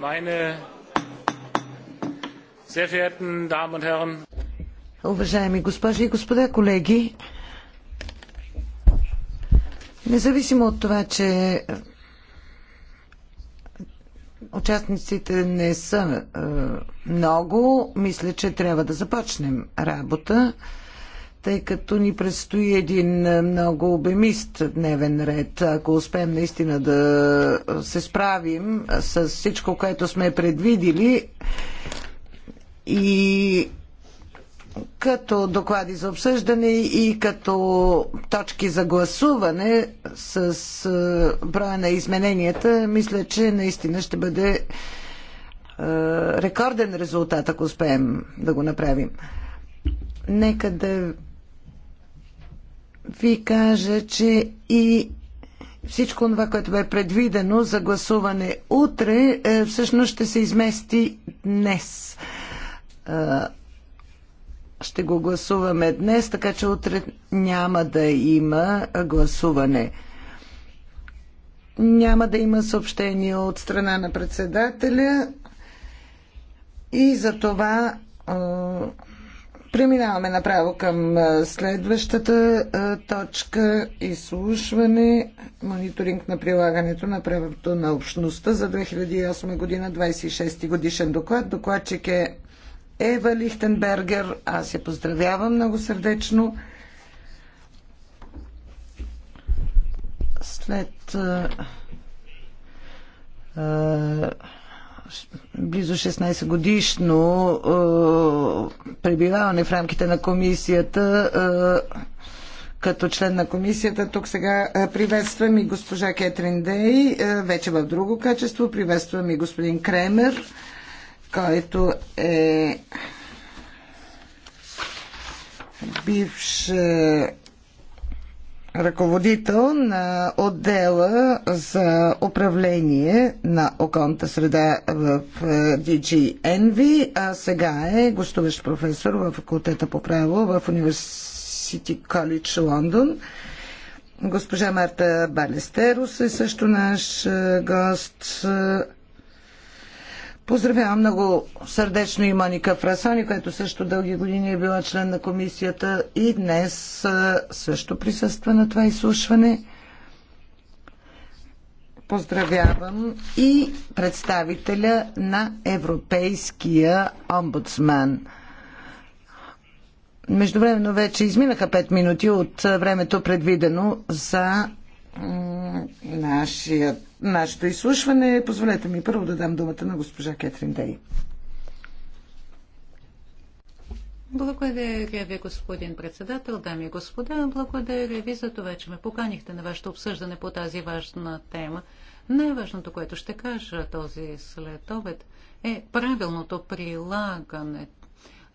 Meine sehr verehrten Damen und Herren, Уважаеми госпожи и господа, колеги, независимо от това, че участниците не са е, много, мисля, че трябва да започнем работа тъй като ни предстои един е, много обемист дневен ред. Ако успеем наистина да се справим с всичко, което сме предвидили и като доклади за обсъждане и като точки за гласуване с е, броя на измененията, мисля, че наистина ще бъде е, рекорден резултат, ако успеем да го направим. Нека да ви кажа, че и всичко това, което бе предвидено за гласуване утре, е, всъщност ще се измести днес. Е, ще го гласуваме днес, така че утре няма да има гласуване. Няма да има съобщение от страна на председателя и за това е, Преминаваме направо към следващата точка изслушване мониторинг на прилагането на правото на общността за 2008 година 26 годишен доклад. Докладчик е Ева Лихтенбергер. Аз я поздравявам много сърдечно. След а, а, близо 16 годишно е, пребиваване в рамките на комисията е, като член на комисията. Тук сега е, приветствам и госпожа Кетрин Дей, вече в друго качество. Приветствам и господин Кремер, който е бивш е, ръководител на отдела за управление на околната среда в DG е, Envy, а сега е гостуващ професор в факултета по право в University College Лондон. Госпожа Марта Балестерос е също наш е, гост. Поздравявам много сърдечно и Моника Фрасони, която също дълги години е била член на комисията и днес също присъства на това изслушване. Поздравявам и представителя на Европейския омбудсман. Междувременно вече изминаха 5 минути от времето предвидено за нашият нашето изслушване. Позволете ми първо да дам думата на госпожа Кетрин Дей. Благодаря ви, господин председател, дами и господа. Благодаря ви за това, че ме поканихте на вашето обсъждане по тази важна тема. Най-важното, което ще кажа този след обед, е правилното прилагане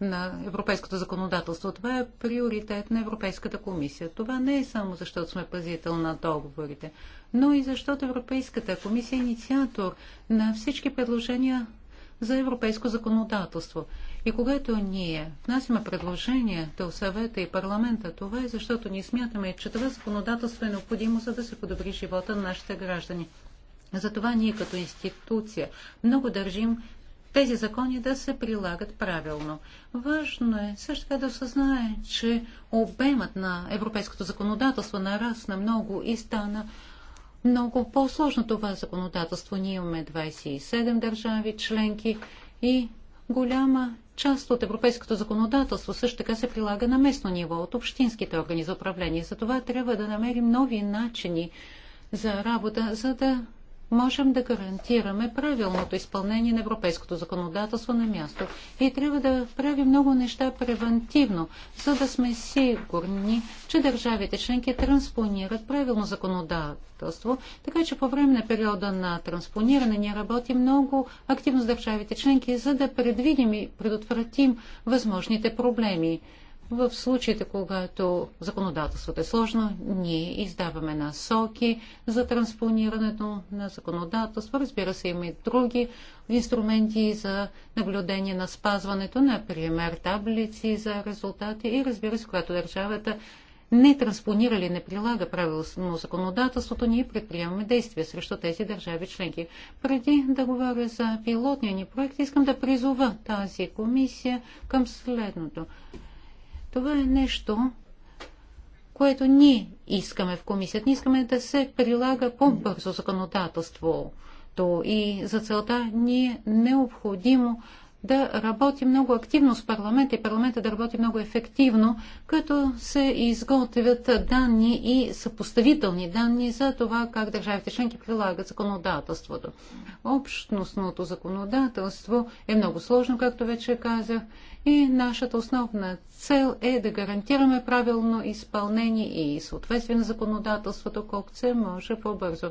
на европейското законодателство. Това е приоритет на Европейската комисия. Това не е само защото сме пазител на договорите но и защото Европейската комисия е инициатор на всички предложения за европейско законодателство. И когато ние внасяме предложения до съвета и парламента, това е защото ние смятаме, че това законодателство е необходимо, за да се подобри живота на нашите граждани. Затова ние като институция много държим тези закони да се прилагат правилно. Важно е също така да осъзнае, че обемът на европейското законодателство нарасна много и стана много по-сложно това законодателство. Ние имаме 27 държави членки и голяма част от европейското законодателство също така се прилага на местно ниво от общинските органи за управление. За това трябва да намерим нови начини за работа, за да можем да гарантираме правилното изпълнение на европейското законодателство на място. И трябва да правим много неща превентивно, за да сме сигурни, че държавите членки транспонират правилно законодателство, така че по време на периода на транспониране ние работим много активно с държавите членки, за да предвидим и предотвратим възможните проблеми. В случаите, когато законодателството е сложно, ние издаваме насоки за транспонирането на законодателство. Разбира се, има и други инструменти за наблюдение на спазването, например таблици за резултати и разбира се, когато държавата не транспонира или не прилага правилно законодателството, ние предприемаме действия срещу тези държави членки. Преди да говоря за пилотния ни проект, искам да призова тази комисия към следното. Това е нещо, което ние искаме в комисията. Ние искаме да се прилага по-бързо законодателството и за целта ни е необходимо да работи много активно с парламента и парламента да работи много ефективно, като се изготвят данни и съпоставителни данни за това как държавите членки прилагат законодателството. Общностното законодателство е много сложно, както вече казах, и нашата основна цел е да гарантираме правилно изпълнение и съответствие на законодателството колкото се може по-бързо.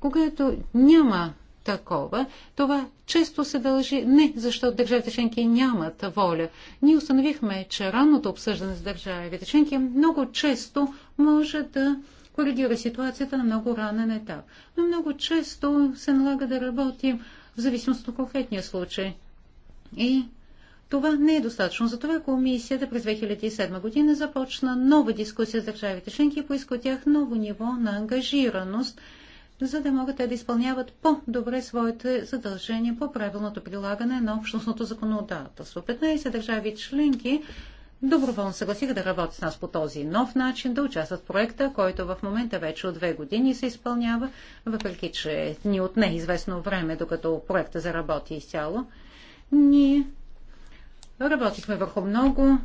Когато няма такова, това често се дължи не защото държавите членки нямат воля. Ние установихме, че ранното обсъждане с държавите членки много често може да коригира ситуацията на много ранен етап. Но много често се налага да работим в зависимост от конкретния случай. И това не е достатъчно. Затова комисията през 2007 година започна нова дискусия с държавите членки и поиска от тях ново ниво на ангажираност – за да могат те да изпълняват по-добре своите задължения по правилното прилагане на общностното законодателство. 15 държави членки доброволно съгласиха да работят с нас по този нов начин, да участват в проекта, който в момента вече от две години се изпълнява, въпреки че ни отне известно време, докато проекта заработи изцяло. Ние работихме върху много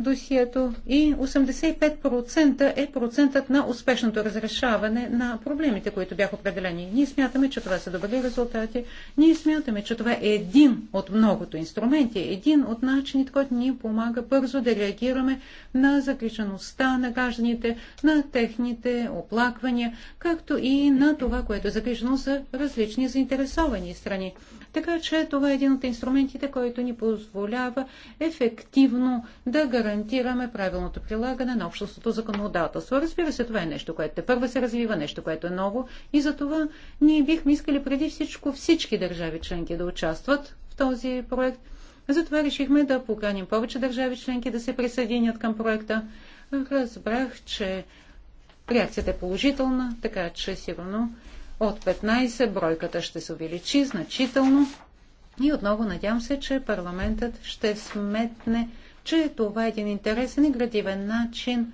досието и 85% е процентът на успешното разрешаване на проблемите, които бяха определени. Ние смятаме, че това са добри резултати. Ние смятаме, че това е един от многото инструменти, един от начините, който ни помага бързо да реагираме на загрижеността на гражданите, на техните оплаквания, както и на това, което е загрижено за различни заинтересовани страни. Така че това е един от инструментите, който ни позволява ефективно да гарантираме правилното прилагане на общностното законодателство. Разбира се, това е нещо, което те първо се развива, нещо, което е ново и за това ние бихме искали преди всичко всички държави членки да участват в този проект. Затова решихме да поканим повече държави членки да се присъединят към проекта. Разбрах, че реакцията е положителна, така че сигурно от 15 бройката ще се увеличи значително и отново надявам се, че парламентът ще сметне, че това е един интересен и градивен начин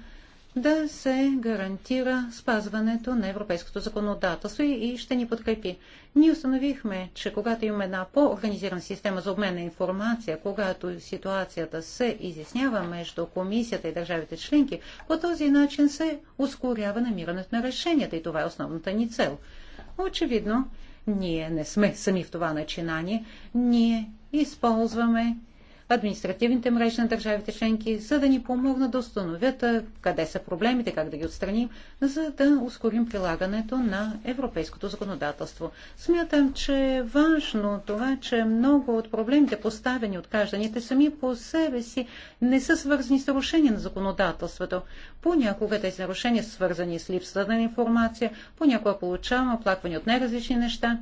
да се гарантира спазването на европейското законодателство и ще ни подкрепи. Ние установихме, че когато имаме една по-организирана система за обмен на информация, когато ситуацията се изяснява между комисията и държавите членки, по този начин се ускорява намирането на решенията и това е основната ни цел. Очевидно, ние не сме сами в това начинание. Ние използваме административните мрежи на държавите членки, за да ни помогнат да установят къде са проблемите, как да ги отстраним, за да ускорим прилагането на европейското законодателство. Смятам, че е важно това, че много от проблемите, поставени от гражданите сами по себе си, не са свързани с нарушение на законодателството. Понякога тези нарушения са свързани с липсата на информация, понякога получаваме оплаквания от неразлични неща,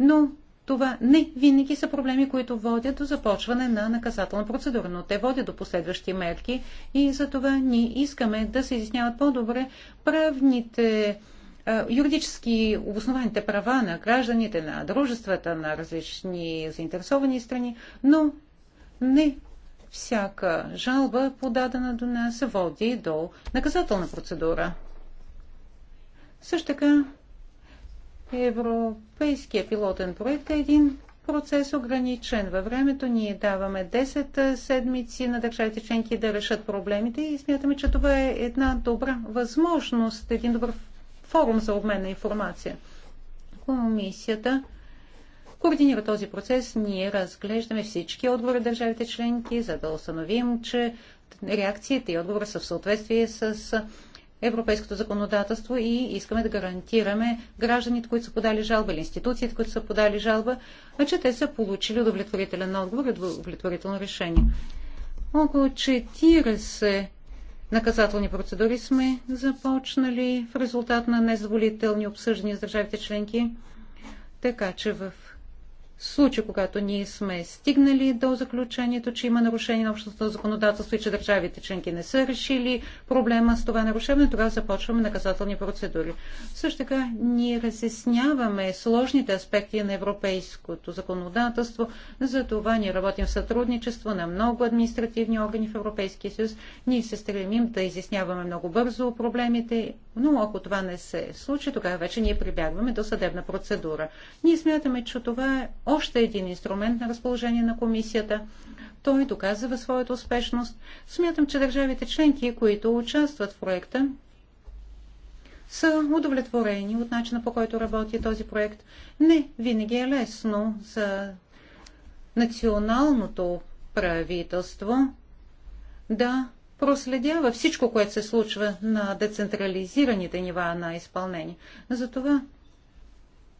но това не винаги са проблеми, които водят до започване на наказателна процедура, но те водят до последващи мерки и за това ние искаме да се изясняват по-добре правните юридически обоснованите права на гражданите, на дружествата, на различни заинтересовани страни, но не всяка жалба, подадена до нас, води до наказателна процедура. Също така Европейския пилотен проект е един процес ограничен във времето. Ние даваме 10 седмици на държавите членки да решат проблемите и смятаме, че това е една добра възможност, един добър форум за обмен на информация. Комисията координира този процес. Ние разглеждаме всички отговори държавите членки, за да установим, че реакциите и отговора са в съответствие с европейското законодателство и искаме да гарантираме гражданите, които са подали жалба или институциите, които са подали жалба, че те са получили удовлетворителен отговор и удовлетворително решение. Около 40 наказателни процедури сме започнали в резултат на незволителни обсъждания с държавите членки. Така че в в случай, когато ние сме стигнали до заключението, че има нарушение на общото законодателство и че държавите членки не са решили проблема с това нарушение, тогава започваме наказателни процедури. Също така ние разясняваме сложните аспекти на европейското законодателство, за това ние работим в сътрудничество на много административни органи в Европейския съюз. Ние се стремим да изясняваме много бързо проблемите, но ако това не се случи, тогава вече ние прибягваме до съдебна процедура. Ние смятаме, че това е още един инструмент на разположение на комисията. Той доказва своята успешност. Смятам, че държавите членки, които участват в проекта, са удовлетворени от начина по който работи този проект. Не винаги е лесно за националното правителство да проследява всичко, което се случва на децентрализираните нива на изпълнение. Затова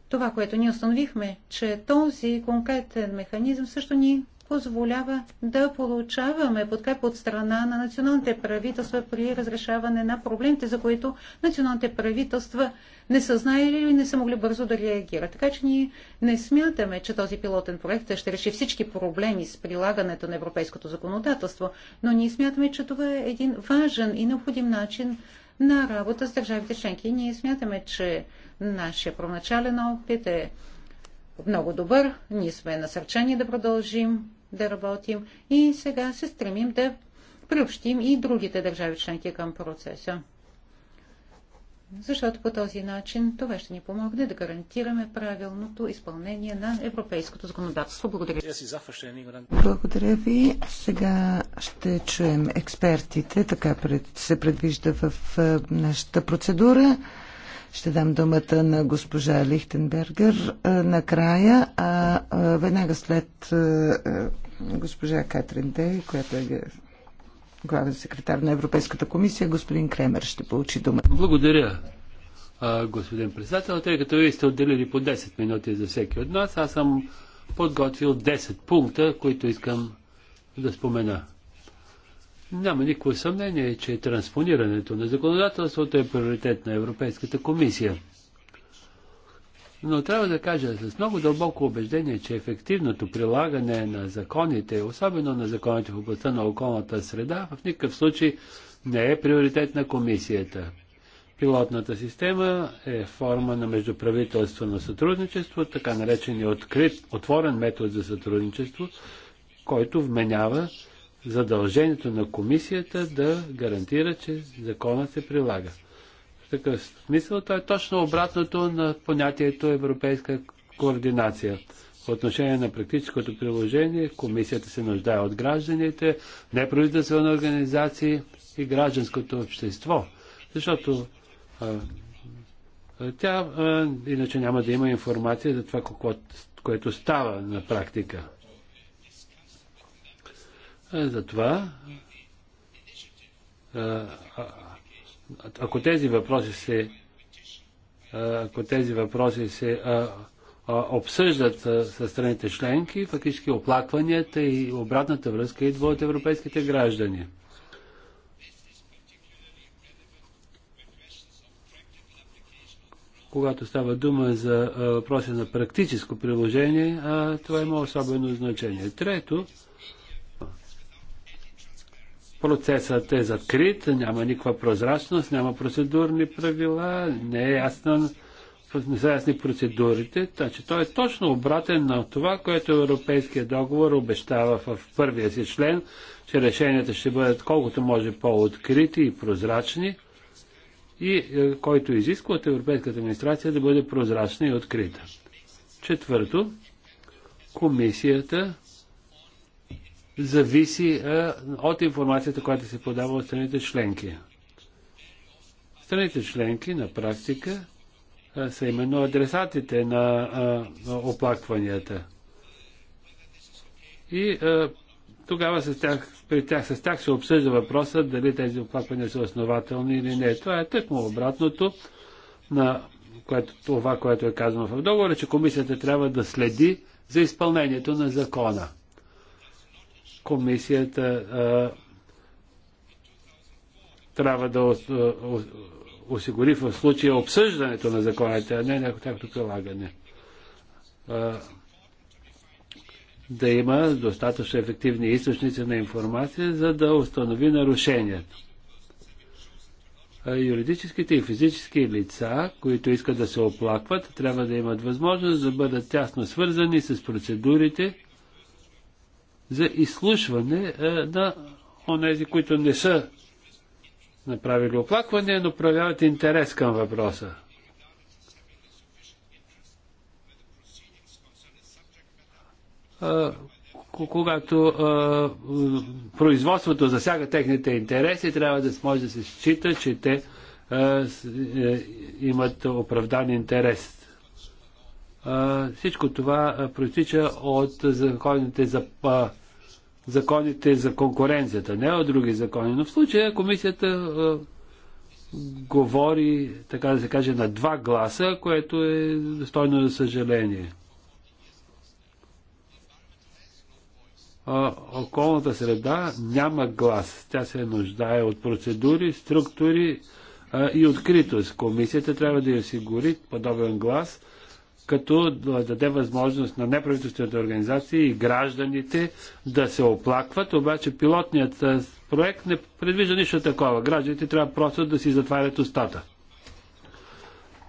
това, което ние установихме, че този конкретен механизъм също ни позволява да получаваме подкреп от страна на националните правителства при разрешаване на проблемите, за които националните правителства не са знаели или не са могли бързо да реагират. Така че ние не смятаме, че този пилотен проект ще реши всички проблеми с прилагането на европейското законодателство, но ние смятаме, че това е един важен и необходим начин на работа с държавите членки. Ние смятаме, че Нашия проначален опит е много добър. Ние сме насърчени да продължим да работим и сега се стремим да приобщим и другите държави членки към процеса. Защото по този начин това ще ни помогне да гарантираме правилното изпълнение на европейското законодателство. Благодаря. Благодаря ви. Сега ще чуем експертите. Така се предвижда в нашата процедура. Ще дам думата на госпожа Лихтенбергер накрая, а веднага след госпожа Катрин Дей, която е главен секретар на Европейската комисия, господин Кремер ще получи думата. Благодаря, господин председател. Тъй като вие сте отделили по 10 минути за всеки от нас, аз съм подготвил 10 пункта, които искам да спомена. Няма никакво съмнение, че транспонирането на законодателството е приоритет на Европейската комисия. Но трябва да кажа с много дълбоко убеждение, че ефективното прилагане на законите, особено на законите в областта на околната среда, в никакъв случай не е приоритет на комисията. Пилотната система е форма на междуправителствено сътрудничество, така наречен открит, отворен метод за сътрудничество, който вменява задължението на комисията да гарантира, че законът се прилага. В такъв смисъл това е точно обратното на понятието европейска координация. По отношение на практическото приложение, комисията се нуждае от гражданите, неправителствени организации и гражданското общество, защото а, а, тя а, иначе няма да има информация за това, какво, което става на практика. Е, затова, е, ако тези въпроси се е, ако тези въпроси се обсъждат с страните членки, фактически оплакванията и обратната връзка идва от европейските граждани. Когато става дума за въпроси на практическо приложение, това има особено значение. Трето, Процесът е закрит, няма никаква прозрачност, няма процедурни правила, не е ясно не са ясни процедурите, значи той е точно обратен на това, което Европейския договор обещава в първия си член, че решенията ще бъдат колкото може по-открити и прозрачни и е, който изисква от Европейската администрация да бъде прозрачна и открита. Четвърто, комисията зависи а, от информацията, която се подава от страните членки. Страните членки на практика а, са именно адресатите на, а, оплакванията. И а, тогава с тях, при тях, с тях се обсъжда въпроса дали тези оплаквания са основателни или не. Това е тъкмо обратното на което, това, което е казано в договора, че комисията трябва да следи за изпълнението на закона комисията а, трябва да осигури в случая обсъждането на законите, а не някакво тяхното прилагане. А, да има достатъчно ефективни източници на информация, за да установи нарушението. Юридическите и физически лица, които искат да се оплакват, трябва да имат възможност да бъдат тясно свързани с процедурите, за изслушване на онези, които не са направили оплакване, но проявяват интерес към въпроса. когато производството засяга техните интереси, трябва да може да се счита, че те е, имат оправдан интерес всичко това проистича от законите за, законите за конкуренцията, не от други закони. Но в случая комисията говори, така да се каже, на два гласа, което е достойно за съжаление. А, околната среда няма глас. Тя се нуждае от процедури, структури а, и откритост. Комисията трябва да я осигури подобен глас като даде възможност на неправителствените организации и гражданите да се оплакват, обаче пилотният проект не предвижда нищо такова. Гражданите трябва просто да си затварят устата.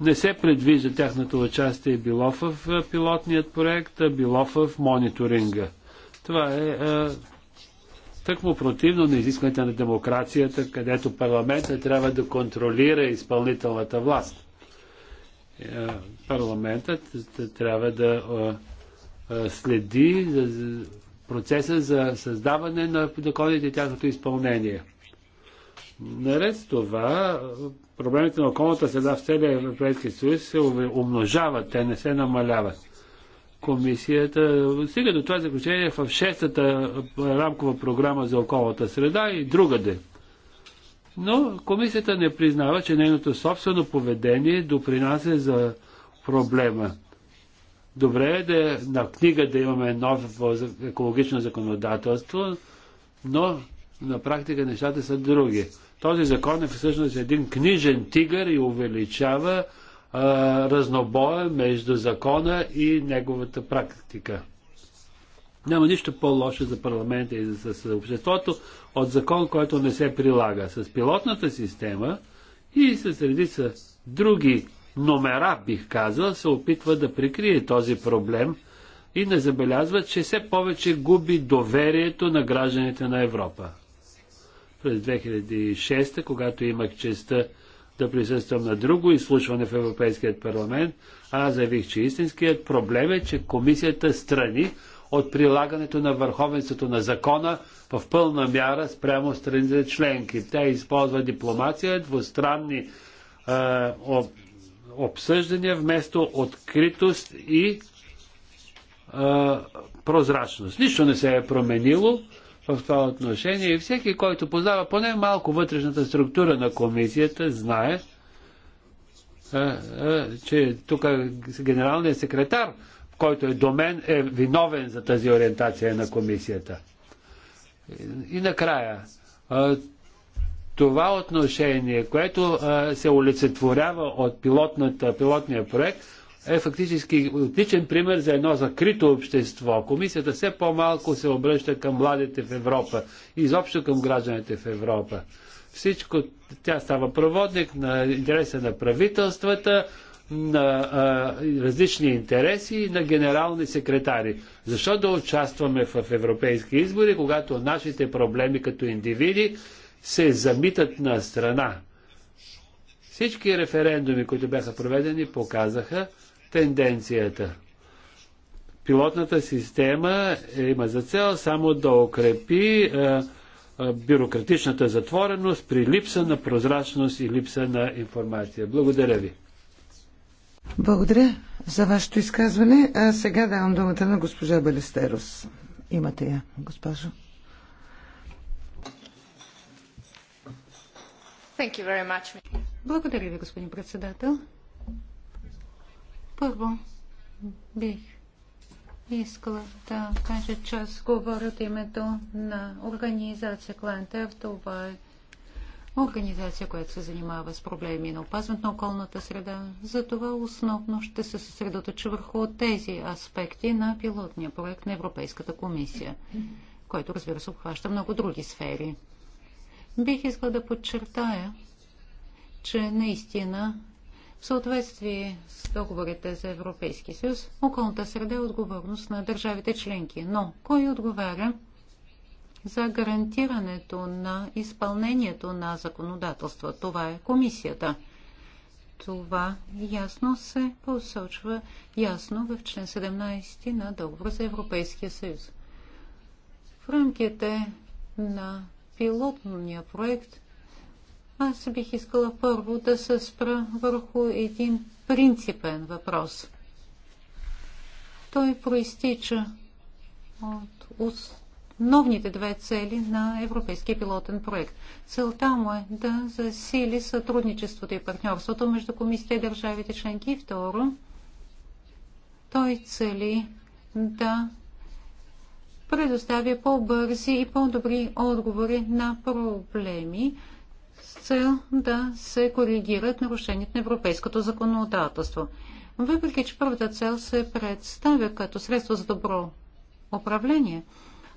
Не се предвижда тяхното участие било в пилотният проект, а било в мониторинга. Това е, е тъкмо противно на изискването на демокрацията, където парламентът трябва да контролира изпълнителната власт парламентът трябва да следи за процеса за създаване на законите и тяхното изпълнение. Наред с това, проблемите на околната среда в целия Европейски съюз се умножават, те не се намаляват. Комисията стига до това заключение в шестата рамкова програма за околната среда и другаде. Но комисията не признава, че нейното собствено поведение допринася за проблема. Добре е да на книга да имаме ново екологично законодателство, но на практика нещата са други. Този закон е всъщност един книжен тигър и увеличава а, разнобоя между закона и неговата практика. Няма нищо по-лошо за парламента и за обществото от закон, който не се прилага. С пилотната система и с редица други номера, бих казал, се опитва да прикрие този проблем и не забелязва, че все повече губи доверието на гражданите на Европа. През 2006, когато имах честа да присъствам на друго изслушване в Европейският парламент, аз заявих, че истинският проблем е, че комисията страни от прилагането на върховенството на закона в пълна мяра спрямо страните членки. Тя използва дипломация, двустранни е, обсъждания вместо откритост и е, прозрачност. Нищо не се е променило в това отношение и всеки, който познава поне малко вътрешната структура на комисията, знае, е, е, че тук генералният секретар който е до мен, е виновен за тази ориентация на комисията. И накрая, това отношение, което се олицетворява от пилотната, пилотния проект, е фактически отличен пример за едно закрито общество. Комисията все по-малко се обръща към младите в Европа и изобщо към гражданите в Европа. Всичко тя става проводник на интереса на правителствата, на а, различни интереси и на генерални секретари. Защо да участваме в европейски избори, когато нашите проблеми като индивиди се замитат на страна? Всички референдуми, които бяха проведени, показаха тенденцията. Пилотната система има за цел само да укрепи а, бюрократичната затвореност при липса на прозрачност и липса на информация. Благодаря ви. Благодаря за вашето изказване. А сега давам думата на госпожа Балестерос. Имате я, госпожо. Благодаря ви, господин председател. Първо бих искала да кажа, че аз говоря от името на организация Клантев. Това е организация, която се занимава с проблеми на опазването на околната среда. Затова основно ще се съсредоточи върху тези аспекти на пилотния проект на Европейската комисия, който разбира се обхваща много други сфери. Бих искала да подчертая, че наистина в съответствие с договорите за Европейски съюз, околната среда е отговорност на държавите членки. Но кой отговаря за гарантирането на изпълнението на законодателство. Това е комисията. Това ясно се посочва ясно в член 17 на договор за Европейския съюз. В рамките на пилотния проект аз бих искала първо да се спра върху един принципен въпрос. Той проистича от основните две цели на Европейския пилотен проект. Целта му е да засили сътрудничеството и партньорството между комисията и държавите членки. И второ, той цели да предоставя по-бързи и по-добри отговори на проблеми с цел да се коригират нарушенията на европейското законодателство. Въпреки, че първата цел се представя като средство за добро управление,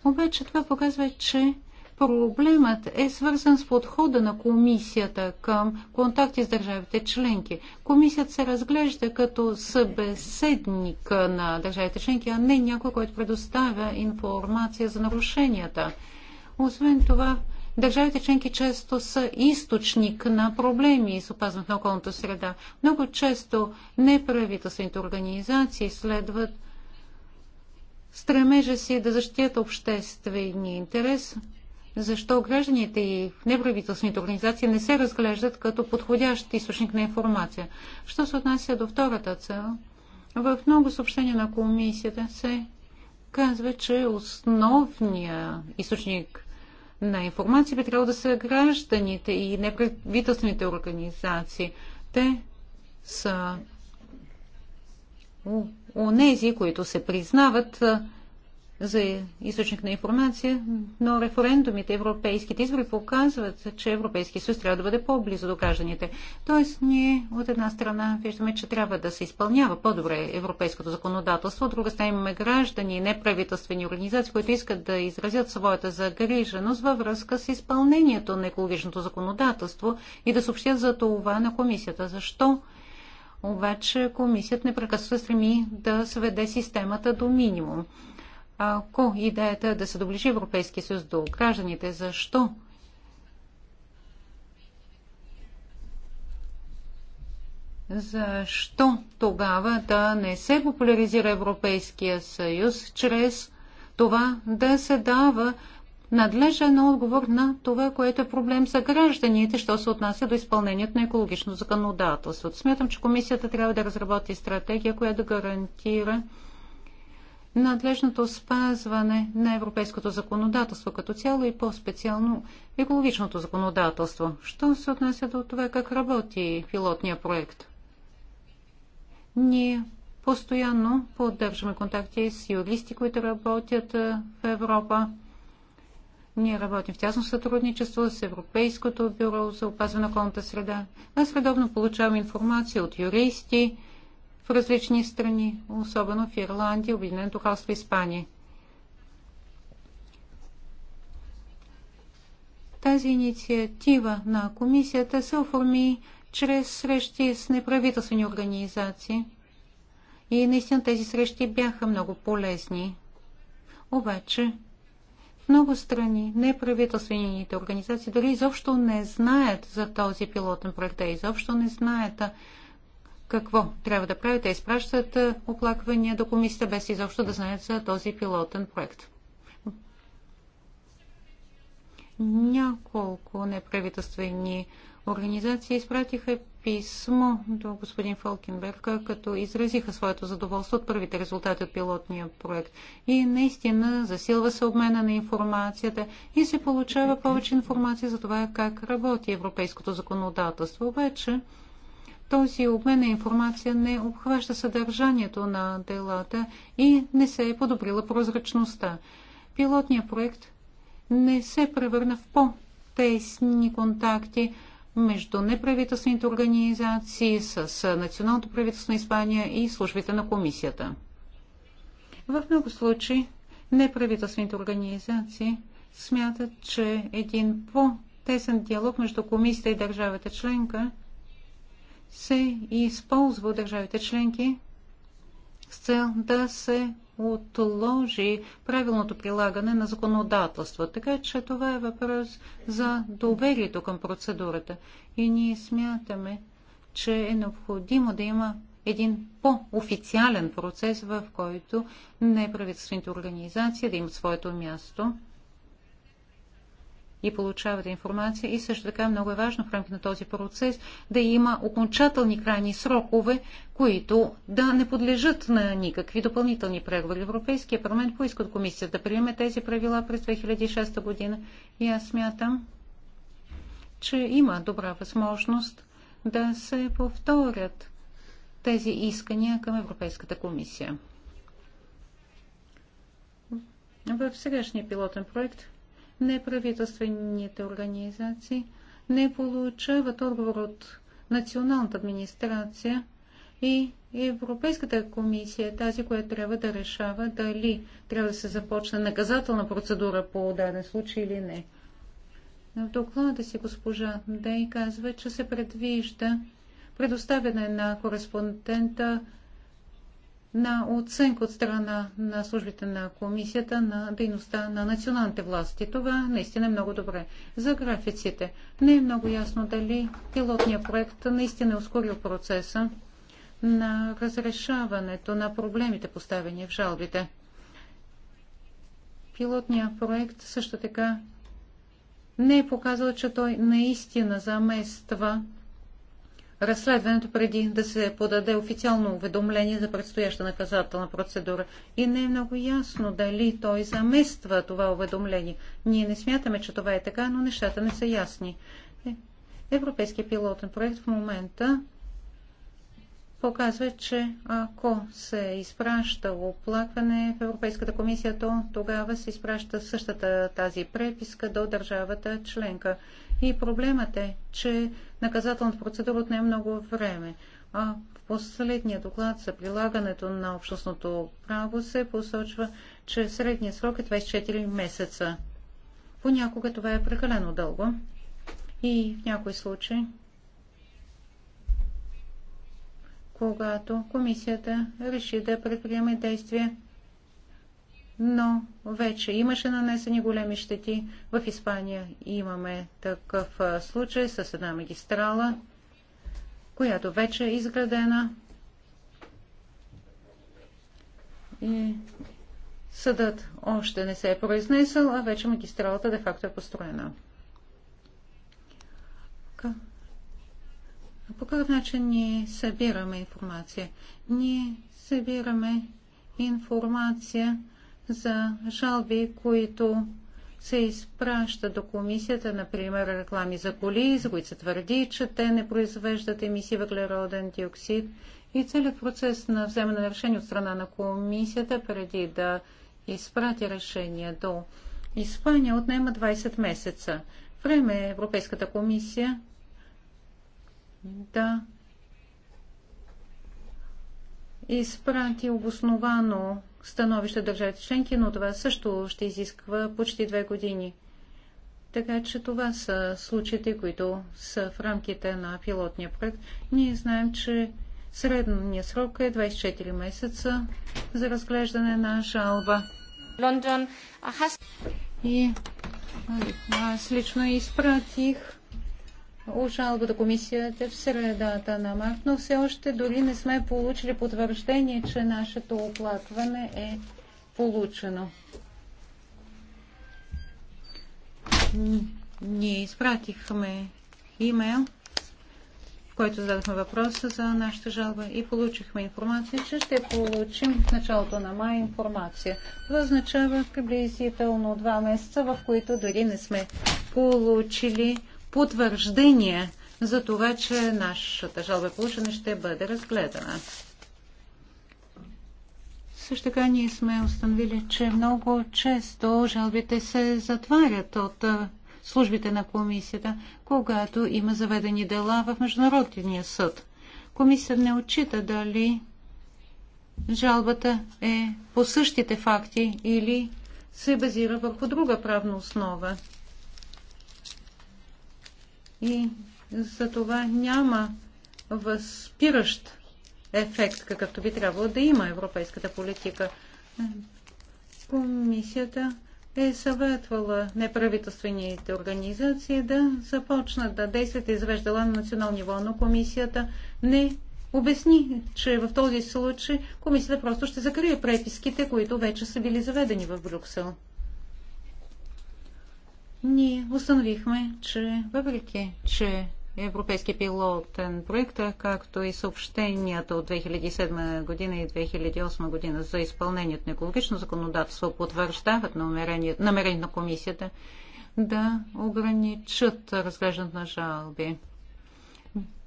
обаче това показва, че проблемът е свързан с подхода на комисията към контакти с държавите членки. Комисията се разглежда като събеседник на държавите членки, а не някой, който предоставя информация за нарушенията. Освен това, държавите членки често са източник на проблеми с опазването на околната среда. Много често неправителствените организации следват стремежа си да защитят обществения интерес, защо гражданите и неправителствените организации не се разглеждат като подходящ източник на информация. Що се отнася до втората цел, в много съобщения на комисията се казва, че основният източник на информация би трябвало да са гражданите и неправителствените организации. Те са онези, които се признават за източник на информация, но референдумите, европейските избори показват, че Европейския съюз трябва да бъде по-близо до гражданите. Тоест, ние от една страна виждаме, че трябва да се изпълнява по-добре европейското законодателство, от друга страна имаме граждани и неправителствени организации, които искат да изразят своята загриженост във връзка с изпълнението на екологичното законодателство и да съобщят за това на комисията. Защо обаче комисията непрекъснато стреми да сведе системата до минимум. Ако идеята е да се доближи Европейския съюз до гражданите, защо Защо тогава да не се популяризира Европейския съюз чрез това да се дава надлежен отговор на това, което е проблем за гражданите, що се отнася до изпълнението на екологично законодателство. Смятам, че комисията трябва да разработи стратегия, която да гарантира надлежното спазване на европейското законодателство като цяло и по-специално екологичното законодателство. Що се отнася до това как работи пилотния проект? Ние постоянно поддържаме контакти с юристи, които работят в Европа. Ние работим в тясно сътрудничество с Европейското бюро за опазване на околната среда. Аз редовно получавам информация от юристи в различни страни, особено в Ирландия, Обединеното кралство Испания. Тази инициатива на комисията се оформи чрез срещи с неправителствени организации. И наистина тези срещи бяха много полезни. Обаче много страни неправителствените организации дори изобщо не знаят за този пилотен проект. Те изобщо не знаят какво трябва да правят. Те изпращат оплаквания до комисията без изобщо да знаят за този пилотен проект. Няколко неправителствени организации изпратиха писмо до господин Фолкенберг, като изразиха своето задоволство от първите резултати от пилотния проект. И наистина засилва се обмена на информацията и се получава повече информация за това как работи европейското законодателство. Обаче този обмен на информация не обхваща съдържанието на делата и не се е подобрила прозрачността. Пилотният проект не се превърна в по-тесни контакти между неправителствените организации, с Националното правителство на Испания и службите на комисията. В много случаи неправителствените организации смятат, че един по-тесен диалог между комисията и държавата членка се използва от държавите членки с цел да се отложи правилното прилагане на законодателство. Така че това е въпрос за доверието към процедурата. И ние смятаме, че е необходимо да има един по-официален процес, в който неправителствените организации да имат своето място и получавате информация. И също така много е важно в рамките на този процес да има окончателни крайни срокове, които да не подлежат на никакви допълнителни преговори. Европейския парламент поиска от комисията да приеме тези правила през 2006 година и аз смятам, че има добра възможност да се повторят тези искания към Европейската комисия. В сегашния пилотен проект неправителствените организации не получават отговор от националната администрация и Европейската комисия е тази, която трябва да решава дали трябва да се започне наказателна процедура по даден случай или не. В доклада си госпожа Дей казва, че се предвижда предоставяне на кореспондента на оценка от страна на службите на комисията на дейността на националните власти. Това наистина е много добре. За графиците не е много ясно дали пилотният проект наистина е ускорил процеса на разрешаването на проблемите поставени в жалбите. Пилотният проект също така не е показал, че той наистина замества разследването преди да се подаде официално уведомление за предстояща наказателна процедура. И не е много ясно дали той замества това уведомление. Ние не смятаме, че това е така, но нещата не са ясни. Е, Европейския пилотен проект в момента показва, че ако се изпраща оплакване в Европейската комисия, то тогава се изпраща същата тази преписка до държавата членка. И проблемът е, че наказателната процедура отне много време. А в последния доклад за прилагането на общностното право се посочва, че средният срок е 24 месеца. Понякога това е прекалено дълго и в някои случаи когато комисията реши да предприеме действия, но вече имаше нанесени големи щети. В Испания имаме такъв случай с една магистрала, която вече е изградена. И съдът още не се е произнесъл, а вече магистралата де-факто е построена. По какъв начин ние събираме информация? Ние събираме информация за жалби, които се изпраща до комисията, например, реклами за коли, за които се твърди, че те не произвеждат емисии въглероден диоксид. И целият процес на вземане на решение от страна на комисията, преди да изпрати решение до Испания, отнема 20 месеца. Време е Европейската комисия да изпрати обосновано становище държавите членки, но това също ще изисква почти две години. Така че това са случаите, които са в рамките на пилотния проект. Ние знаем, че средният срок е 24 месеца за разглеждане на жалба. Лондон, И аз лично изпратих Ушалба до комисията е в средата на март, но все още дори не сме получили потвърждение, че нашето оплакване е получено. Ние изпратихме имейл, в който зададохме въпроса за нашата жалба и получихме информация, че ще получим в началото на май информация. Това означава приблизително два месеца, в които дори не сме получили потвърждение за това, че нашата жалба е получена ще бъде разгледана. Също така ние сме установили, че много често жалбите се затварят от службите на комисията, когато има заведени дела в Международния съд. Комисията не отчита дали жалбата е по същите факти или се базира върху друга правна основа и за това няма възпиращ ефект, какъвто би трябвало да има европейската политика. Комисията е съветвала неправителствените организации да започнат да действат и извеждала на национално ниво, но комисията не обясни, че в този случай комисията просто ще закрие преписките, които вече са били заведени в Брюксел ние установихме, че въпреки, че е европейски пилотен проект, както и съобщенията от 2007 година и 2008 година за изпълнението на екологично законодателство потвърждават намерение, намерение на комисията да ограничат разглеждането на жалби.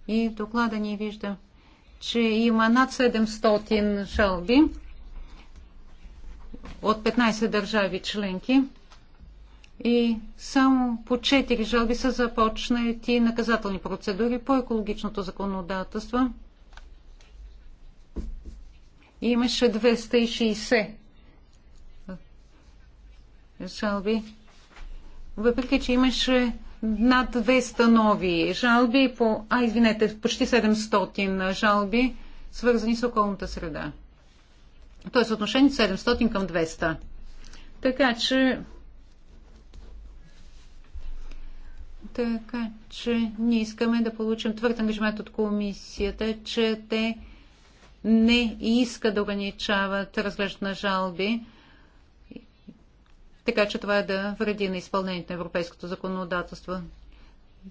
И доклада ни вижда, че има над 700 жалби от 15 държави членки и само по 4 жалби са започнати наказателни процедури по екологичното законодателство. имаше 260 жалби. Въпреки, че имаше над 200 нови жалби, по, а извинете, почти 700 жалби, свързани с околната среда. Тоест отношение 700 към 200. Така че Така че ние искаме да получим твърд ангажимент от комисията, че те не иска да ограничават разглеждане на жалби, така че това е да вреди на изпълнението на европейското законодателство.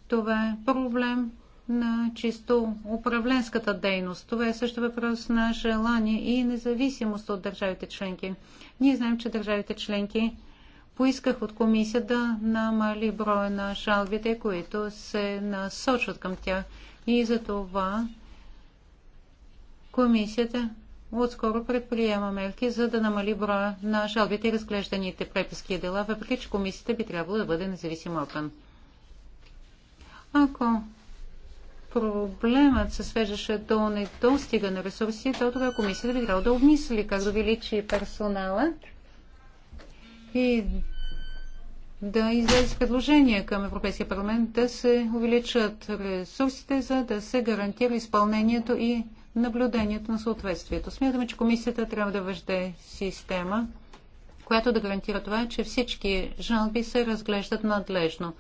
Това е проблем на чисто управленската дейност. Това е също въпрос на желание и независимост от държавите членки. Ние знаем, че държавите членки поисках от комисията да намали броя на жалбите, които се насочват към тях. И за това комисията отскоро предприема мерки, за да намали броя на жалбите и разглежданите преписки и дела, въпреки че комисията би трябвало да бъде независим орган. Ако проблемът се свежеше до недостига на ресурси, то тогава комисията би трябвало да обмисли как да увеличи персоналът и да излезе предложение към Европейския парламент да се увеличат ресурсите, за да се гарантира изпълнението и наблюдението на съответствието. Смятаме, че комисията трябва да въжде система, която да гарантира това, че всички жалби се разглеждат надлежно.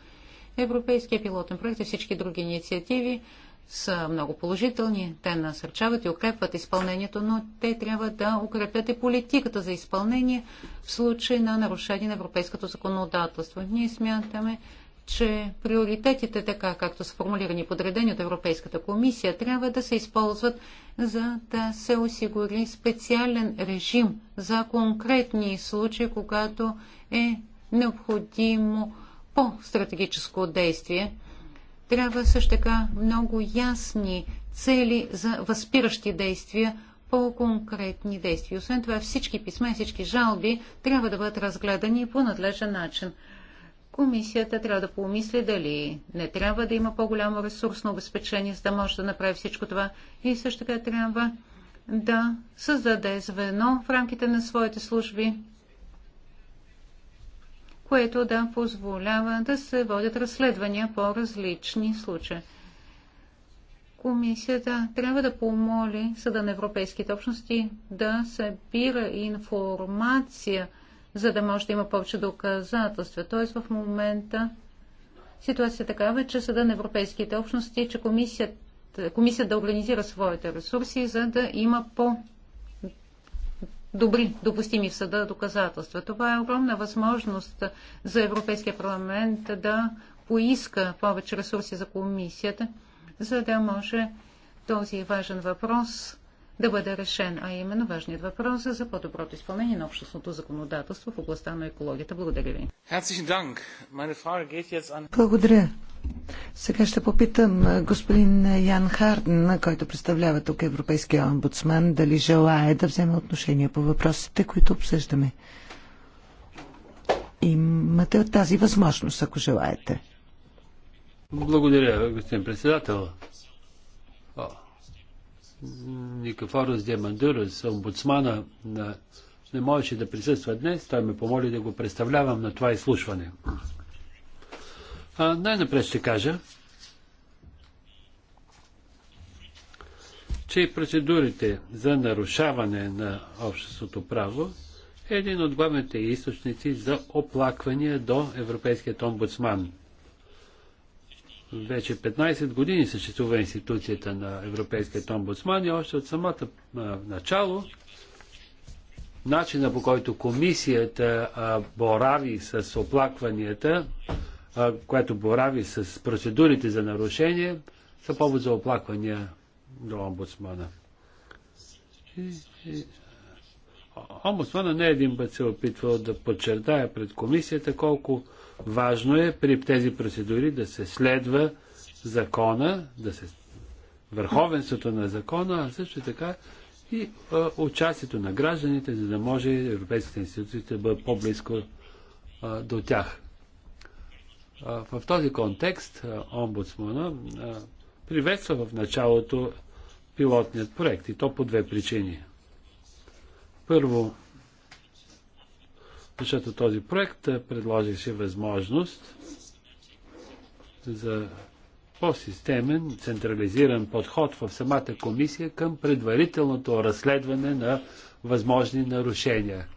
Европейския пилотен проект и всички други инициативи са много положителни, те насърчават и укрепват изпълнението, но те трябва да укрепят и политиката за изпълнение в случай на нарушение на европейското законодателство. Ние смятаме, че приоритетите, така както са формулирани подредени от Европейската комисия, трябва да се използват за да се осигури специален режим за конкретни случаи, когато е необходимо по-стратегическо действие трябва също така много ясни цели за възпиращи действия по конкретни действия. Освен това, всички писма и всички жалби трябва да бъдат разгледани по надлежен начин. Комисията трябва да помисли дали не трябва да има по-голямо ресурсно обезпечение, за да може да направи всичко това. И също така трябва да създаде звено в рамките на своите служби, което да позволява да се водят разследвания по различни случаи. Комисията трябва да помоли Съда на Европейските общности да събира информация, за да може да има повече доказателства. Т.е. в момента ситуация е такава, че Съда на Европейските общности, че комисията, комисията да организира своите ресурси, за да има по добри, допустими в съда доказателства. Това е огромна възможност за Европейския парламент да поиска повече ресурси за комисията, за да може този важен въпрос да бъде решен, а именно важният въпрос е за по-доброто изпълнение на общностното законодателство в областта на екологията. Благодаря ви. Благодаря. Сега ще попитам господин Ян Харден, който представлява тук Европейския омбудсман, дали желая да вземе отношение по въпросите, които обсъждаме. Имате тази възможност, ако желаете. Благодаря, господин председател. Никафорос Диамандурос, омбудсмана на не можеше да присъства днес, той ме помоли да го представлявам на това изслушване. най-напред ще кажа, че процедурите за нарушаване на обществото право е един от главните източници за оплаквания до Европейският омбудсман. Вече 15 години съществува институцията на Европейския омбудсман и още от самата начало начина по който комисията а, борави с оплакванията, а, което борави с процедурите за нарушение, са повод за оплаквания до омбудсмана. И, и... Омбудсмана не един път се е опитвал да подчертая пред комисията колко Важно е при тези процедури да се следва закона, да се върховенството на закона, а също така и а, участието на гражданите, за да може европейските институции да бъдат по-близко до тях. А, в този контекст а, омбудсмана а, приветства в началото пилотният проект и то по две причини. Първо, защото този проект е, предложише възможност за по-системен, централизиран подход в самата комисия към предварителното разследване на възможни нарушения.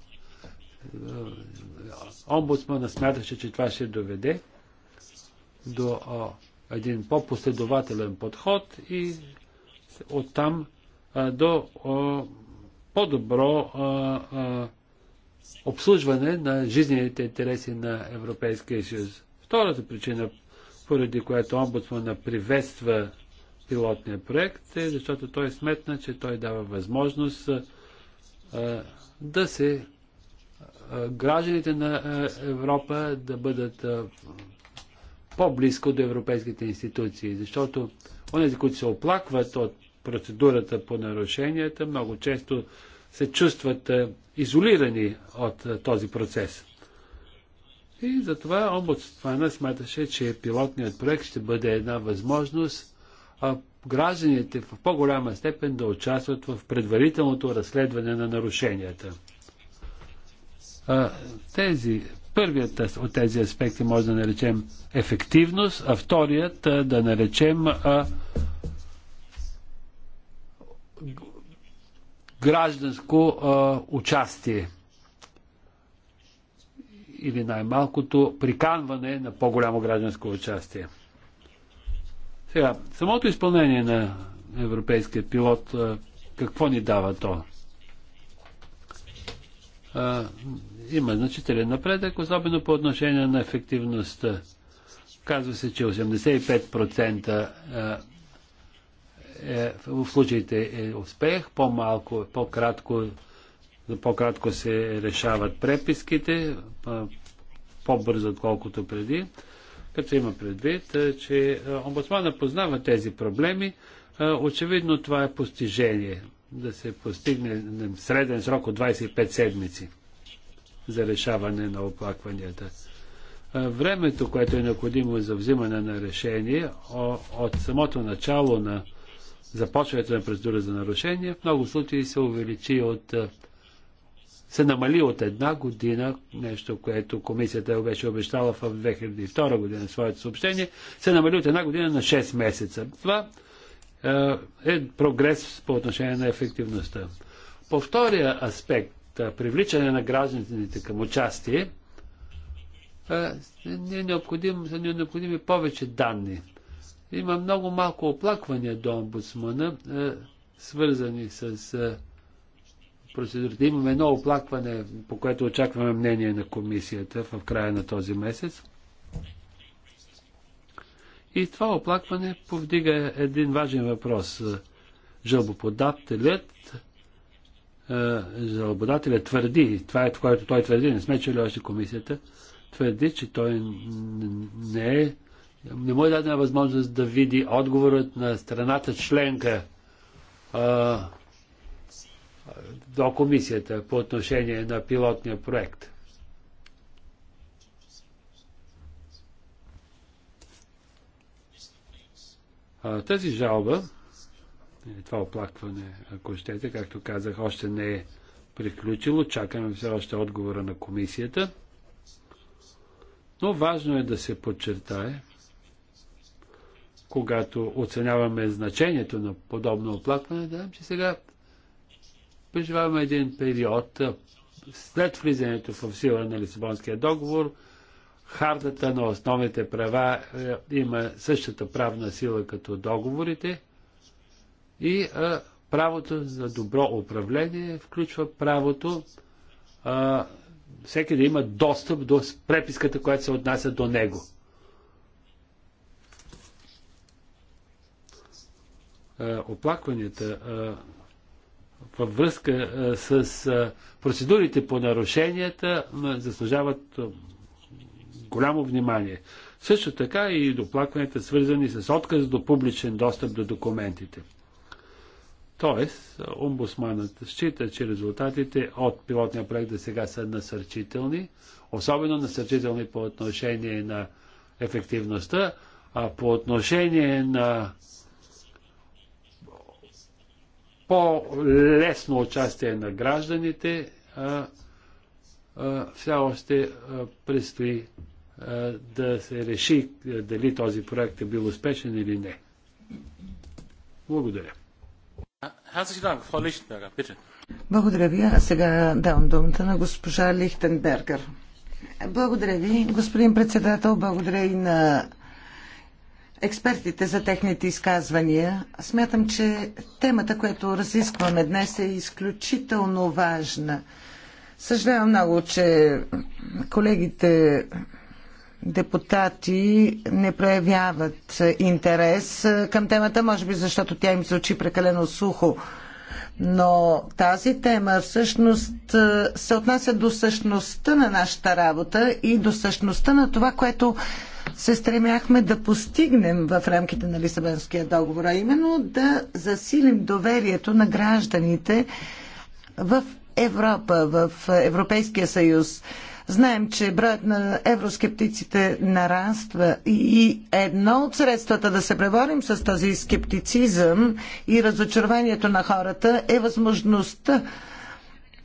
Омбудсмана смяташе, че това ще доведе до един по-последователен подход и оттам до по-добро обслужване на жизнените интереси на Европейския съюз. Втората причина, поради която омбудсмана приветства пилотния проект, е защото той сметна, че той дава възможност а, да се а, гражданите на а, Европа да бъдат по-близко до европейските институции, защото онези, които се оплакват от процедурата по нарушенията, много често се чувстват е, изолирани от е, този процес. И затова омбудсмана смяташе, че пилотният проект ще бъде една възможност а гражданите в по-голяма степен да участват в предварителното разследване на нарушенията. А, тези, първият от тези аспекти може да наречем ефективност, а вторият да наречем а, гражданско а, участие или най-малкото приканване на по-голямо гражданско участие. Сега, самото изпълнение на европейския пилот, а, какво ни дава то? А, има значителен напредък, особено по отношение на ефективността. Казва се, че 85% е, в случаите е успех, по-малко, по-кратко, по-кратко се решават преписките, по-бързо отколкото преди, като има предвид, че омбудсмана познава тези проблеми, очевидно това е постижение, да се постигне среден срок от 25 седмици за решаване на оплакванията. Времето, което е необходимо за взимане на решение от самото начало на започването на процедура за нарушение в много случаи се увеличи от се намали от една година, нещо, което комисията беше обещала в 2002 година своето съобщение, се намали от една година на 6 месеца. Това е прогрес по отношение на ефективността. По втория аспект, привличане на гражданите към участие, е необходим, са необходими повече данни. Има много малко оплаквания до омбудсмана, е, свързани с е, процедурите. Имаме едно оплакване, по което очакваме мнение на комисията в края на този месец. И това оплакване повдига един важен въпрос. Жълбоподателят е, жалбодателят твърди, това е което той твърди, не сме чели още комисията, твърди, че той не е не му е дадена възможност да види отговорът на страната членка а, до комисията по отношение на пилотния проект. А, тази жалба, е, това оплакване, ако щете, както казах, още не е приключило. Чакаме все още отговора на комисията. Но важно е да се подчертае, когато оценяваме значението на подобно оплакване, да, че сега преживяваме един период след влизането в сила на Лисабонския договор, хартата на основните права е, има същата правна сила като договорите и а, правото за добро управление включва правото а, всеки да има достъп до преписката, която се отнася до него. оплакванията във връзка с процедурите по нарушенията заслужават голямо внимание. Също така и доплакванията свързани с отказ до публичен достъп до документите. Тоест, омбусманът счита, че резултатите от пилотния проект до сега са насърчителни, особено насърчителни по отношение на ефективността, а по отношение на по-лесно участие на гражданите, а, а, все още а, предстои а, да се реши а, дали този проект е бил успешен или не. Благодаря. Благодаря ви. А сега давам думата на госпожа Лихтенбергер. Благодаря ви, господин председател. Благодаря и на експертите за техните изказвания. Смятам, че темата, която разискваме днес е изключително важна. Съжалявам много, че колегите депутати не проявяват интерес към темата, може би защото тя им звучи прекалено сухо. Но тази тема всъщност е, се отнася до същността на нашата работа и до същността на това, което се стремяхме да постигнем в рамките на Лисабонския договор, а именно да засилим доверието на гражданите в Европа, в Европейския съюз. Знаем, че броят на евроскептиците нараства и едно от средствата да се преборим с този скептицизъм и разочарованието на хората е възможността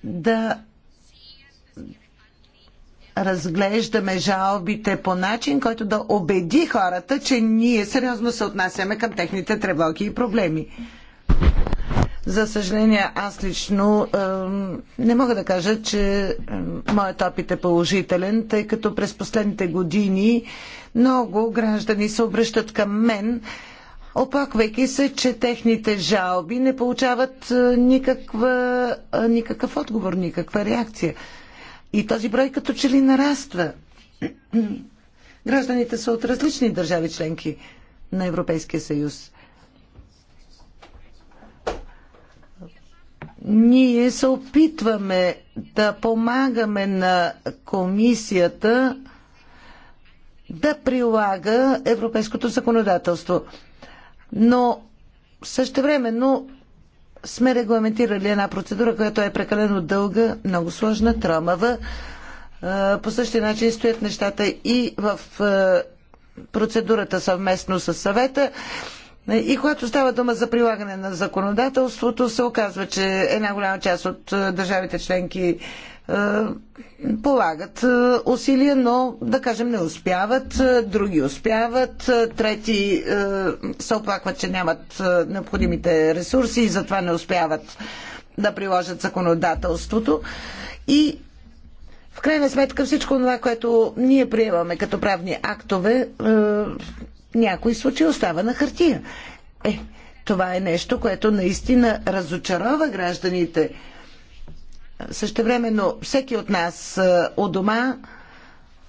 да разглеждаме жалбите по начин, който да убеди хората, че ние сериозно се отнасяме към техните тревоги и проблеми. За съжаление, аз лично е, не мога да кажа, че е, моят опит е положителен, тъй като през последните години много граждани се обръщат към мен, опаквайки се, че техните жалби не получават е, никаква, е, никакъв отговор, никаква реакция. И този брой като че ли нараства. Гражданите са от различни държави членки на Европейския съюз. Ние се опитваме да помагаме на комисията да прилага европейското законодателство. Но също времено сме регламентирали една процедура, която е прекалено дълга, много сложна, тромава. По същия начин стоят нещата и в процедурата съвместно с съвета. И когато става дума за прилагане на законодателството, се оказва, че една голяма част от държавите членки е, полагат е, усилия, но да кажем не успяват, е, други успяват, трети се оплакват, че нямат необходимите ресурси и затова не успяват да приложат законодателството. И в крайна сметка всичко това, което ние приемаме като правни актове, някои случаи остава на хартия. Е, това е нещо, което наистина разочарова гражданите. Същевременно всеки от нас е, у дома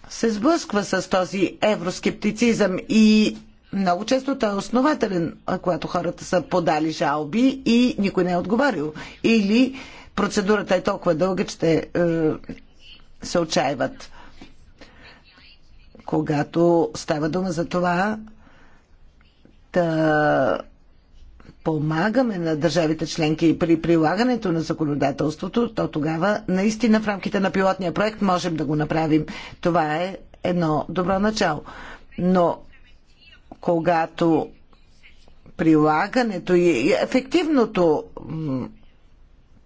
се сблъсква с този евроскептицизъм и много често той е основателен, е, когато хората са подали жалби и никой не е отговарил. Или процедурата е толкова дълга, че те е, се отчаиват. Когато става дума за това да помагаме на държавите членки и при прилагането на законодателството, то тогава наистина в рамките на пилотния проект можем да го направим. Това е едно добро начало. Но когато прилагането и ефективното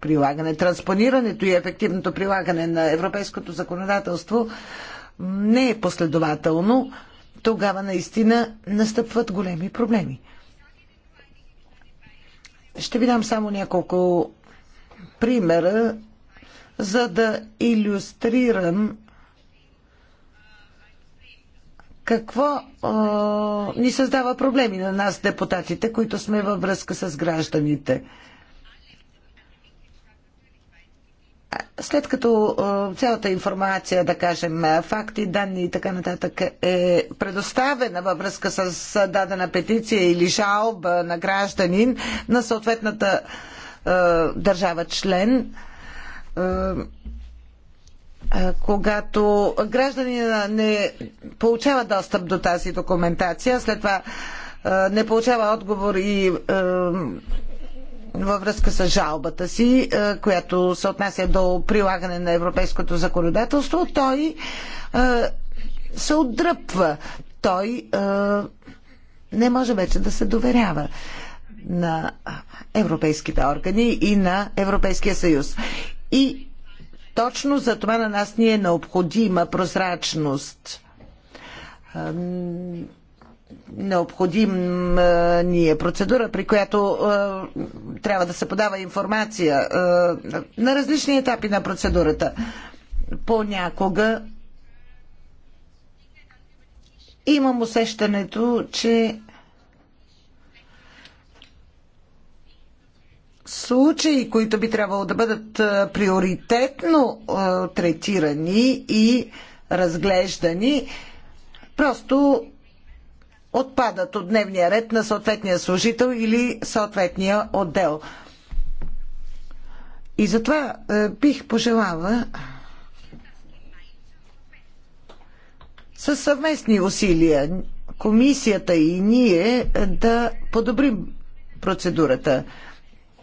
прилагане, транспонирането и ефективното прилагане на европейското законодателство не е последователно, тогава наистина настъпват големи проблеми. Ще ви дам само няколко примера, за да иллюстрирам какво о, ни създава проблеми на нас, депутатите, които сме във връзка с гражданите. след като цялата информация, да кажем, факти, данни и така нататък е предоставена във връзка с дадена петиция или жалба на гражданин на съответната е, държава член, е, когато гражданина не получава достъп до тази документация, след това не получава отговор и във връзка с жалбата си, е, която се отнася до прилагане на европейското законодателство, той е, се отдръпва. Той е, не може вече да се доверява на европейските органи и на Европейския съюз. И точно за това на нас ни е необходима прозрачност необходим ни е процедура, при която трябва да се подава информация на различни етапи на процедурата. Понякога имам усещането, че случаи, които би трябвало да бъдат приоритетно третирани и разглеждани, просто отпадат от дневния ред на съответния служител или съответния отдел. И затова е, бих пожелала със съвместни усилия комисията и ние е, да подобрим процедурата.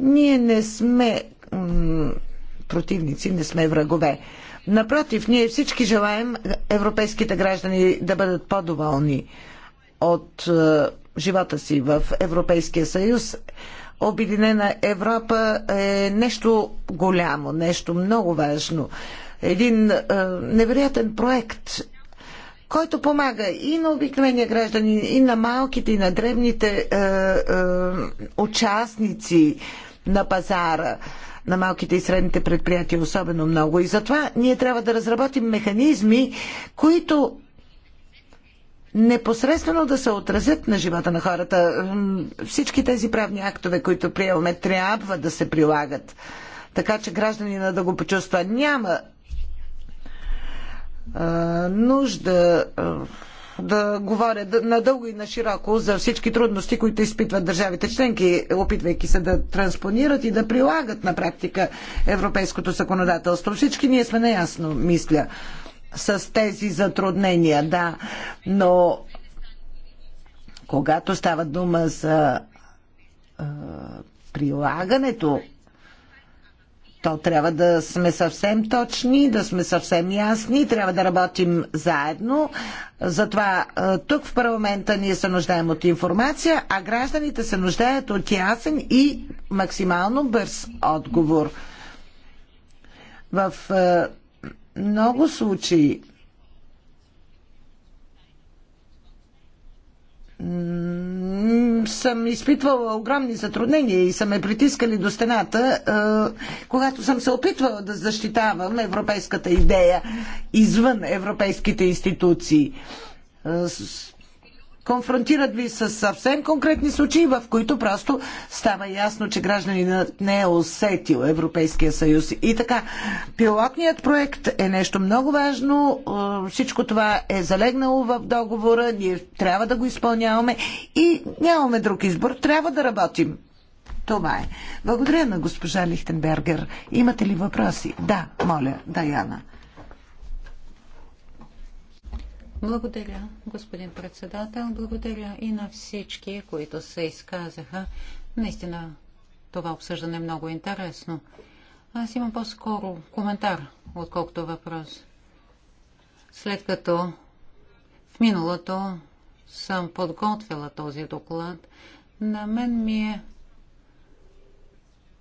Ние не сме противници, не сме врагове. Напротив, ние всички желаем европейските граждани да бъдат по-доволни от е, живота си в Европейския съюз. Обединена Европа е нещо голямо, нещо много важно. Един е, невероятен проект, който помага и на обикновения граждани, и на малките, и на древните е, е, участници на пазара, на малките и средните предприятия особено много. И затова ние трябва да разработим механизми, които непосредствено да се отразят на живота на хората. Всички тези правни актове, които приемаме, трябва да се прилагат. Така че гражданина да го почувства. Няма а, нужда а, да говоря надълго и на широко за всички трудности, които изпитват държавите членки, опитвайки се да транспонират и да прилагат на практика европейското законодателство. Всички ние сме наясно, мисля с тези затруднения, да, но когато става дума за а, прилагането, то трябва да сме съвсем точни, да сме съвсем ясни, трябва да работим заедно. Затова тук в парламента ние се нуждаем от информация, а гражданите се нуждаят от ясен и максимално бърз отговор. В много случаи съм изпитвала огромни затруднения и са ме притискали до стената, е, когато съм се опитвала да защитавам европейската идея извън европейските институции. Е, Конфронтират ви с съвсем конкретни случаи, в които просто става ясно, че гражданинът не е усетил Европейския съюз. И така, пилотният проект е нещо много важно. Е, всичко това е залегнало в договора. Ние трябва да го изпълняваме и нямаме друг избор. Трябва да работим. Това е. Благодаря на госпожа Лихтенбергер. Имате ли въпроси? Да, моля, Даяна. Благодаря, господин председател. Благодаря и на всички, които се изказаха. Наистина, това обсъждане е много интересно. Аз имам по-скоро коментар, отколкото въпрос. След като в миналото съм подготвила този доклад, на мен ми е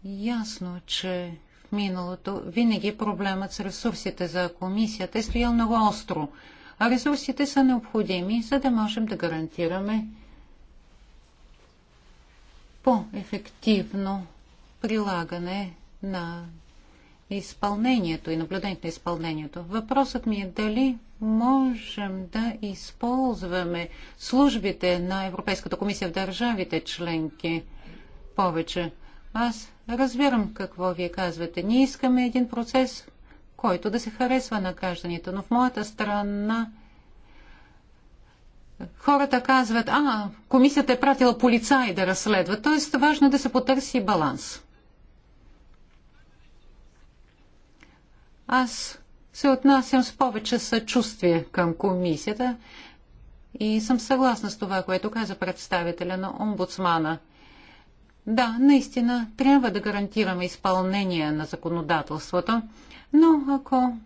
ясно, че в миналото винаги проблемът с ресурсите за комисията е стоял много остро ресурсите са необходими, за да можем да гарантираме по-ефективно прилагане на изпълнението и наблюдението на изпълнението. Въпросът ми е дали можем да използваме службите на Европейската комисия в държавите членки повече. Аз разбирам какво вие казвате. Ние искаме един процес, който да се харесва на гражданите. Но в моята страна хората казват, а, комисията е пратила полицаи да разследва. Тоест, важно е да се потърси баланс. Аз се отнасям с повече съчувствие към комисията и съм съгласна с това, което каза представителя на омбудсмана. Да, наистина трябва да гарантираме изпълнение на законодателството, но ако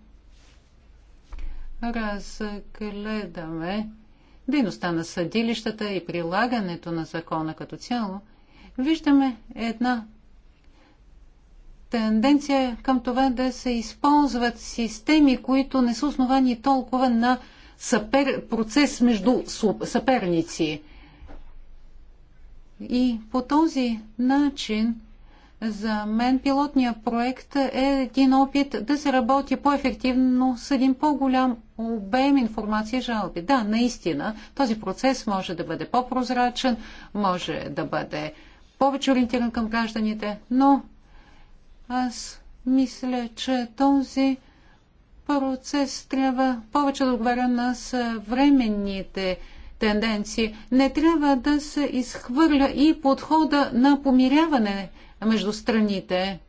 разгледаме дейността на съдилищата и прилагането на закона като цяло, виждаме една тенденция към това да се използват системи, които не са основани толкова на сапер... процес между съперници. И по този начин за мен пилотният проект е един опит да се работи по-ефективно с един по-голям обем информация и жалби. Да, наистина, този процес може да бъде по-прозрачен, може да бъде повече ориентиран към гражданите, но аз мисля, че този процес трябва повече да отговаря на съвременните тенденции. Не трябва да се изхвърля и подхода на помиряване между страните.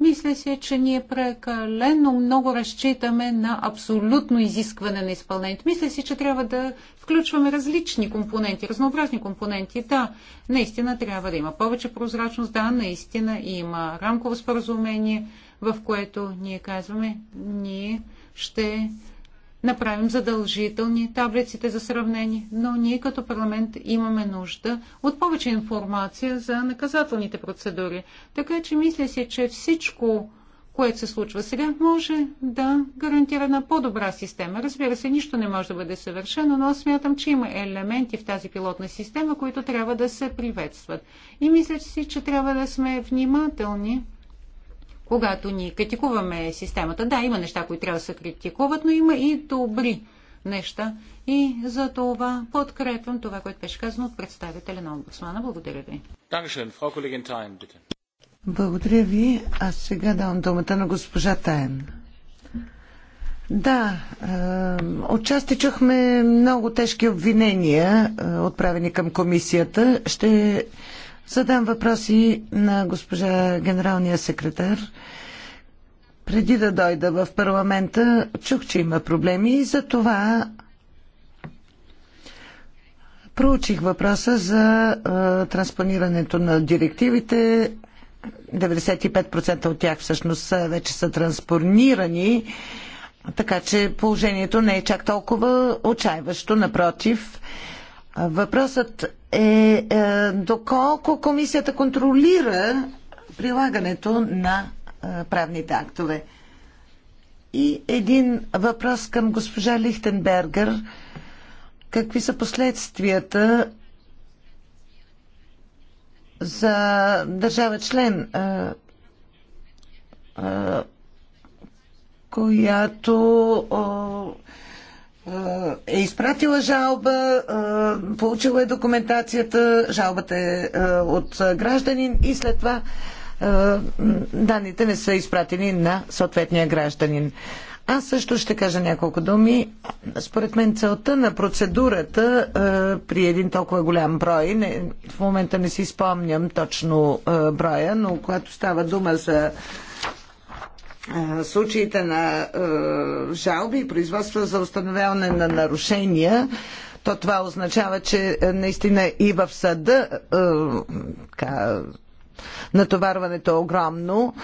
Мисля си, че ние прекалено много разчитаме на абсолютно изискване на изпълнението. Мисля си, че трябва да включваме различни компоненти, разнообразни компоненти. Да, наистина трябва да има повече прозрачност, да, наистина има рамково споразумение, в което ние казваме, ние ще направим задължителни таблиците за сравнение, но ние като парламент имаме нужда от повече информация за наказателните процедури. Така че мисля си, че всичко, което се случва сега, може да гарантира една по-добра система. Разбира се, нищо не може да бъде съвършено, но аз смятам, че има елементи в тази пилотна система, които трябва да се приветстват. И мисля си, че трябва да сме внимателни когато ни критикуваме системата. Да, има неща, които трябва да се критикуват, но има и добри неща. И за това подкрепвам това, което беше казано от представителя на омбудсмана. Благодаря ви. Благодаря ви. Аз сега давам думата на госпожа Таен. Да, отчасти е, чухме много тежки обвинения, е, отправени към комисията. Ще задам въпроси на госпожа генералния секретар. Преди да дойда в парламента, чух, че има проблеми и за това проучих въпроса за а, е, транспонирането на директивите. 95% от тях всъщност вече са транспонирани, така че положението не е чак толкова отчаиващо, напротив. Въпросът е, е, доколко комисията контролира прилагането на е, правните актове. И един въпрос към госпожа Лихтенбергер. Какви са последствията за държава член, е, която е изпратила жалба, е, получила е документацията, жалбата е, е от гражданин и след това е, данните не са изпратени на съответния гражданин. Аз също ще кажа няколко думи. Според мен целта на процедурата е, при един толкова голям брой, не, в момента не си спомням точно е, броя, но когато става дума за случаите на жалби и производства за установяване на нарушения, то това означава, че наистина и в съда натоварването е огромно.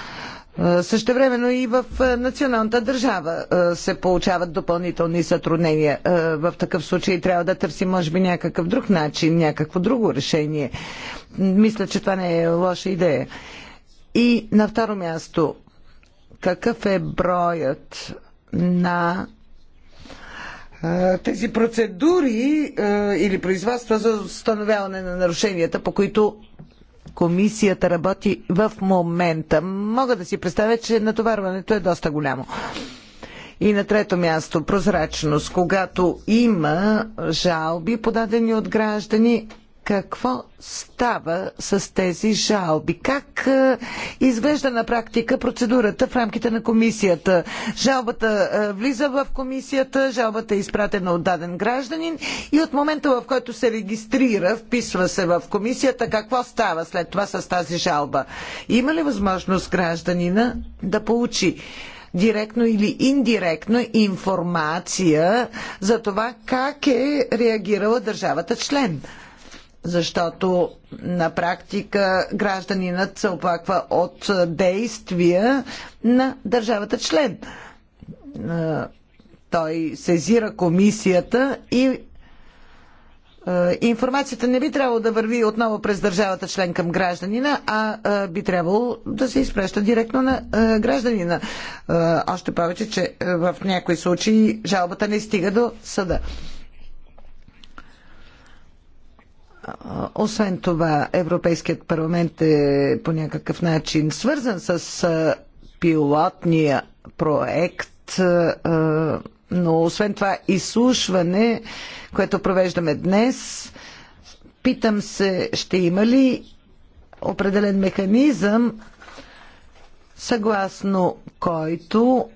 Същевременно и в националната държава се получават допълнителни сътруднения. В такъв случай трябва да търсим, може би, някакъв друг начин, някакво друго решение. Мисля, че това не е лоша идея. И на второ място, какъв е броят на тези процедури или производства за установяване на нарушенията, по които комисията работи в момента. Мога да си представя, че натоварването е доста голямо. И на трето място прозрачност. Когато има жалби, подадени от граждани, какво става с тези жалби? Как е, изглежда на практика процедурата в рамките на комисията? Жалбата е, влиза в комисията, жалбата е изпратена от даден гражданин и от момента в който се регистрира, вписва се в комисията, какво става след това с тази жалба? Има ли възможност гражданина да получи директно или индиректно информация за това как е реагирала държавата член? защото на практика гражданинът се оплаква от действия на държавата член. Той сезира комисията и информацията не би трябвало да върви отново през държавата член към гражданина, а би трябвало да се изпреща директно на гражданина. Още повече, че в някои случаи жалбата не стига до съда. Освен това, Европейският парламент е по някакъв начин свързан с пилотния проект, но освен това изслушване, което провеждаме днес, питам се, ще има ли определен механизъм, съгласно който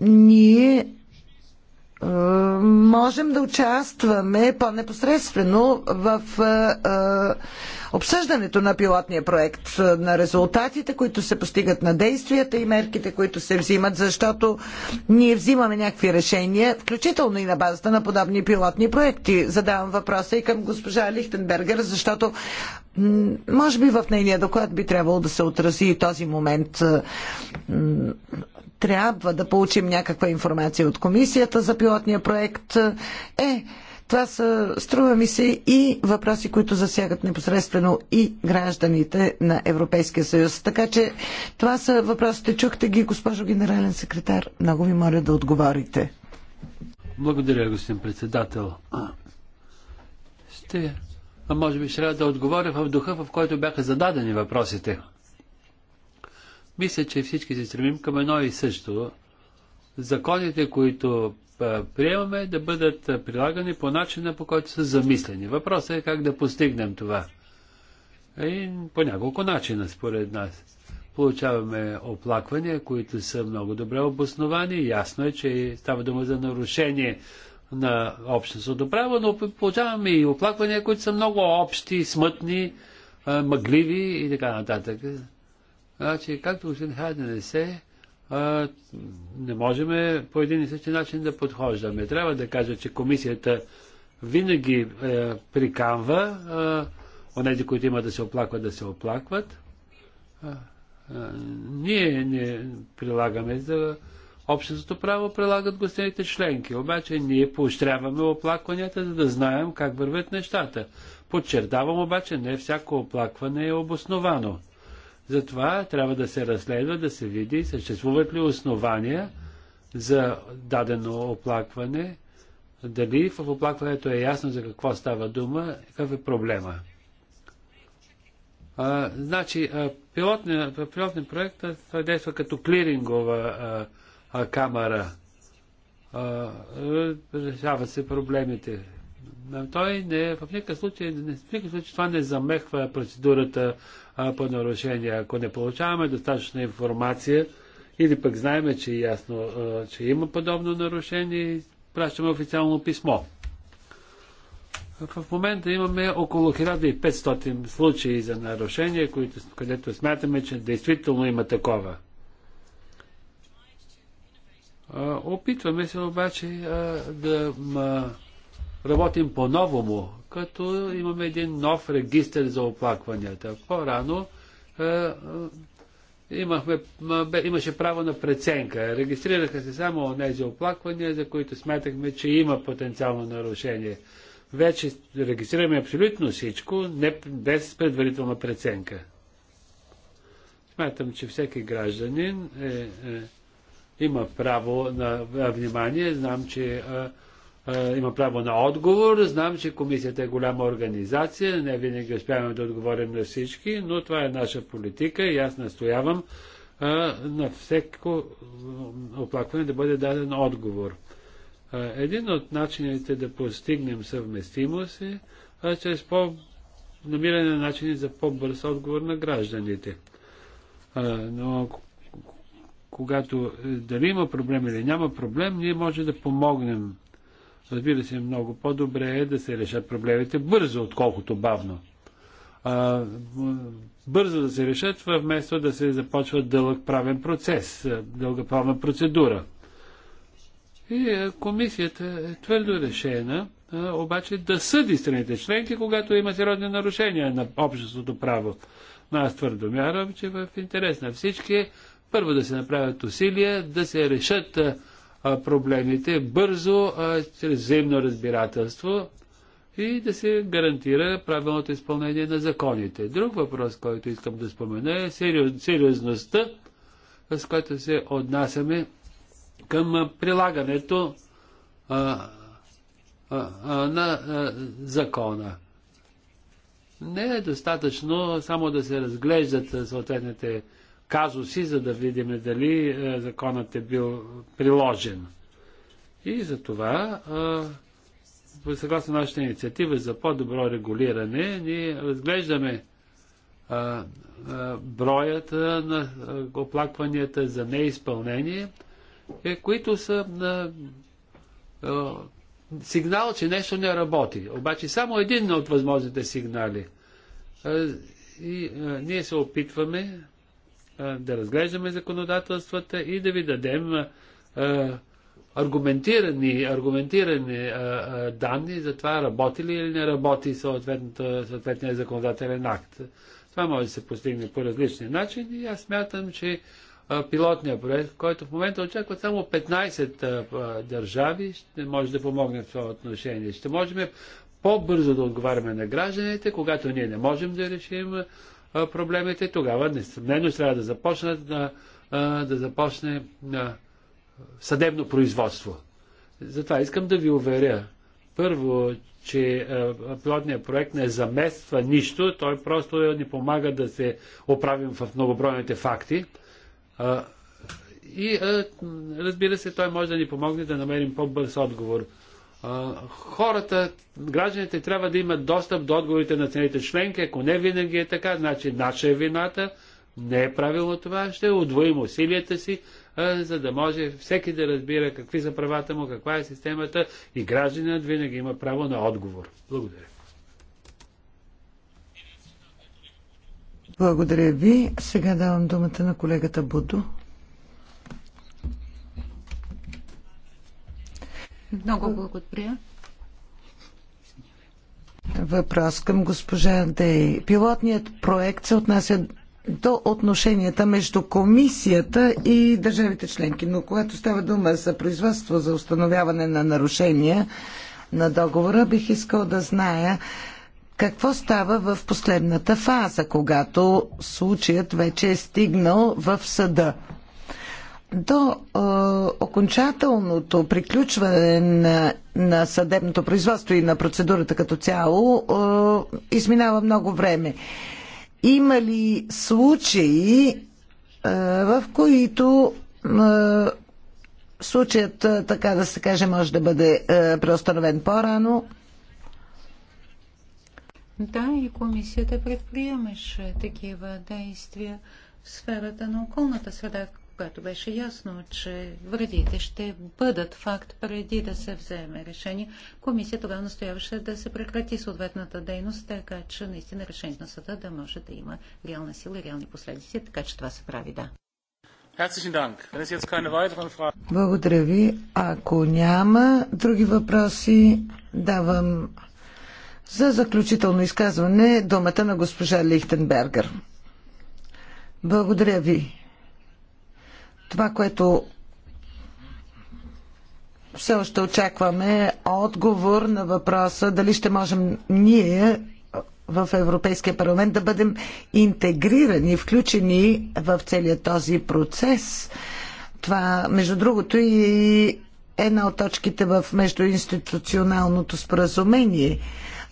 ние е, можем да участваме по-непосредствено в е, е, обсъждането на пилотния проект, на резултатите, които се постигат на действията и мерките, които се взимат, защото ние взимаме някакви решения, включително и на базата на подобни пилотни проекти. Задавам въпроса и към госпожа Лихтенбергер, защото може би в нейния доклад би трябвало да се отрази и този момент трябва да получим някаква информация от комисията за пилотния проект. Е, това са, струва ми се, и въпроси, които засягат непосредствено и гражданите на Европейския съюз. Така че това са въпросите. Чухте ги, госпожо генерален секретар. Много ви моля да отговорите. Благодаря, господин председател. Ще, а може би ще трябва да отговоря в духа, в който бяха зададени въпросите. Мисля, че всички се стремим към едно и също. Законите, които приемаме, да бъдат прилагани по начина, по който са замислени. Въпросът е как да постигнем това. И по няколко начина, според нас. Получаваме оплаквания, които са много добре обосновани. Ясно е, че става дума за нарушение на общностното право, но получаваме и оплаквания, които са много общи, смътни, мъгливи и така нататък. Значи, както господин Хайден се, а, не можем по един и същи начин да подхождаме. Трябва да кажа, че комисията винаги е, приканва онези, които имат да се оплакват, да се оплакват. А, а, ние не прилагаме за общностното право, прилагат гостените членки. Обаче ние поощряваме оплакванията, за да знаем как вървят нещата. Подчертавам обаче, не всяко оплакване е обосновано. Затова трябва да се разследва, да се види съществуват ли основания за дадено оплакване, дали в оплакването е ясно за какво става дума, какъв е проблема. А, значи, пилотният пилотни проект той действа като клирингова а, а, камера. А, решава се проблемите. Той не, в никакъв случай, случай това не замехва процедурата по нарушение, Ако не получаваме достатъчна информация или пък знаеме, че, е ясно, че има подобно нарушение, пращаме официално писмо. В момента имаме около 1500 случаи за нарушения, които, където смятаме, че действително има такова. Опитваме се обаче да работим по-новому, като имаме един нов регистр за оплакванията. По-рано е, е имахме, имаше право на преценка. Регистрираха се само тези оплаквания, за които смятахме, че има потенциално нарушение. Вече регистрираме абсолютно всичко, не, без предварителна преценка. Смятам, че всеки гражданин е, е, има право на внимание. Знам, че е, има право на отговор. Знам, че комисията е голяма организация, не винаги успяваме да отговорим на всички, но това е наша политика и аз настоявам на всеко оплакване да бъде даден отговор. един от начините да постигнем съвместимост е чрез по намиране на начини за по-бърз отговор на гражданите. но когато е, дали има проблем или няма проблем, ние може да помогнем Разбира се, много по-добре е да се решат проблемите бързо, отколкото бавно. А, бързо да се решат, вместо да се започва дълъг правен процес, дълга правна процедура. И комисията е твърдо решена, а, обаче да съди страните членки, когато има сериозни нарушения на обществото право. Но аз твърдо мярвам, че в интерес на всички първо да се направят усилия да се решат а, проблемите бързо, чрез взаимно разбирателство и да се гарантира правилното изпълнение на законите. Друг въпрос, който искам да спомена е сериоз, сериозността, с която се отнасяме към прилагането а, а, а, на а, закона. Не е достатъчно само да се разглеждат съответните казуси, за да видим дали е, законът е бил приложен. И за това, е, съгласно нашата инициатива за по-добро регулиране, ние разглеждаме е, броят на оплакванията за неизпълнение, които са на сигнал, че нещо не работи. Обаче само един от възможните сигнали. И ние се опитваме да разглеждаме законодателствата и да ви дадем аргументирани, аргументирани данни за това работи ли или не работи съответния законодателен акт. Това може да се постигне по различни начини и аз смятам, че пилотният проект, който в момента очакват само 15 държави, ще може да помогне в това отношение. Ще можем по-бързо да отговаряме на гражданите, когато ние не можем да решим проблемите, тогава несъмнено трябва да, започне да, да започне съдебно производство. Затова искам да ви уверя, първо, че пилотният проект не замества нищо, той просто ни помага да се оправим в многобройните факти. И разбира се, той може да ни помогне да намерим по-бърз отговор хората, гражданите трябва да имат достъп до отговорите на цените членки. Ако не винаги е така, значи наша е вината. Не е правилно това. Ще удвоим усилията си, за да може всеки да разбира какви са правата му, каква е системата и гражданинът винаги има право на отговор. Благодаря. Благодаря ви. Сега давам думата на колегата Будо. Много благодаря. Въпрос към госпожа Дей. Пилотният проект се отнася до отношенията между комисията и държавите членки. Но когато става дума за производство за установяване на нарушения на договора, бих искал да зная какво става в последната фаза, когато случаят вече е стигнал в съда до е, окончателното приключване на, на съдебното производство и на процедурата като цяло е, изминава много време. Има ли случаи, е, в които е, случаят, е, така да се каже, може да бъде е, преустановен по-рано? Да, и комисията предприемаше такива действия в сферата на околната среда, когато беше ясно, че вредите ще бъдат факт преди да се вземе решение, комисия тогава настояваше да се прекрати съответната дейност, така че наистина решението на съда да може да има реална сила и реални последици, така че това се прави, да. Благодаря ви. Ако няма други въпроси, давам за заключително изказване думата на госпожа Лихтенбергер. Благодаря ви. Това, което все още очакваме е отговор на въпроса дали ще можем ние в Европейския парламент да бъдем интегрирани, включени в целият този процес. Това, между другото, и една от точките в междуинституционалното споразумение.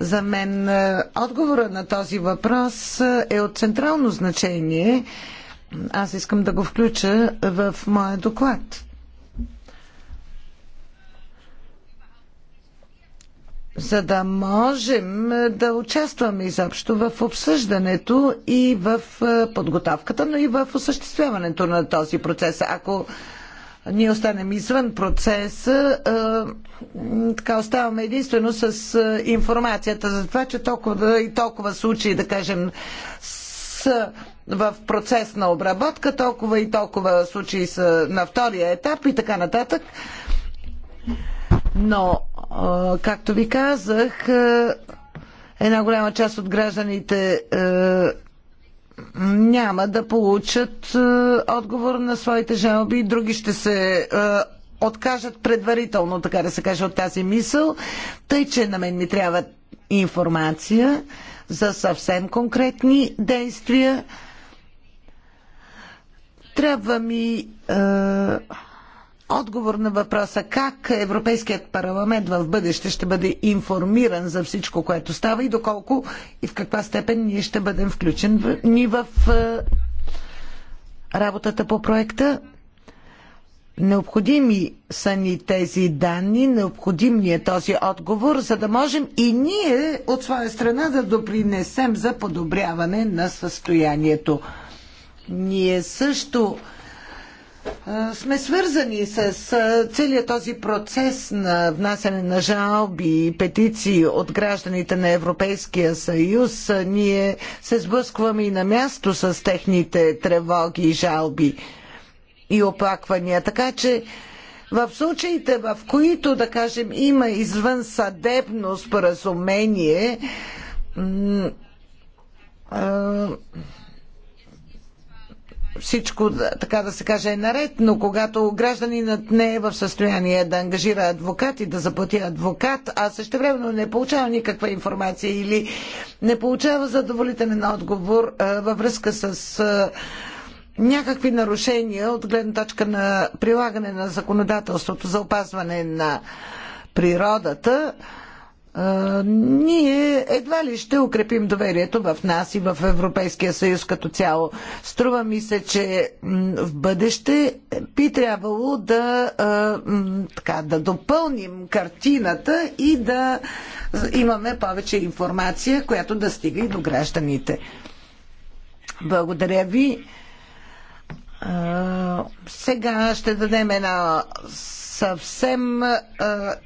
За мен е, отговора на този въпрос е от централно значение. Аз искам да го включа в моя доклад. за да можем да участваме изобщо в обсъждането и в подготовката, но и в осъществяването на този процес. Ако ние останем извън процеса, така оставаме единствено с информацията за това, че толкова и толкова случаи, да кажем, са в процес на обработка, толкова и толкова случаи са на втория етап и така нататък. Но, както ви казах, една голяма част от гражданите няма да получат отговор на своите жалби, други ще се откажат предварително, така да се каже, от тази мисъл, тъй че на мен ми трябва информация за съвсем конкретни действия. Трябва ми е, отговор на въпроса как Европейският парламент в бъдеще ще бъде информиран за всичко, което става и доколко и в каква степен ние ще бъдем включени в е, работата по проекта. Необходими са ни тези данни, необходим ни е този отговор, за да можем и ние от своя страна да допринесем за подобряване на състоянието. Ние също сме свързани с целият този процес на внасяне на жалби и петиции от гражданите на Европейския съюз. Ние се сблъскваме и на място с техните тревоги и жалби и оплаквания. Така че в случаите, в които, да кажем, има извън съдебно споразумение, всичко, така да се каже, е наред, но когато гражданинът не е в състояние да ангажира адвокат и да заплати адвокат, а също времено не получава никаква информация или не получава задоволителен отговор във връзка с някакви нарушения от гледна точка на прилагане на законодателството за опазване на природата, ние едва ли ще укрепим доверието в нас и в Европейския съюз като цяло. Струва ми се, че в бъдеще би трябвало да, така, да допълним картината и да имаме повече информация, която да стига и до гражданите. Благодаря ви сега ще дадем една съвсем,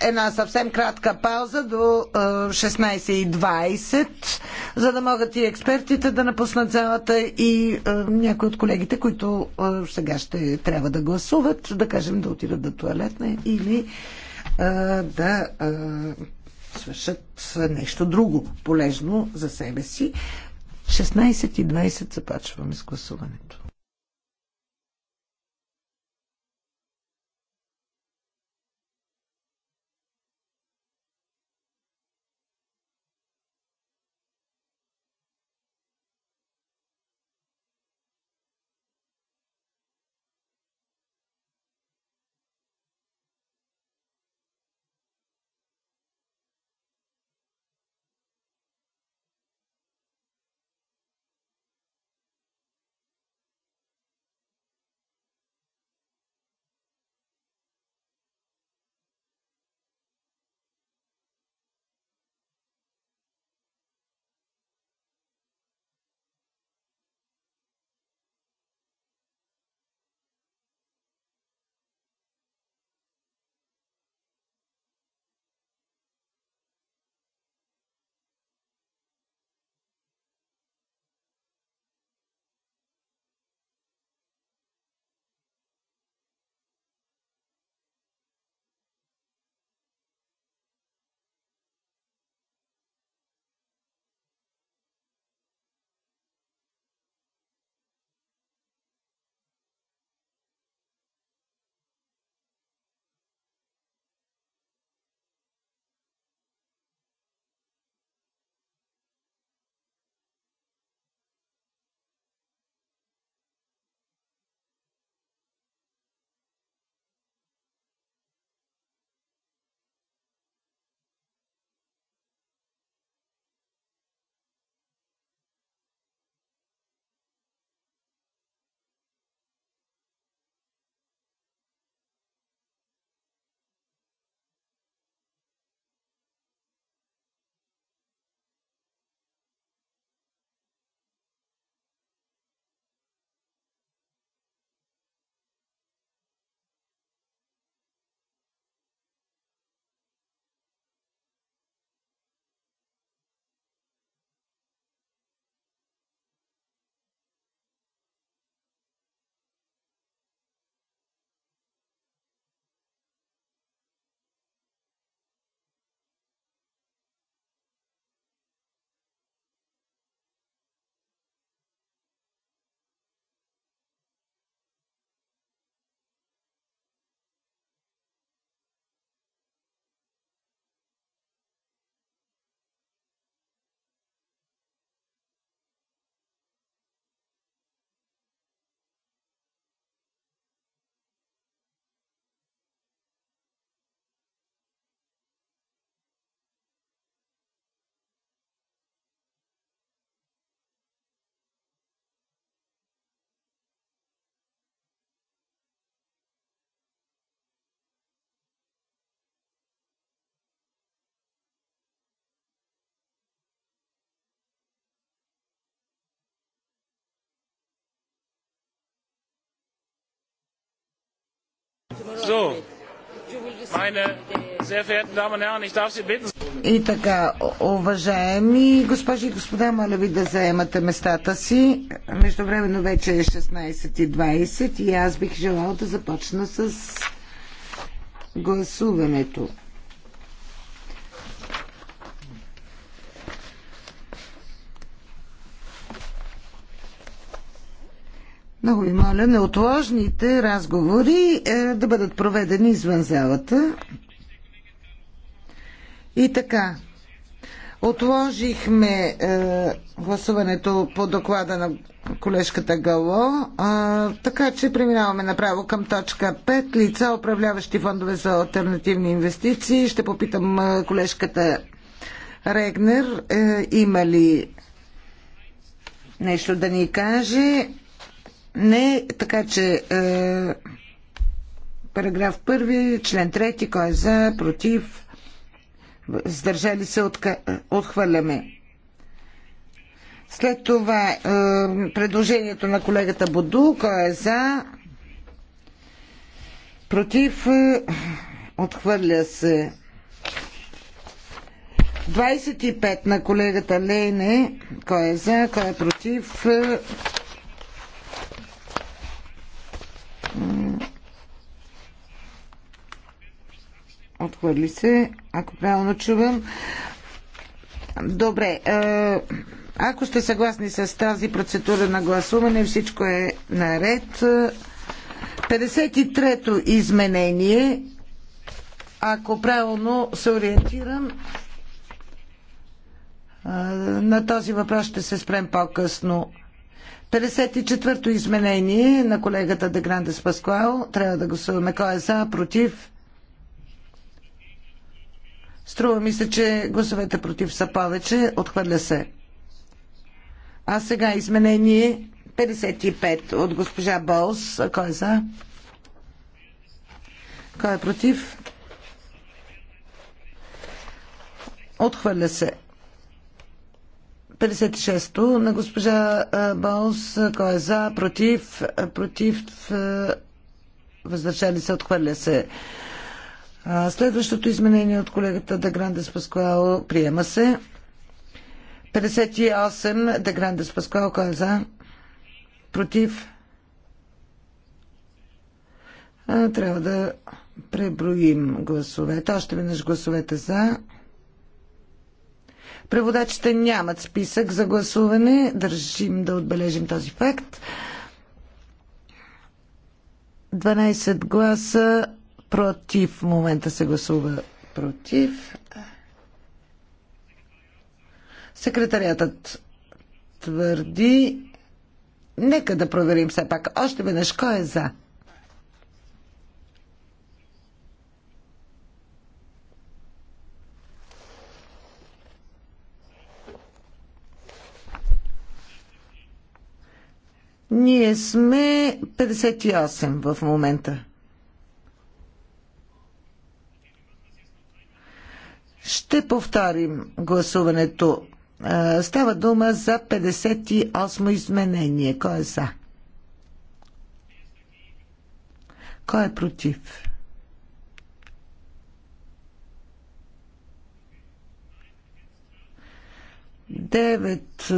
една съвсем кратка пауза до 16.20, за да могат и експертите да напуснат залата и някои от колегите, които сега ще трябва да гласуват, да кажем да отидат до туалетна или да свършат нещо друго полезно за себе си. 16.20 започваме с гласуването. So, И така, уважаеми госпожи и господа, моля ви да заемате местата си. Междувременно вече е 16.20 и аз бих желала да започна с гласуването. Много ви моля, неотложните разговори е, да бъдат проведени извън залата. И така, отложихме е, гласуването по доклада на колежката Гало, е, така че преминаваме направо към точка 5. Лица, управляващи фондове за альтернативни инвестиции. Ще попитам е, колежката Регнер, е, има ли нещо да ни каже? Не, така че е, параграф 1, член 3, кой е за, против, сдържали се, от, е, отхвърляме. След това е, предложението на колегата Боду, кой е за, против, е, отхвърля се. 25 на колегата Лейне, кой е за, кой е против, е, Отхвърли се, ако правилно чувам. Добре. Ако сте съгласни с тази процедура на гласуване, всичко е наред. 53-то изменение, ако правилно се ориентирам, на този въпрос ще се спрем по-късно. 54-то изменение на колегата Де Грандес Паскуал. Трябва да гласуваме кой е за, против. Струва ми се, че гласовете против са повече. Отхвърля се. А сега изменение 55 от госпожа Болс. Кой е за? Кой е против? Отхвърля се. 56-то на госпожа Болс. Кой е за? Против? Против? Въздържали се? Отхвърля се. Следващото изменение от колегата Даграндес Паскуал приема се. 58 Даграндес Паскуал. Кой е за? Против? Трябва да преброим гласовете. Още веднъж гласовете за. Преводачите нямат списък за гласуване. Държим да отбележим този факт. 12 гласа против. В момента се гласува против. Секретариатът твърди. Нека да проверим все пак. Още веднъж кой е за. Ние сме 58 в момента. Ще повторим гласуването. Става дума за 58 изменение. Кой е за? Кой е против? Девет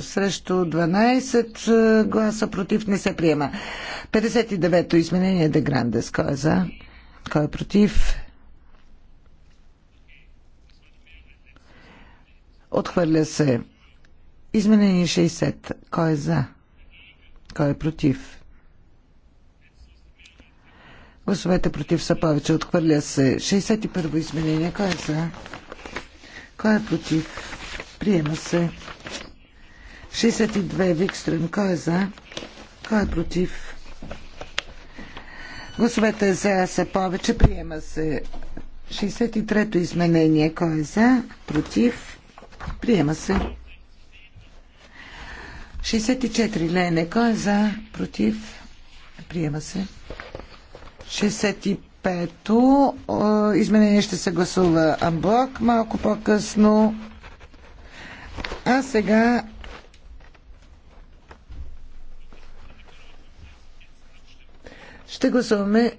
срещу 12 е, гласа против не се приема. 59-то изменение Де Грандес. Кой е за? Кой е против? Отхвърля се. Изменение 60. Кой е за? Кой е против? Гласовете против са повече. Отхвърля се. 61-во изменение. Кой е за? Кой е против? Приема се. 62 Викстрен, Кой е за? Кой е против? Гласовете за са повече. Приема се 63-то изменение. Кой е за? Против? Приема се. 64 Лене. Кой е за? Против? Приема се. 65-то изменение ще се гласува амблок малко по-късно. А сега Ще гласуваме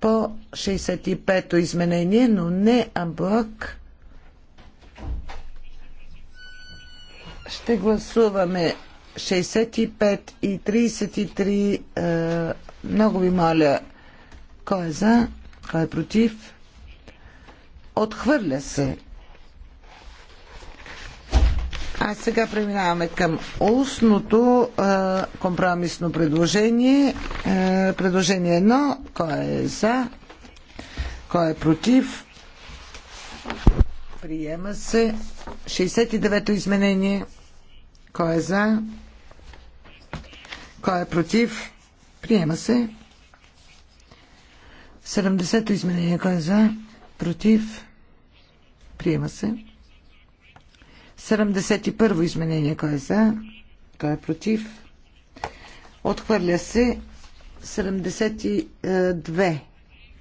по 65-то изменение, но не амблок. Ще гласуваме 65 и 33. Е, много ви моля, кой е за, кой е против. Отхвърля се а сега преминаваме към устното а, компромисно предложение. А, предложение 1. Кой е за? Кой е против? Приема се. 69-то изменение. Кой е за? Кой е против? Приема се. 70-то изменение. Кой е за? Против? Приема се. 71 изменение. Кой е за? Кой е против? Отхвърля се 72.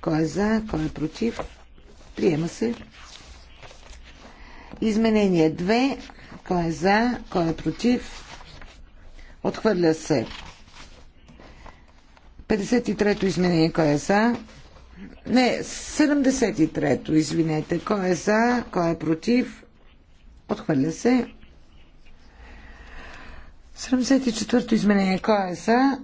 Кой е за? Кой е против? Приема се. Изменение 2. Кой е за? Кой е против? Отхвърля се. 53-то изменение. Кой е за? Не, 73-то, извинете. Кой е за? Кой е против? Отхвърля се. 74-то изменение. Кой е за?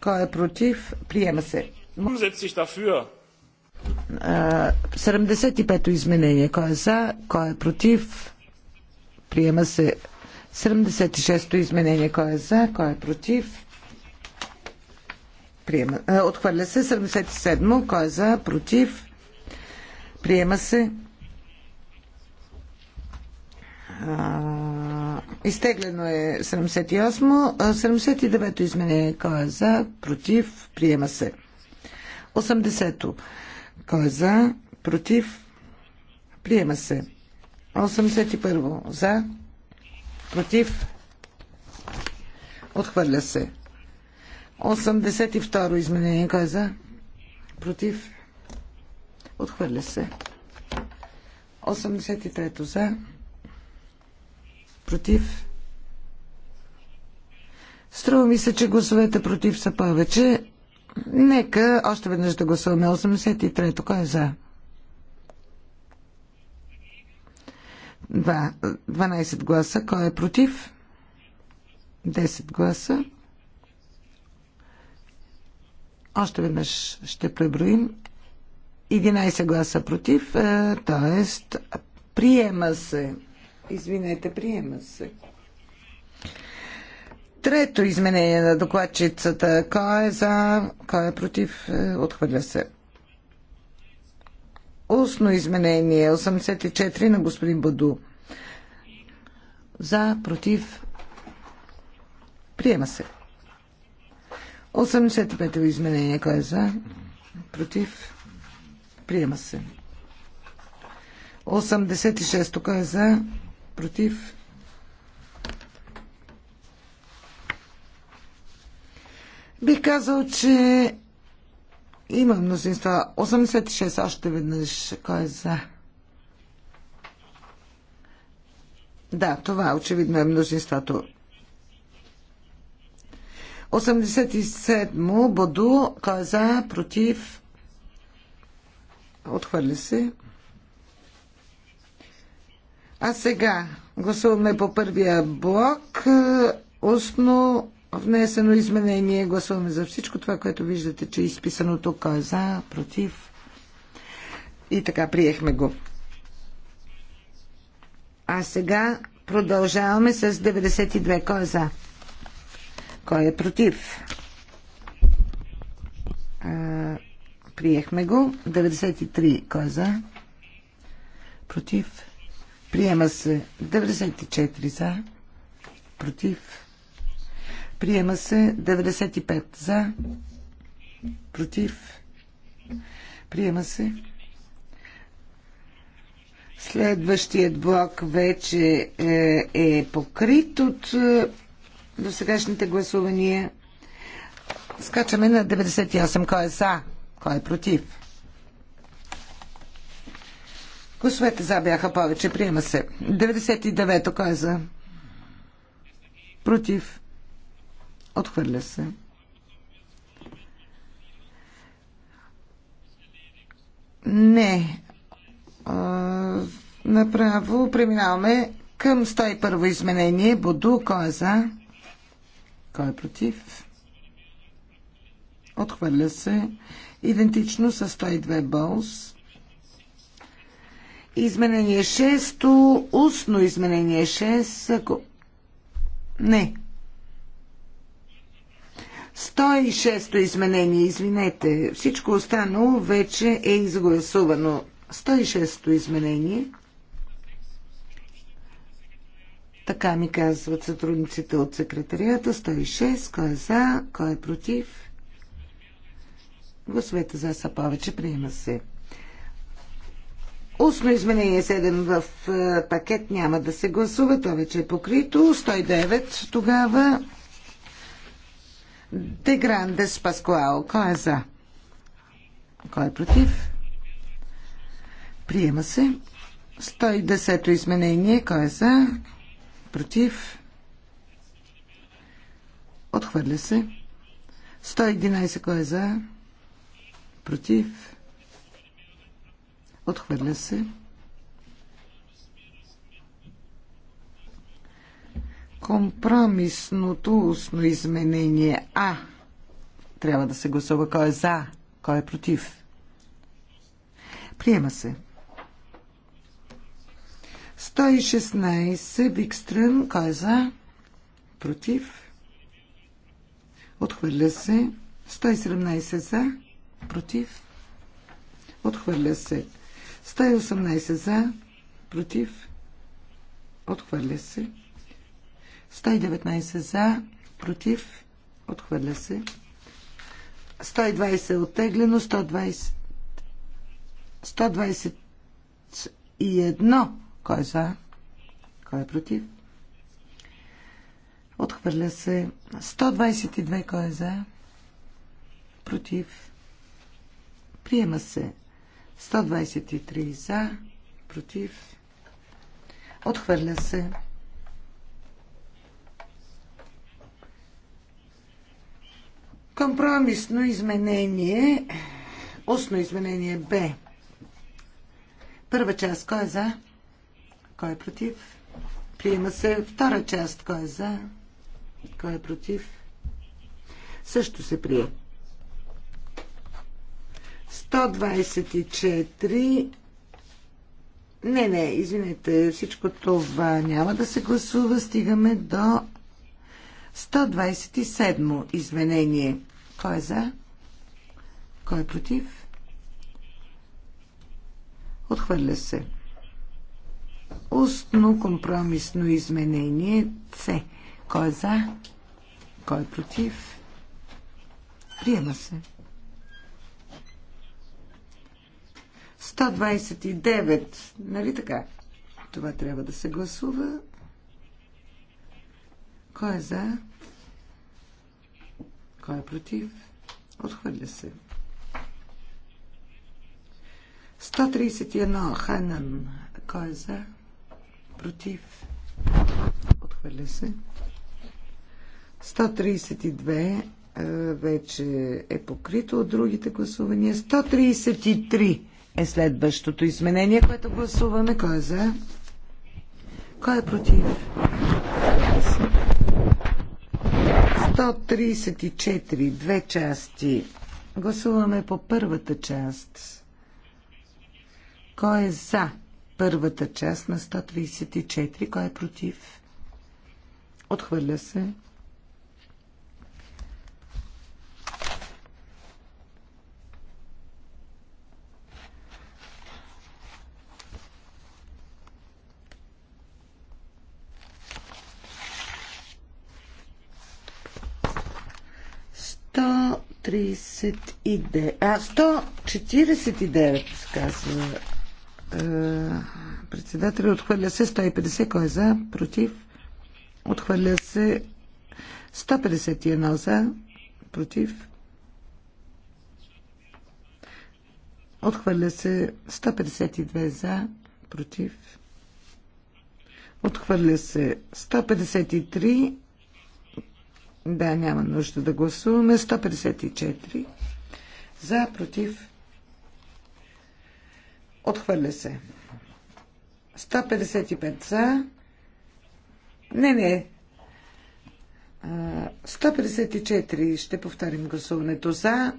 Кой е против? Приема се. 75-то изменение. Кой е за? Кой е против? Приема се. 76-то изменение. Кой е за? Кой е против? Приема. Отхвърля се. 77-мо. Кой е за? Против? Приема се изтеглено е 78. 79-то изменение. Кой е за? Против? Приема се. 80-то. Кой е за? Против? Приема се. 81-во. За? Против? Отхвърля се. 82-ро изменение. Кой е за? Против? Отхвърля се. 83-то за. Против? Струва ми се, че гласовете против са повече. Нека още веднъж да гласуваме 83-то. Кой е за? 2. 12 гласа. Кой е против? 10 гласа. Още веднъж ще преброим. 11 гласа против, е, т.е. приема се извинете, приема се. Трето изменение на докладчицата. Кой е за, кой е против, е, отхвърля се. Устно изменение 84 на господин Баду. За, против, приема се. 85-то изменение. Кой е за, против, приема се. 86-то. Кой е за, против. Бих казал, че има мнозинства. 86 още веднъж. Кой е за? Да, това очевидно е мнозинството. 87 Боду. Кой е за? Против? Отхвърля се. А сега гласуваме по първия блок. Е, устно внесено изменение. Гласуваме за всичко това, което виждате, че е изписано тук. Е за, против. И така, приехме го. А сега продължаваме с 92. Кой е за? Кой е против? А, е, приехме го. 93. Кой е за? Против. Приема се 94 за. Против. Приема се 95 за. Против. Приема се. Следващият блок вече е, е покрит от е, досегашните гласувания. Скачаме на 98. Кой е за? Кой е против? Гласовете за бяха повече. Приема се. 99-то. Кой е за? Против. Отхвърля се. Не. А, направо преминаваме към 101-во изменение. Буду. Кой е за? Кой е против? Отхвърля се. Идентично с 102 Болс. Изменение 6, устно изменение 6, ако... Не. 106-то изменение, извинете. Всичко останало вече е изгласувано. 106-то изменение. Така ми казват сътрудниците от секретарията. 106. Кой е за, кой е против? Гласовете за са повече. Приема се. Устно изменение 7 в е, пакет няма да се гласува, то вече е покрито. 109 тогава. Де Грандес Паскуал. Кой е за? Кой е против? Приема се. 110-то изменение. Кой е за? Против? Отхвърля се. 111. Кой е за? Против? Отхвърля се. Компромисното устно изменение А. Трябва да се гласува кой е за, кой е против. Приема се. 116 Викстрън. Кой е за? Против. Отхвърля се. 117 за. Против. Отхвърля се. 118 за, против, отхвърля се. 119 за, против, отхвърля се. 120 е оттеглено, 120, 121, кой е за, кой е против. Отхвърля се. 122, кой е за, против. Приема се. 123 за, против, отхвърля се. Компромисно изменение, устно изменение Б. Първа част, кой е за? Кой е против? Приема се втора част, кой е за? Кой е против? Също се приема. 124. Не, не, извинете, всичко това няма да се гласува. Стигаме до 127 изменение. Кой е за? Кой е против? Отхвърля се. Устно компромисно изменение С. Кой е за? Кой е против? Приема се. 129, нали така? Това трябва да се гласува. Кой е за? Кой е против? Отхвърля се. 131 Ханан. Кой е за? Против? Отхвърля се. 132 е, вече е покрито от другите гласувания. 133 е следващото изменение, което гласуваме. Кой е за? Кой е против? 134, две части. Гласуваме по първата част. Кой е за първата част на 134? Кой е против? Отхвърля се. 139. А, 149, казва е, председателя. Отхвърля се 150. Кой е за? Против? Отхвърля се 151 за. Против? Отхвърля се 152 за. Против? Отхвърля се 153 да, няма нужда да гласуваме. 154. За, против. Отхвърля се. 155 за. Не, не. 154. Ще повторим гласуването за.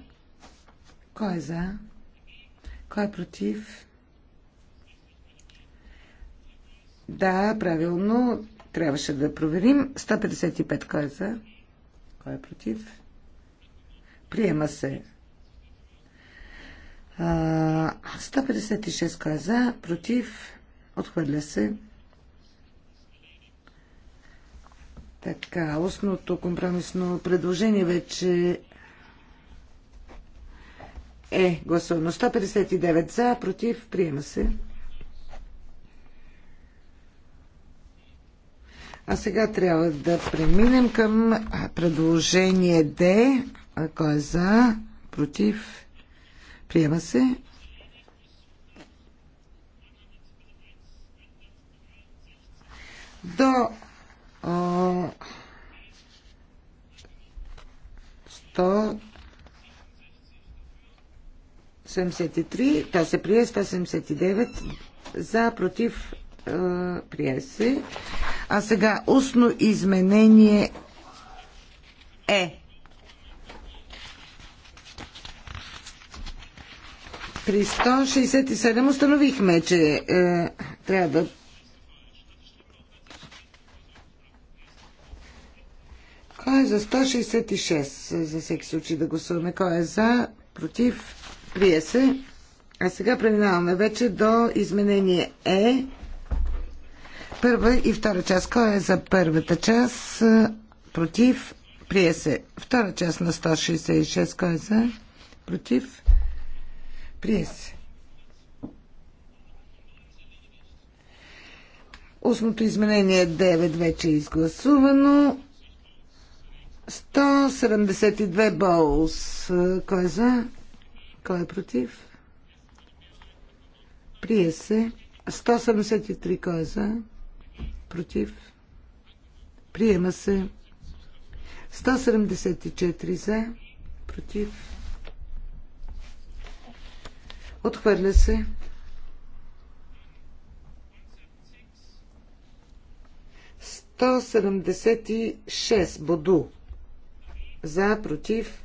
Кой е за? Кой е против? Да, правилно. Трябваше да проверим. 155 кой е за? Кой е против? Приема се. 156 кой е за, против, отхвърля се. Така, устното компромисно предложение вече е гласувано. 159 за, против, приема се. А сега трябва да преминем към предложение Д. Кой е за? Против? Приема се. До 100. 173, тя се прие 179 за, против прие се. А сега устно изменение е. При 167 установихме, че е, трябва да Кой е за 166? За всеки случай да гласуваме. Кой е за? Против? Прие се. А сега преминаваме вече до изменение Е. Първа и втора част. Кой е за първата част? Е, против. Прие се. Втора част на 166. Кой е за? Против. Прие се. Осмото изменение 9 е вече е изгласувано. 172 болс. Е, кой е за? Кой е против? Прие се. 173 кой е за? против, приема се 174 за, против, отхвърля се 176 Боду за, против,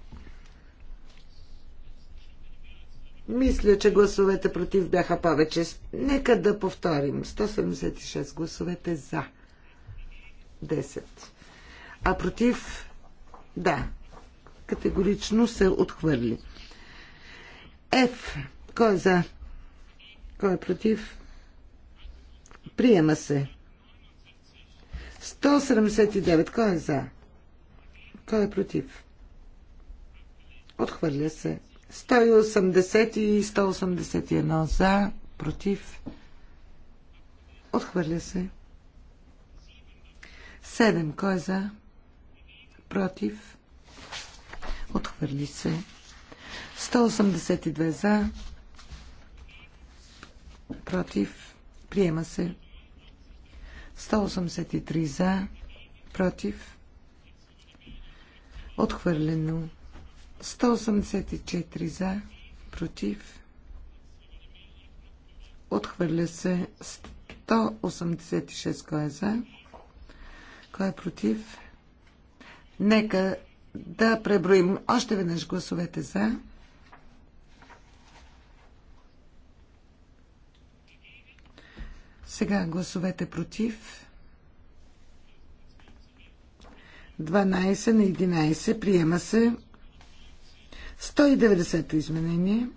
Мисля, че гласовете против бяха повече. Нека да повторим. 176 гласовете за. 10. А против, да, категорично се отхвърли. Ф. Кой е за? Кой е против? Приема се. 179. Кой е за? Кой е против? Отхвърля се. 180 и 181 за, против. Отхвърля се. 7. Кой е за? Против. Отхвърли се. 182 за. Против. Приема се. 183 за. Против. Отхвърлено. 184 за, против. Отхвърля се 186 кой е за, кой е против. Нека да преброим още веднъж гласовете за. Сега гласовете против. 12 на 11 приема се 190-то изменение.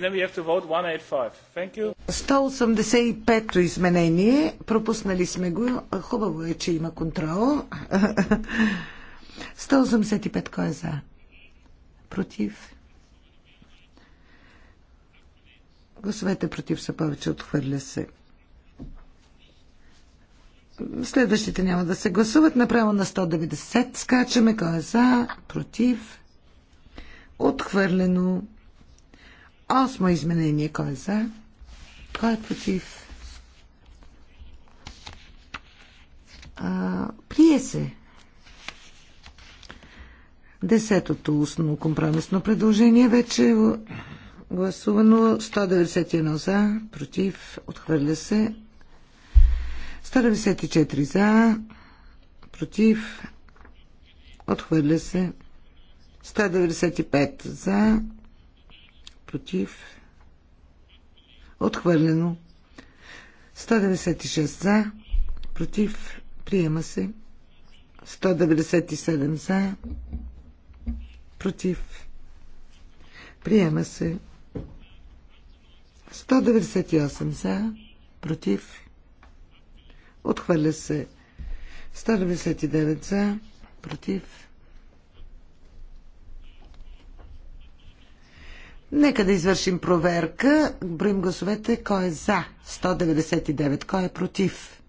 Then we have to vote 185. Thank you. 185-то изменение. Пропуснали сме го. Хубаво е, че има контрол. 185 кой е за? Против? Гласовете против са повече, отхвърля се. Следващите няма да се гласуват. Направо на 190 скачаме. Кой е за? Против? Отхвърлено. Осмо изменение. Кой е за? Кой е против? А, прие се. Десетото устно компромисно предложение вече е гласувано 191 за, против, отхвърля се. 194 за, против, отхвърля се. 195 за, против, отхвърлено. 196 за, против, приема се. 197 за, Против. Приема се. 198 за. Против. Отхвърля се. 199 за. Против. Нека да извършим проверка. Броим гласовете. Кой е за? 199. Кой е против?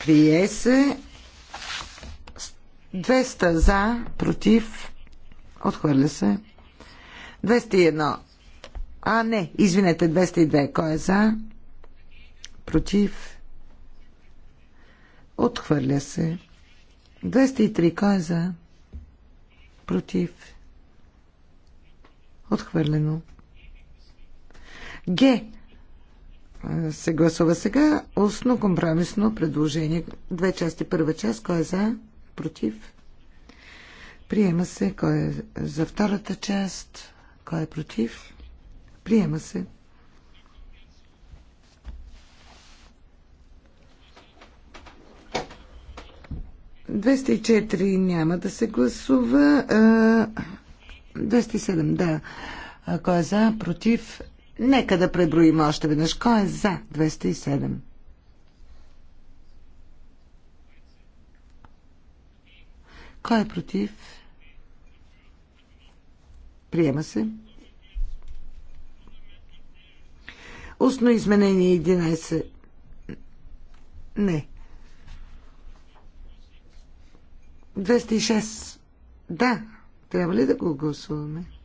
Прие се. 200 за, против, отхвърля се. 201. А, не, извинете, 202. Кой е за? Против. Отхвърля се. 203. Кой е за? Против. Отхвърлено. Г. Се гласува сега устно компромисно предложение. Две части. Първа част. Кой е за? против. Приема се. Кой е за втората част? Кой е против? Приема се. Двеста няма да се гласува. 207, да. Кой е за? Против? Нека да преброим още веднъж. Кой е за 207? Кой е против? Приема се. Устно изменение 11. Не. 206. Да. Трябва ли да го гласуваме? 206.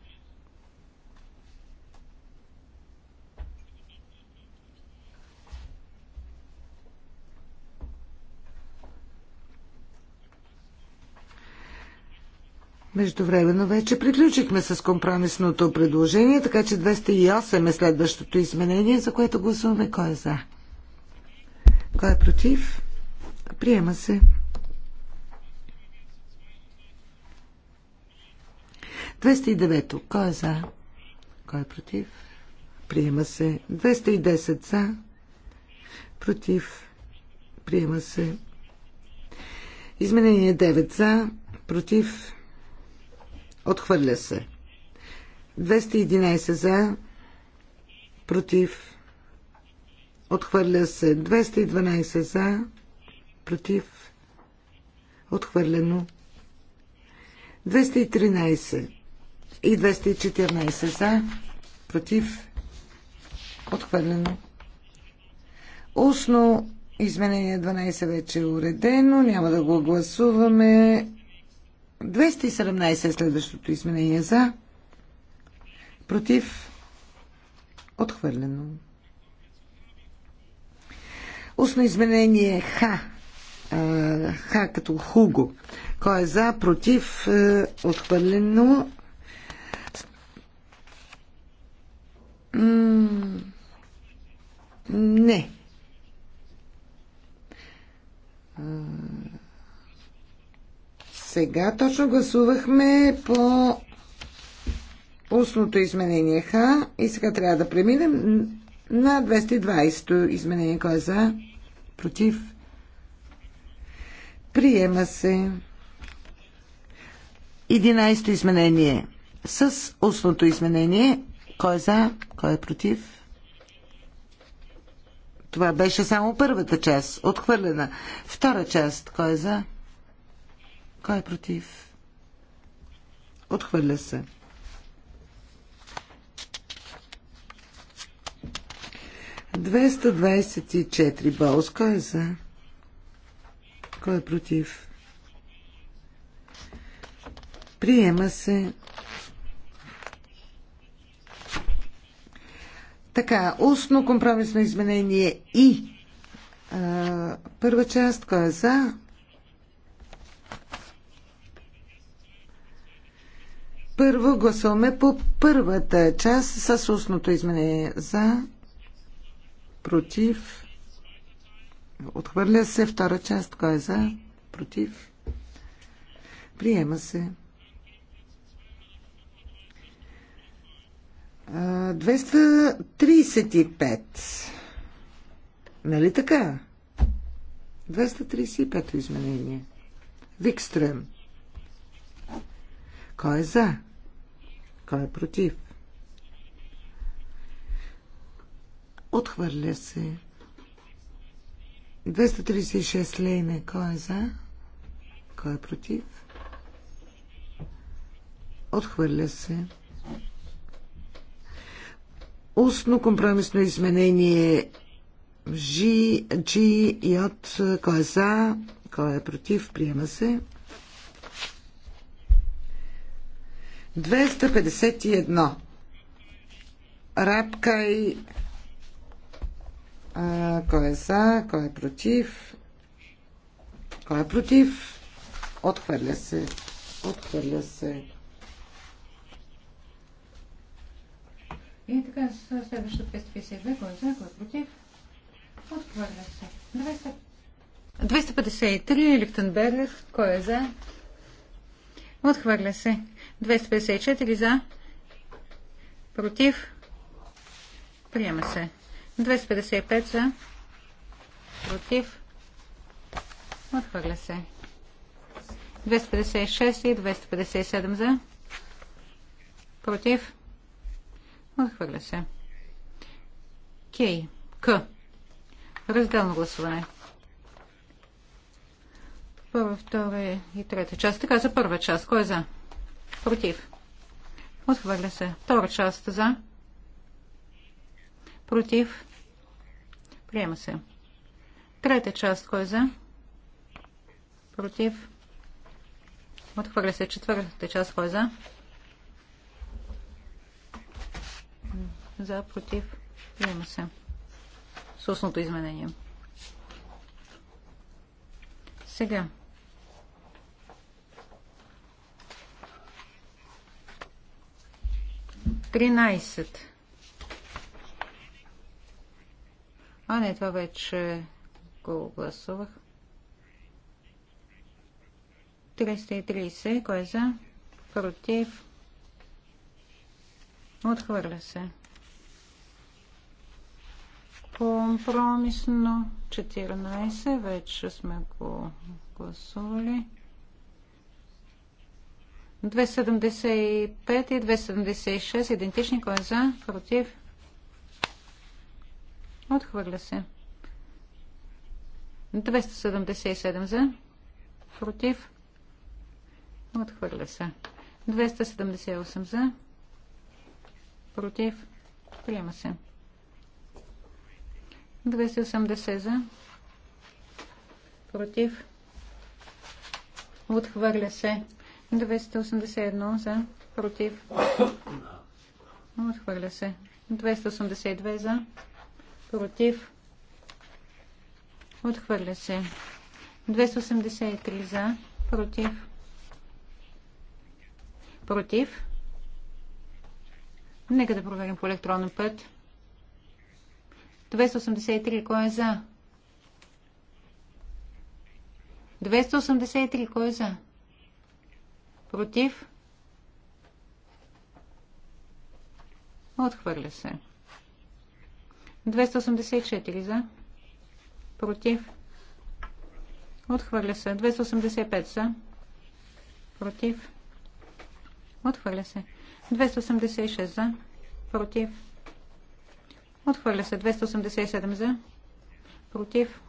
Междувременно вече приключихме с компромисното предложение, така че 208 е следващото изменение, за което гласуваме кой е за. Кой е против? Приема се. 209. Кой е за? Кой е против? Приема се. 210 за. Против. Приема се. Изменение 9 за. Против. Отхвърля се. 211 за. Против. Отхвърля се. 212 за. Против. Отхвърлено. 213 и 214 за. Против. Отхвърлено. Устно изменение 12 вече е уредено. Няма да го гласуваме. 217 е следващото изменение за. Против. Отхвърлено. Устно изменение Х. Х като Хуго. Кой е за, против, е, отхвърлено. Не. Сега точно гласувахме по устното изменение Х и сега трябва да преминем на 220-то изменение. Кой е за? Против? Приема се. 11-то изменение с устното изменение. Кой е за? Кой е против? Това беше само първата част, отхвърлена. Втора част, кой е за? Кой е против? Отхвърля се. Двеста двадесет и четири. Баус, кой е за? Кой е против? Приема се. Така, устно компромисно изменение и а, първа част, кой е за, Първо гласуваме по първата част с устното изменение. За, против, отхвърля се. Втора част, кой е за, против, приема се. 235. Нали така? 235 изменение. Викстрем. Кой е за? Кой е против? Отхвърля се. 236 лейне. Кой е за? Кой е против? Отхвърля се. Устно компромисно изменение G, G и от кой е за, кой е против, приема се. 251. Рапка и... А, кой е за, кой е против? Кой е против? Отхвърля се. Отхвърля се. И така, следващото 252. кой е за, кой е против? Отхвърля се. 200... 253, Лифтенбергер, кой е за? Отхвърля се. 254 за, против, приема се. 255 за, против, отхвърля се. 256 и 257 за, против, отхвърля се. Кей, К. Разделно гласуване. Първа, втора и трета част. Така за първа част. Кой е за? Против. Отхвърля се. Втора част за. Против. Приема се. Трета част кой е за? Против. Отхвърля се. Четвъртата част кой е за? За, против. Приема се. С устното изменение. Сега. 13. А не, това вече го гласувах. 330. Кой е за? Против. Отхвърля се. Компромисно 14. Вече сме го гласували. 275 и 276 идентични. Кой е за? Против? Отхвърля се. 277 за. Против? Отхвърля се. 278 за. Против? Приема се. 280 за. Против? Отхвърля се. 281 за, против. Отхвърля се. 282 за, против. Отхвърля се. 283 за, против. Против. Нека да проверим по електронен път. 283, кой е за? 283, кой е за? Против? Отхвърля се. 284 за. Против? Отхвърля се. 285 за. Против? Отхвърля се. 286 за. Против? Отхвърля се. 287 за. Против?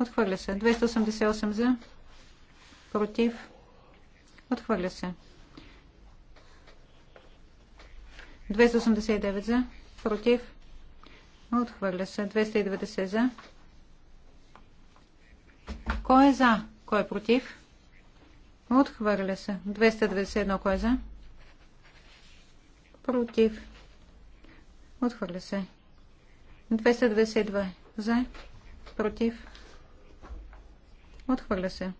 Отхвърля се. 288 за. Против? Отхвърля се. 289 за. Против. Отхвърля се. 290 за. Кой е за? Кой е против? Отхвърля се. 291 кой е за? Против. Отхвърля се. 292 за. Против. Отхвърля се.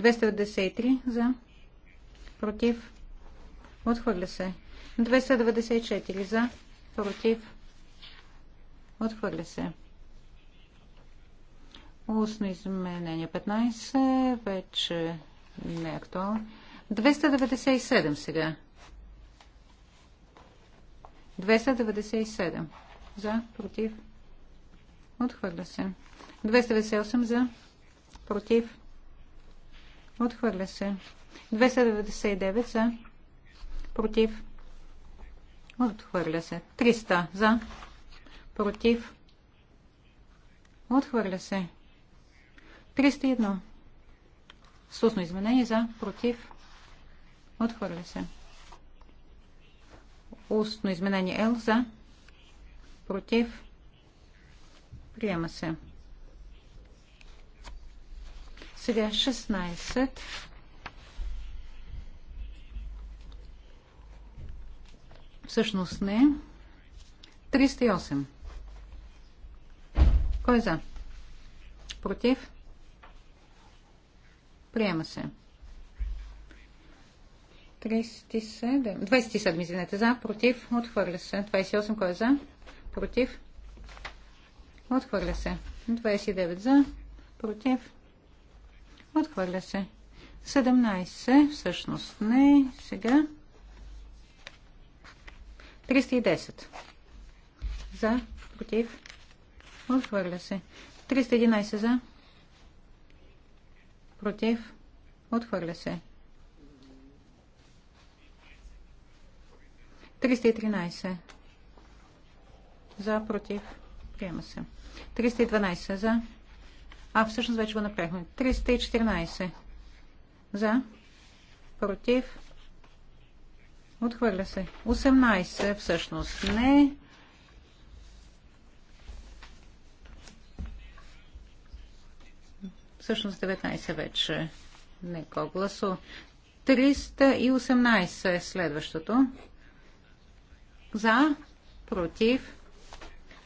293 за. Против. Отхвърля се. 294 за. Против. Отхвърля се. Устно изменение 15. Вече не е актуално. 297 сега. 297 за. Против. Отхвърля се. 298 за. Против. Отхвърля се. 299 за. Против. Отхвърля се. 300 за. Против. Отхвърля се. 301. Сусно изменение за. Против. Отхвърля се. Устно изменение L за. Против. Приема се. Сега 16. Всъщност не. 308. Кой е за? Против? Приема се. 37. 27, извинете, за, против, отхвърля се. 28, кой е за? Против. Отхвърля се. 29 за, против. Отхвърля се. 17, всъщност не. Сега. 310. За, против. Отхвърля се. 311 за. Против. Отхвърля се. 313. За, против. Приема се. 312 за. А всъщност вече го направихме. 314. За. Против. Отхвърля се. 18 всъщност не. Всъщност 19 вече не го 318 е следващото. За. Против.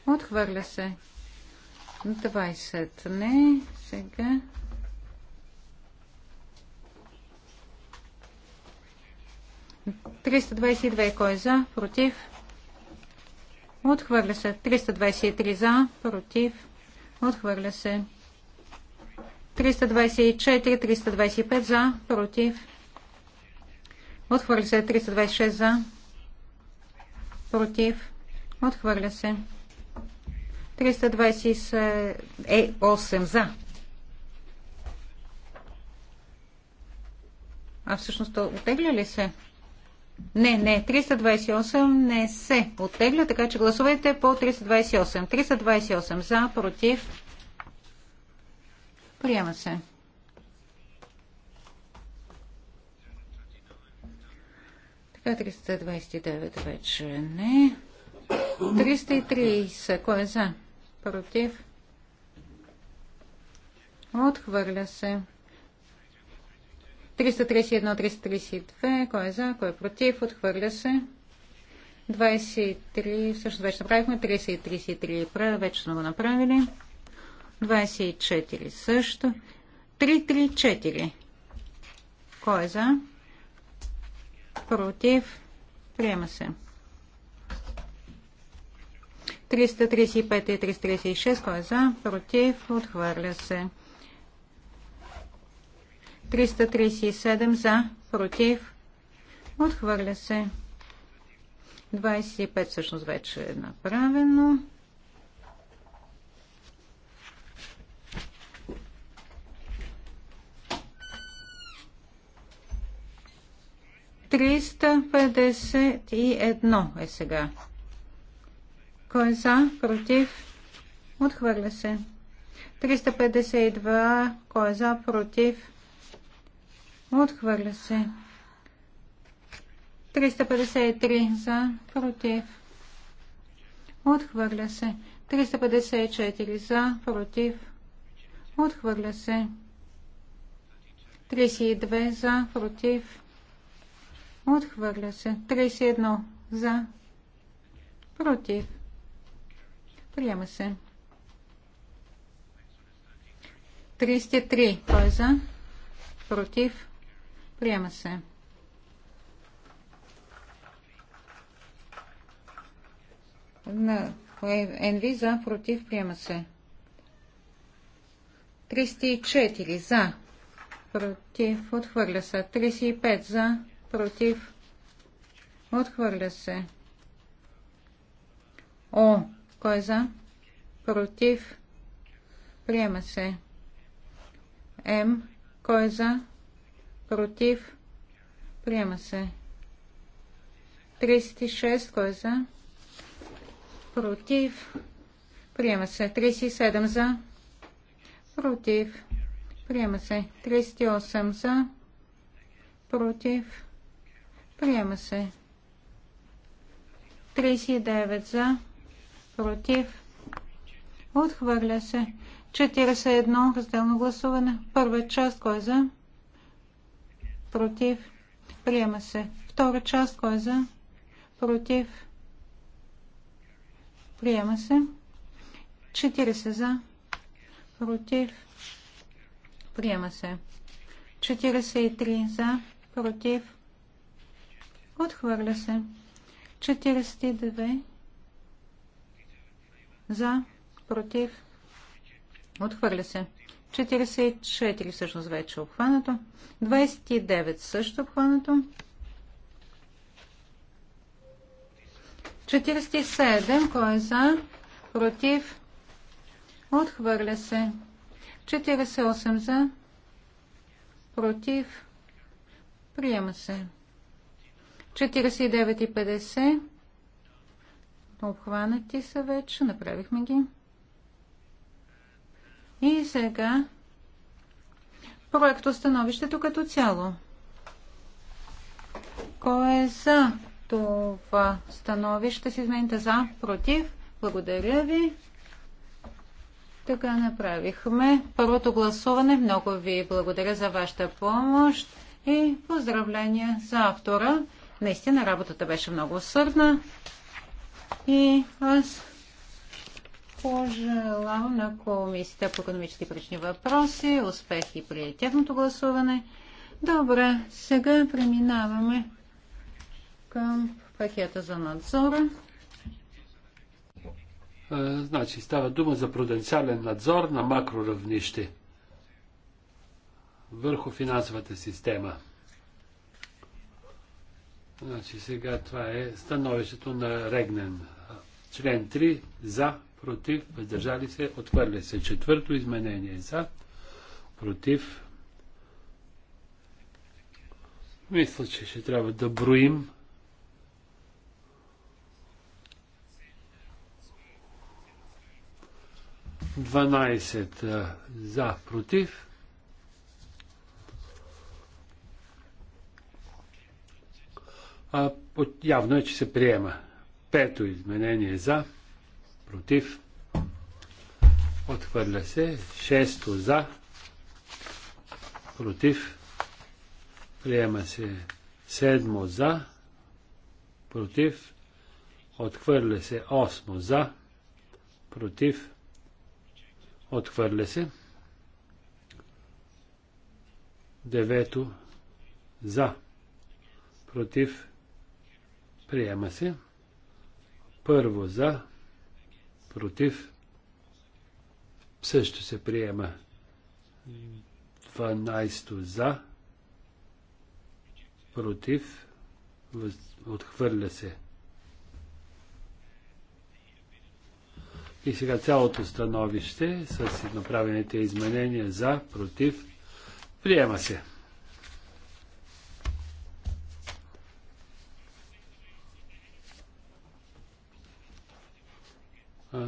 Отхвърля се. 20 не. Сега. Триста кой е за? Против. Отхвърля се. 323 за. Против. Отхвърля се. 324, 325 за. Против. Отхвърля се. 326 за. Против. Отхвърля се. 328 е 8 за. А всъщност то отегля ли се? Не, не, 328 не се оттегля, така че гласувайте по 328. 328 за, против. Приема се. Така, 329 вече не. 330, кой е за? против, отхвърля се. 331-332, кой е за, кой е против, отхвърля се. 23, всъщност вече направихме, 33-33 вече сме го направили. 24 също. 334. Кой е за? Против. Приема се. 335 и 336. Кой е за? Против. Отхвърля се. 337 за. Против. Отхвърля се. 25 всъщност вече е направено. Триста петдесет и едно е сега. Кой е за? Против? Отхвърля се. 352. Кой е за? Против? Отхвърля се. 353 за, против. Отхвърля се. 354 за, против. Отхвърля се. 32 за, против. Отхвърля се. 31 за, против. Приема се. 33. Кой е за? Против? Приема се. 1 НВ за, против, приема се. 34 за, против, отхвърля се. 35 за, против, отхвърля се. О, кой е за? Против. Приема се. М. Кой е за? Против. Приема се. 36. Кой е за? Против. Приема се. 37 за. Против. Приема се. 38 за. Против. Приема се. 39 за против, отхвърля се. 41 разделно гласуване. Първа част, кой е за? Против. Приема се. Втора част, кой е за? Против. Приема се. 40 за. Против. Приема се. 43 за. Против. Отхвърля се. 42 за, против, отхвърля се. 44 всъщност вече е обхванато. 29 също е обхванато. 47, кой е за, против, отхвърля се. 48 за, против, приема се. 49 и 50 Обхванати са вече, направихме ги. И сега проекто становището като цяло. Кой е за това становище с измените за, против? Благодаря ви. Така направихме първото гласуване. Много ви благодаря за вашата помощ и поздравления за автора. Наистина работата беше много усърдна. И аз пожелавам на Комисията по економически прични въпроси успехи при тяхното гласуване. Добре, сега преминаваме към пакета за надзора. значи става дума за пруденциален надзор на макроравнище върху финансовата система. Значи сега това е становището на Регнен. Член 3 за, против, въздържали се, отхвърля се. Четвърто изменение за, против. Мисля, че ще трябва да броим. Дванайсет за, против. А, явно е, че се приема. Пето изменение е за, против, отхвърля се. Шесто за, против, приема се. Седмо за, против, отхвърля се. Осмо за, против, отхвърля се. Девето за, против, Приема се. Първо за, против, също се приема. 12 за, против, отхвърля се. И сега цялото становище с направените изменения за, против, приема се.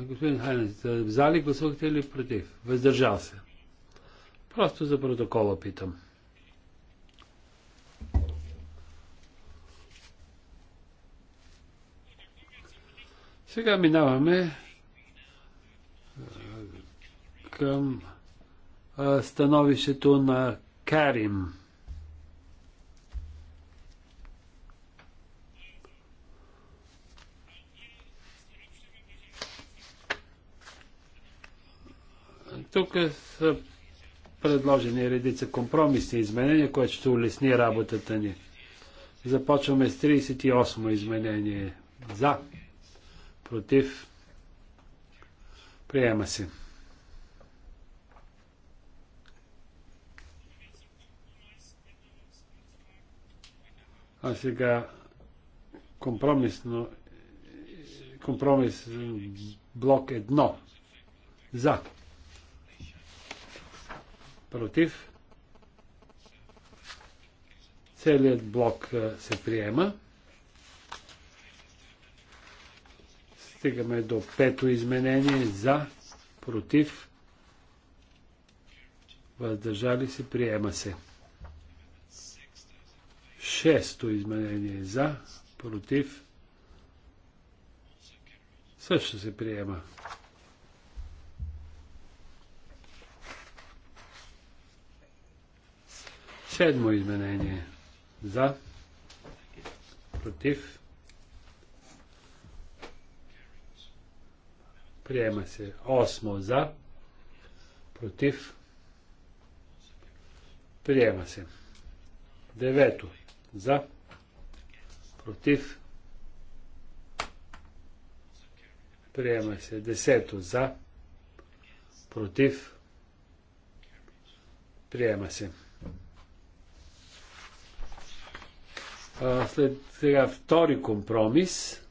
Господин Хайнец, за ли гласувахте или против? Въздържал се. Просто за протокола питам. Сега минаваме към становището на Карим. Тук са предложени редица компромисни изменения, което ще улесни работата ни. Започваме с 38 изменение. За. Против. Приема се. А сега компромисно компромис блок едно. За против. Целият блок се приема. Стигаме до пето изменение за, против, въздържали се, приема се. Шесто изменение за, против, също се приема. Седмо изменение. За. Против. Приема се. Осмо. За. Против. Приема се. Девето. За. Против. Приема се. Десето. За. Против. Приема се. след сега втори компромис.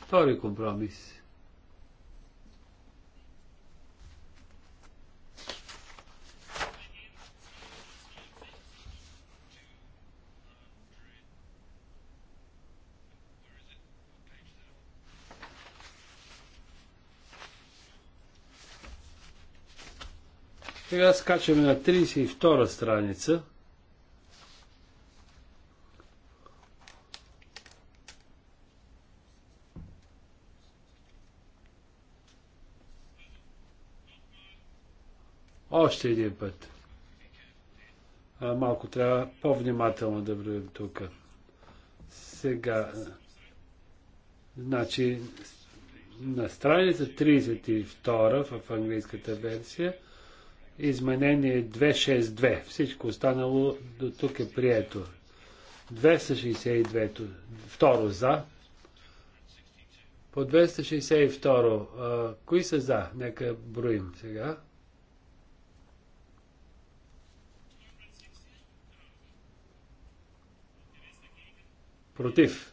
Втори компромис. Сега скачаме на 32 страница. Още един път. А, малко трябва по-внимателно да вървим тук. Сега. Значи, на страница 32 в английската версия изменение 262. Всичко останало до тук е прието. 262. Второ за. По 262. кои са за? Нека броим сега. Против.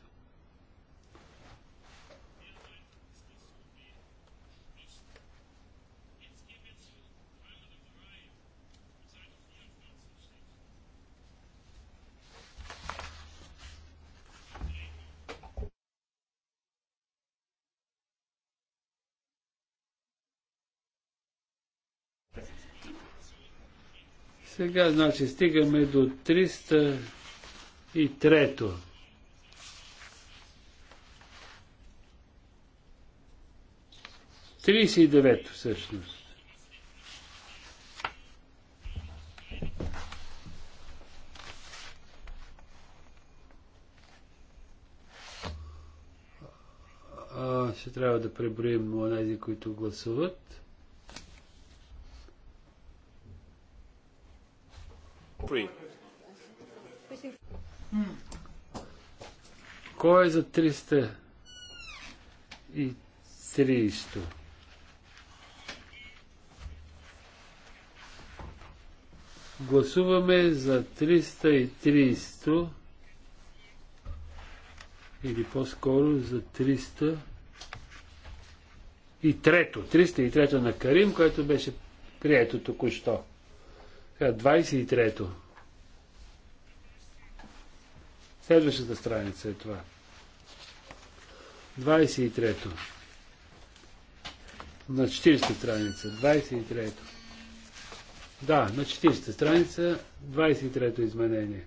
Сега, значи, стигаме до 303-то. Тридесет и девето, всъщност. ще трябва да преброим тези, които гласуват. 3? Кой е за 300 и 300? Гласуваме за 330 или по-скоро за 300 и трето, 303 на Карим, което беше прието току-що. 23-то. Следващата страница е това. 23-то. На 40-та страница. 23-то. Да, на 40-та страница. 23-то изменение.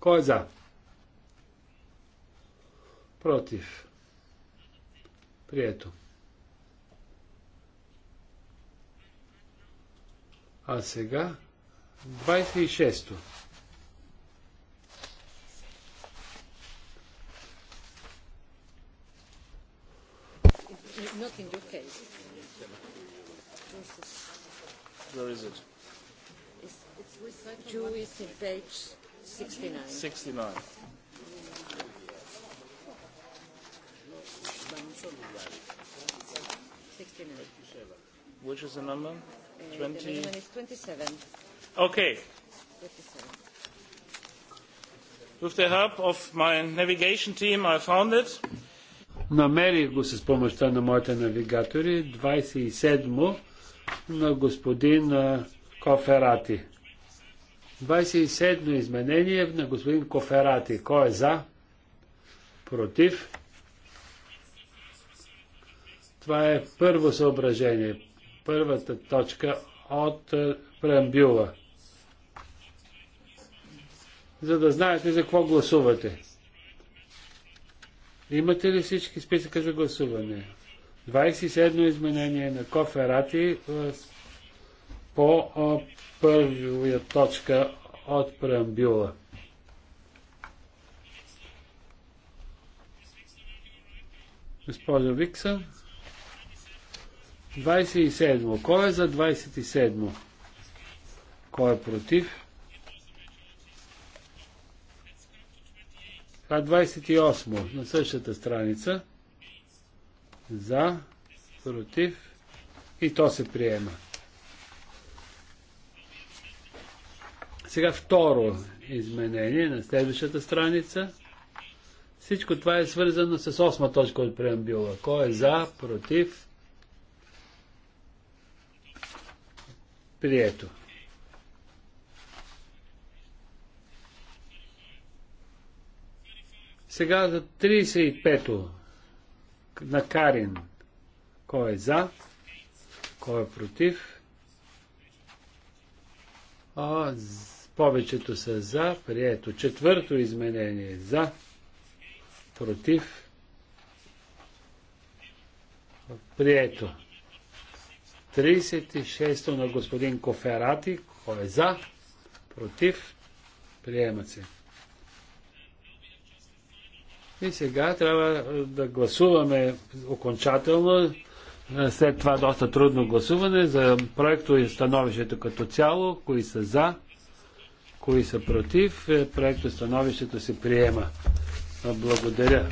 Кой е за? Против. Прието. А сега 26-то. Not in Where is it? It's, it's recital Jew in page 69. 69. sixty Which is the number? Uh, 20? The is 27. Okay. With the help of my navigation team, I found it. Намерих го с помощта на моите навигатори, 27-мо на господин Коферати. 27-мо изменение на господин Коферати. Кой е за? Против? Това е първо съображение първата точка от е, преамбюла. За да знаете за какво гласувате. Имате ли всички списъка за гласуване? 27 изменение на Коферати е, по е, първия точка от преамбюла. Госпожа Виксън. 27. Кой е за 27? Кой е против? А 28 на същата страница. За, против и то се приема. Сега второ изменение на следващата страница. Всичко това е свързано с осма точка от преамбюла. Кой е за, против, Прието. Сега за 35-то на Карин. Кой е за? Кой е против? О, повечето са за. Прието. Четвърто изменение. За. Против. Прието. 36 на господин Коферати. Кой е за? Против? Приема се. И сега трябва да гласуваме окончателно, е, след това доста трудно гласуване, за проекто и становището като цяло, кои са за, кои са против. Е, проекто становището се приема. Благодаря.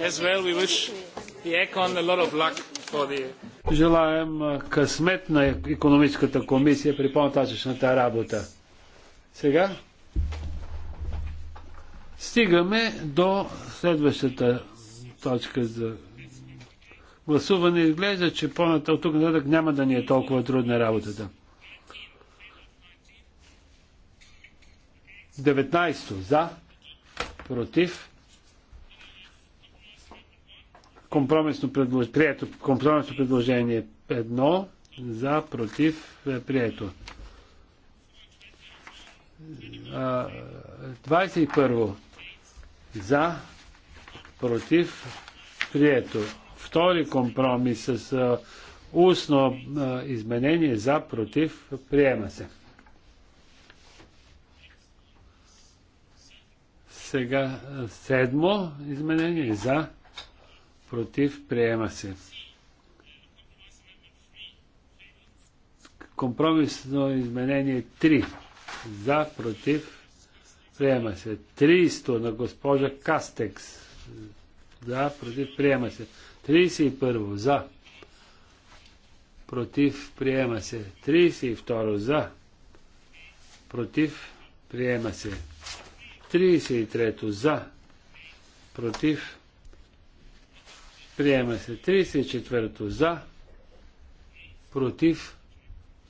As well, we wish the ECON a lot of luck for the... Желаем късмет на економическата комисия при по-нататъчната работа. Сега стигаме до следващата точка за гласуване. Изглежда, че по-нататък от тук нататък няма да ни е толкова трудна работата. 19 за, против Компромисно предложение, прието, компромисно предложение едно, за, против, е, прието. 21. За, против, прието. Втори компромис с устно изменение за, против, приема се. Сега седмо изменение за, против, приема се. Компромисно изменение 3. За, против, приема се. 300 на госпожа Кастекс. За, против, приема се. 31 за. Против, приема се. 32 за. Против, приема се. 33 за. Против, Приема се 34-то за, против,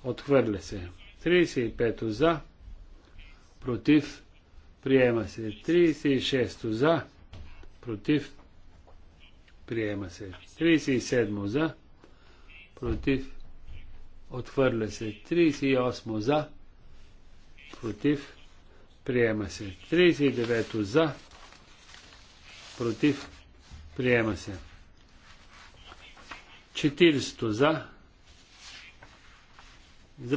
отхвърля се. 35-то за, против, приема се. 36-то за, против, приема се. 37-то за, против, отхвърля се. 38-то за, против, приема се. 39-то за, против, приема се. 40 за. За,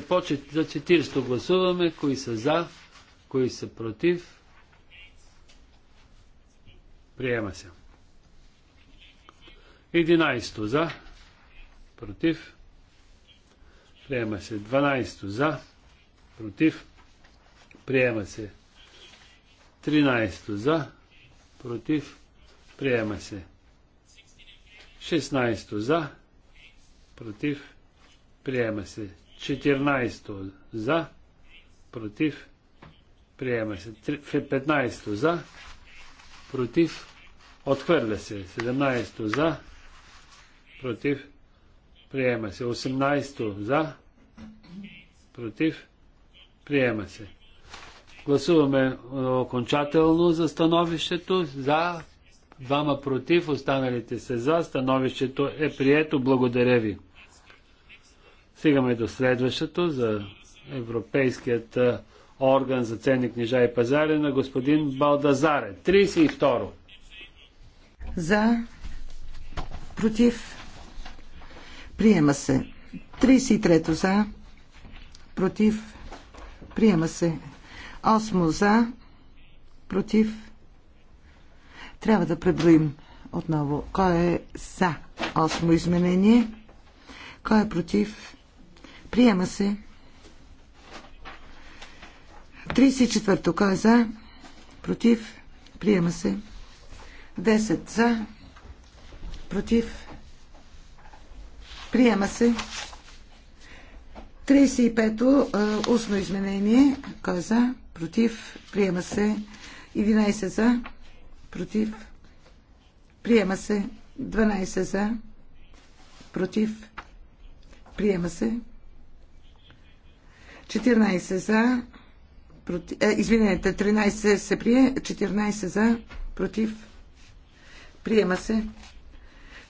за 40 гласуваме. Кои са за, кои са против. Приема се. 11 за. Против. Приема се. 12 за. Против. Приема се. 13 за. Против. Приема се. 16 за против, приема се. 14 за, против, приема се. 15 за, против, отхвърля се. 17 за, против, приема се. 18 за, против, приема се. Гласуваме е, окончателно за становището. За, двама против, останалите се за. Становището е прието. Благодаря ви. Стигаме до следващото за Европейският орган за ценни книжа и пазари на господин Балдазаре. 32. За. Против. Приема се. 33 за. Против. Приема се. 8 за. Против. Трябва да преброим отново. Кой е за? Осмо изменение. Кой е против? Приема се. 34-то. Кой е за? Против. Приема се. 10 за. Против. Приема се. 35-то устно изменение. Кой е за? Против. Приема се. 11 за. Против. Приема се. 12 за. Против. Приема се. 14 за, против, е, извинете, 13 се прие, 14 за, против, приема се.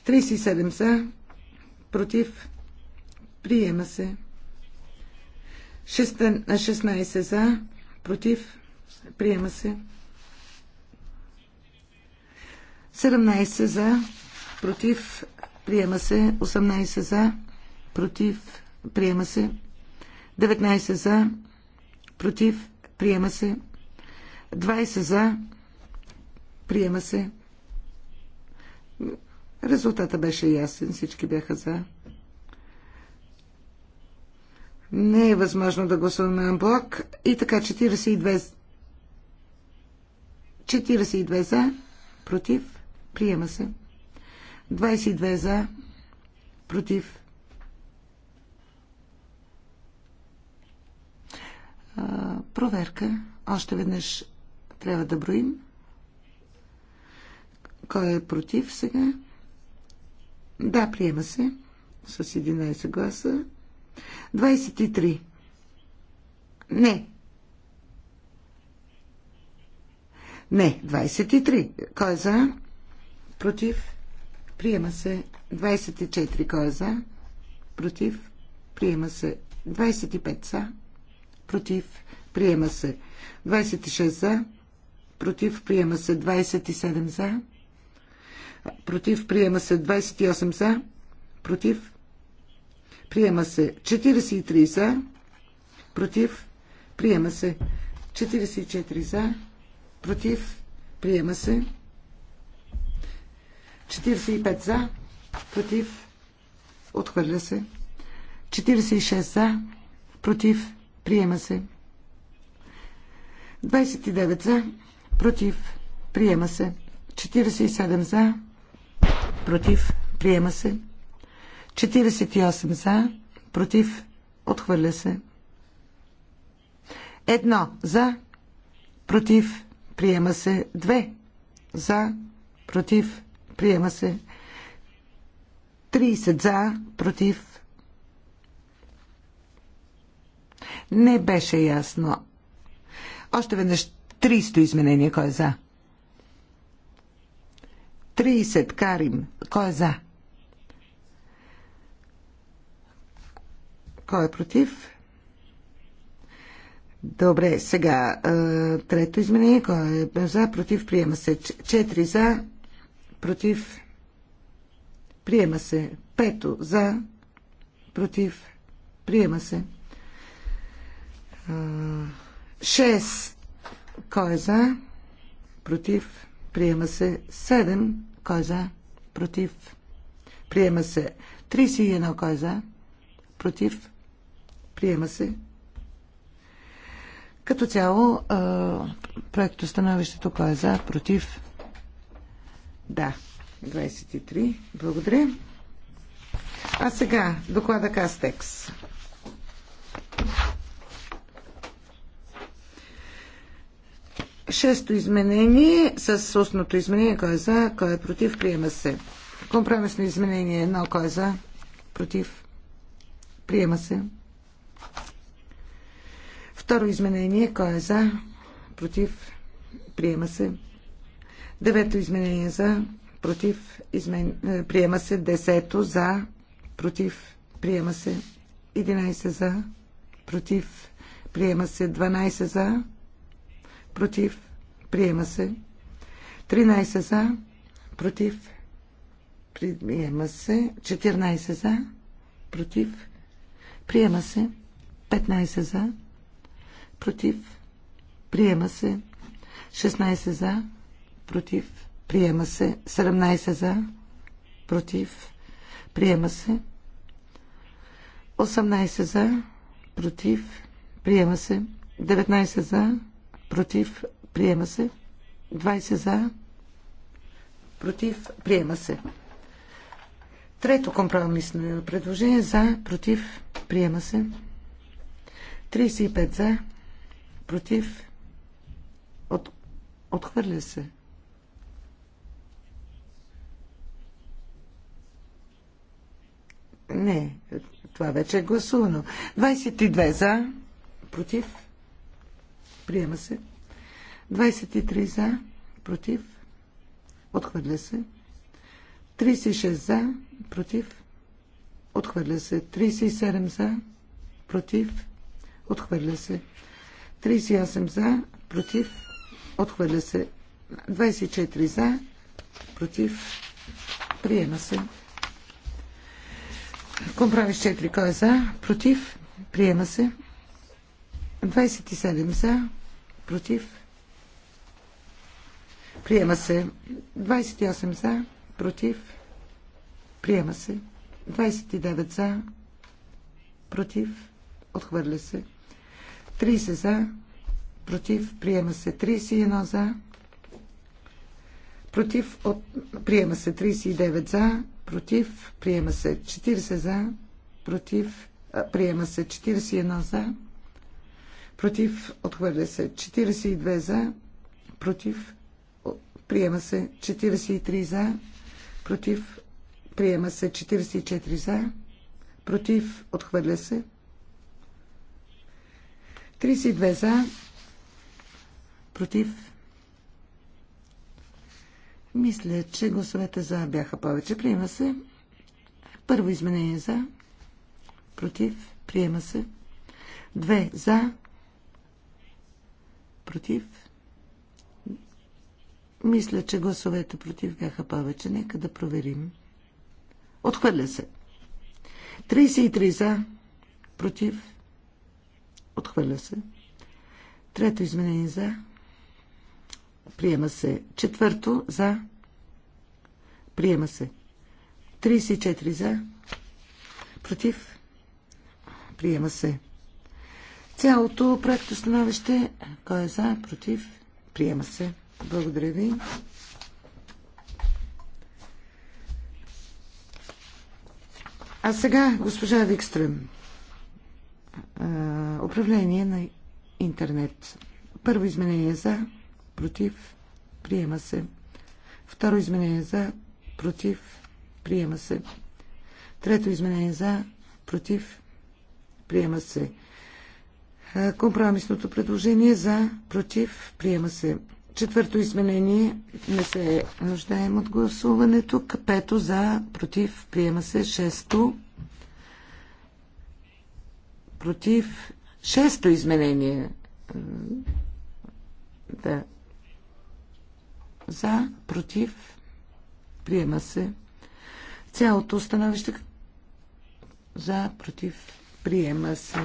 37 за, против, приема се. 16 за, против, приема се. 17 за, против, приема се. 18 за, против, приема се. 19 за, против, приема се. 20 за, приема се. Резултата беше ясен, всички бяха за. Не е възможно да гласуваме анблок. И така 42, 42 за, против, приема се. 22 за, против, проверка. Още веднъж трябва да броим. Кой е против сега? Да, приема се. С 11 гласа. 23. Не. Не, 23. Кой е за? Против? Приема се. 24. Кой е за? Против? Приема се. 25 са против, приема се. 26 за, против, приема се. 27 за, против, приема се. 28 за, против, приема се. 43 за, против, приема се. 44 за, против, приема се. 45 за, против, отхвърля се. 46 за, против, Приема се. 29 за. Против. Приема се. 47 за. Против. Приема се. 48 за. Против. Отхвърля се. Едно за. Против. Приема се. Две за. Против. Приема се. 30 за. Против. не беше ясно. Още веднъж 300 изменения. Кой е за? 30. Карим. Кой е за? Кой е против? Добре, сега трето изменение. Кой е за? Против? Приема се. 4 за. Против? Приема се. Пето за. Против? Приема се. 6. Кой е за? Против. Приема се 7. Кой е за? Против. Приема се 31. Кой е за? Против. Приема се. Като цяло, проекто становището кой е за? Против. Да. 23. Благодаря. А сега доклада Кастекс. Шесто изменение с устното изменение. Кой е за, кой е против, приема се. Компромисно изменение едно. Кой е за, против, приема се. Второ изменение. Кой е за, против, приема се. Девето изменение за, против, измен... Е, приема се. Десето за, против, приема се. 11 за, против, приема се. 12 за, против, приема се. 13 за, против, приема се. 14 за, против, приема се. 15 за, против, приема се. 16 за, против, приема се. 17 за, против, приема се. 18 за, против, приема се. 19 за, против, приема се. 20 за, против, приема се. Трето компромисно предложение за, против, приема се. 35 за, против, от, отхвърля се. Не, това вече е гласувано. 22 за, против, Приема се. 23 за. Против. Отхвърля се. 36 за. Против. Отхвърля се. 37 за. Против. Отхвърля се. 38 за. Против. Отхвърля се. 24 за. Против. Приема се. Компромис 4. Кой е за? Против. Приема се. 27 за. Против. Приема се. 28 за. Против. Приема се. 29 за. Против. Отхвърля се. 30 за. Против. Приема се. 31 за. Против. От... Приема се. 39 за. Против. Приема се. 40 за. Против. Приема се. 41 за против, отхвърля се 42 за, против, приема се 43 за, против, приема се 44 за, против, отхвърля се 32 за, против. Мисля, че гласовете за бяха повече. Приема се. Първо изменение за, против, приема се. Две за, против. Мисля, че гласовете против бяха повече. Нека да проверим. Отхвърля се. 33 за, против. Отхвърля се. Трето изменение за. Приема се. Четвърто за. Приема се. 34 за. Против. Приема се. Цялото проекто становище, кой е за, против, приема се. Благодаря ви. А сега госпожа Викстрем. Управление на интернет. Първо изменение за, против, приема се. Второ изменение за, против, приема се. Трето изменение за, против, приема се. Е, компромисното предложение за, против, приема се. Четвърто изменение не се нуждаем от гласуването. Пето за, против, приема се. Шесто против. Шесто изменение. Е, да. За, против, приема се. Цялото становище за, против, приема се.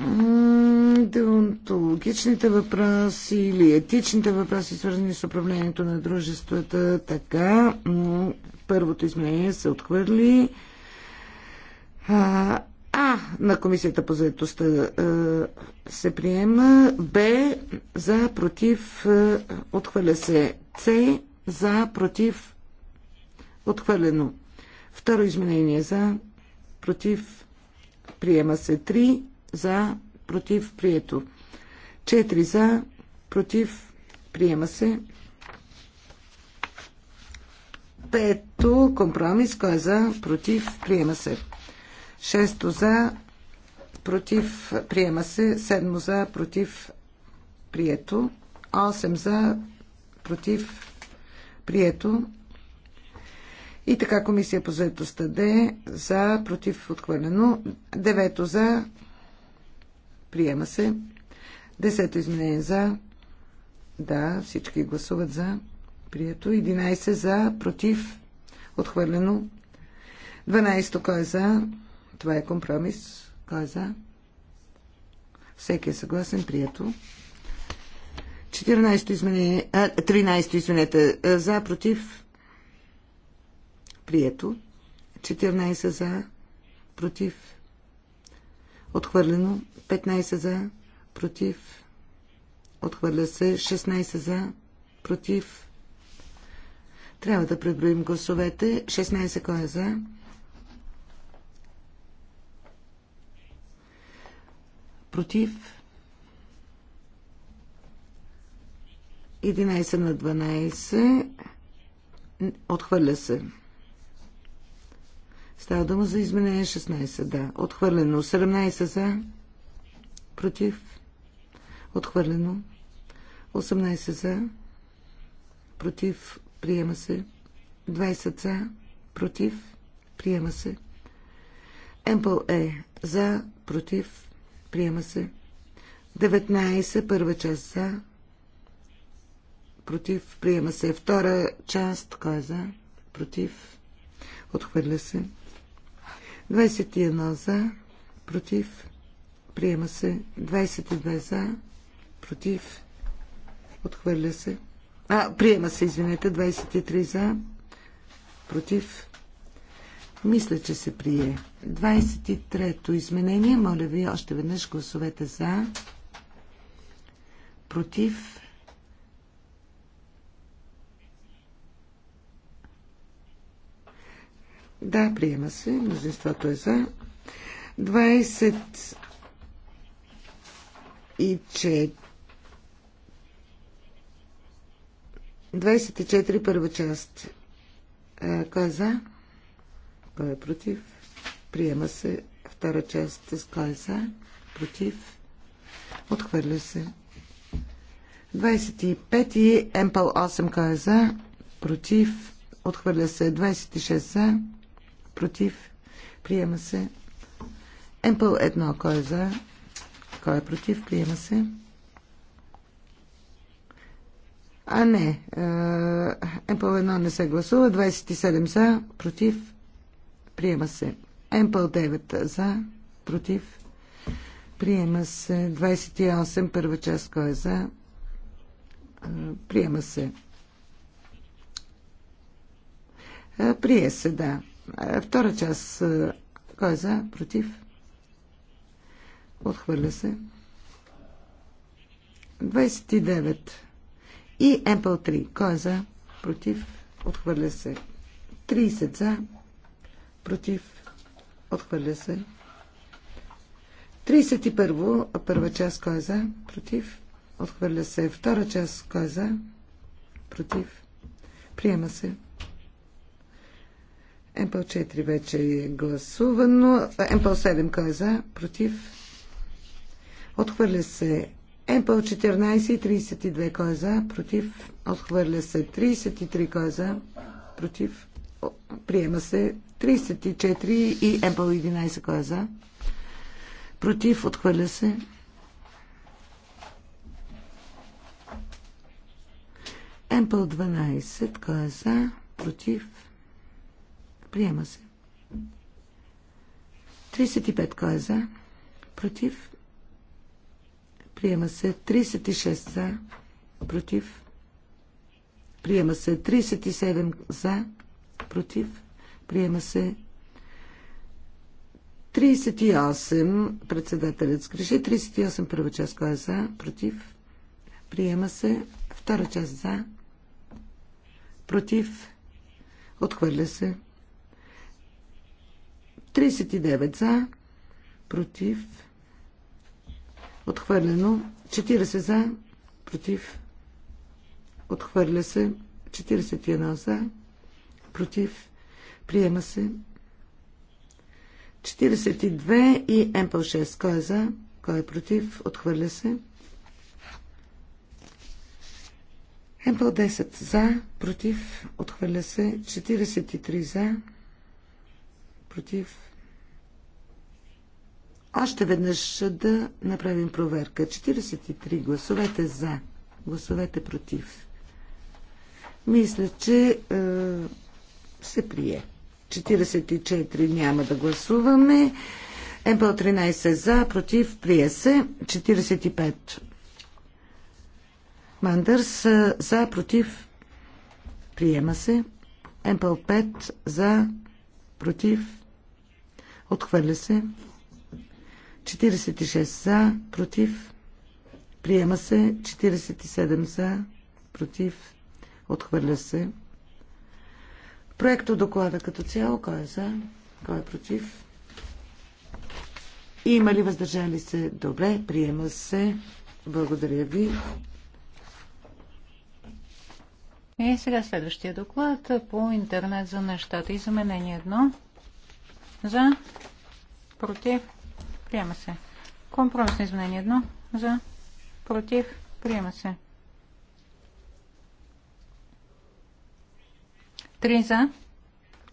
деонтологичните въпроси или етичните въпроси, свързани с управлението на дружествата, така първото изменение се отхвърли. А, а на комисията по заедостта се приема. Б за против отхвърля се. С за против отхвърлено. Второ изменение за против приема се три за, против, прието. 4 за, против, приема се. Пето, компромис, кой е за, против, приема се. Шесто за, против, приема се. Седмо за, против, прието. Осем за, против, прието. И така комисия по заедостта Д за, против, отхвърлено. Девето за, Приема се. Десето изменение за. Да, всички гласуват за. Прието. 11 за. Против. Отхвърлено. 12 кой е за? Това е компромис. Кой е за? Всеки е съгласен. Прието. 14 изменение. 13 изменете. Е, за. Против. Прието. 14 за. Против. Отхвърлено 15 за, против. Отхвърля се 16 за, против. Трябва да преброим гласовете. 16 кой е за? Против. 11 на 12. Отхвърля се. Става дума за изменение 16, да. Отхвърлено. 17 за. Против. Отхвърлено. 18 за. Против. Приема се. 20 за. Против. Приема се. Емпъл Е. За. Против. Приема се. 19. Първа част за. Против. Приема се. Втора част. Кой е за? Против. Отхвърля се. 21 за, против, приема се. 22 за, против, отхвърля се. А, приема се, извинете, 23 за, против. Мисля, че се прие. 23-то изменение. Моля ви още веднъж гласовете за, против, Да, приема се. Мнозинството е за. 20 24 първа част. Кой е за? Кой е против? Приема се втора част с кой е за? Против? Отхвърля се. 25 и Емпъл 8 кой е за? Против? Отхвърля се. 26 за? против, приема се. Емпъл 1, кой е за, кой е против, приема се. А не, е, Емпъл 1 не се гласува, 27 за, против, приема се. Емпъл 9 за, против, приема се. 28, първа част, кой е за, е, приема се. Е, прие се, да. Е, втора част. Е, кой е за? Против? Отхвърля се. 29. И МПЛ 3. Кой е за? Против? Отхвърля се. 30 за. Против? Отхвърля се. 31. Първа част. Кой е за? Против? Отхвърля се. Втора част. Кой е за? Против? Приема се. МПЛ 4 вече е гласувано. МПЛ 7 кой е за? Против? Отхвърля се МПЛ 14 и 32 кой е за? Против? Отхвърля се 33 кой е за? Против? Приема се 34 и МПЛ 11 кой е за? Против? Отхвърля се МПЛ 12 кой е за? Против? Приема се. 35 кой е за? Против. Приема се. 36 за. Против. Приема се. 37 за. Против. Приема се. 38, председателят скреши, 38 първа част, кой е за, против, приема се, втора част за, против, отхвърля се. 39 за, против, отхвърлено. 40 за, против, отхвърля се. 41 за, против, приема се. 42 и МПЛ 6. Кой е за? Кой е против? Отхвърля се. МПЛ 10 за, против, отхвърля се. 43 за, против. Още веднъж да направим проверка. 43 гласовете за, гласовете против. Мисля, че е, се прие. 44 няма да гласуваме. МПО 13 за, против, прие се. 45. Мандърс е, за, против, приема се. МПО 5 за, против, Отхвърля се. 46 за, против. Приема се. 47 за, против. Отхвърля се. Проекто доклада като цяло. Кой е за? Кой е против? Има ли въздържали се? Добре, приема се. Благодаря ви. И сега следващия доклад по интернет за нещата. Изменение едно за, против, приема се. Компромисно изменение 1 за, против, приема се. 3 за,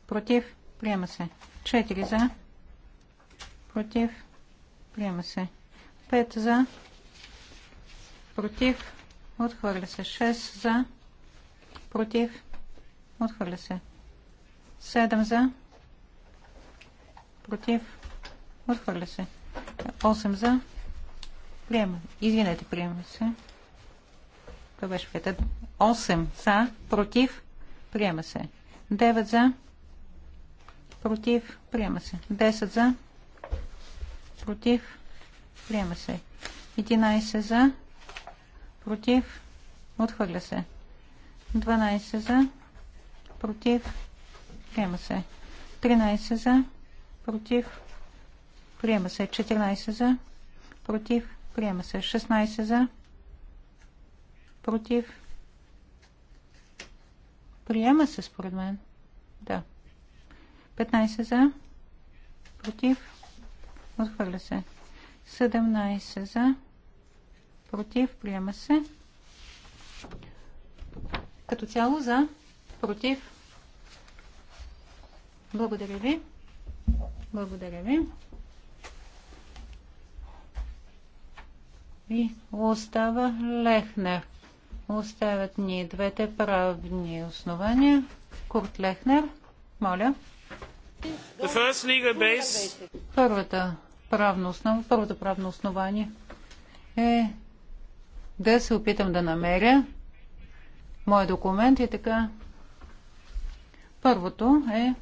против, приема се. 4 за, против, приема се. 5 за, против, отхвърля се. 6 за, против, отхвърля се. 7 за, против, отхвърля се. 8 за, приема. Извинете, приема се. Това беше пета. 8 за, против, приема се. 9 за, против, приема се. 10 за, против, приема се. 11 за, против, отхвърля се. 12 за, против, приема се. 13 за, против, приема се 14 за, против, приема се 16 за, против, приема се според мен, да, 15 за, против, отхвърля се, 17 за, против, приема се, като цяло за, против, благодаря ви. Благодаря ви. И остава Лехнер. Оставят ни двете правни основания. Курт Лехнер, моля. Първата правна основа, първото правно основание е да се опитам да намеря мой документ и така. Първото е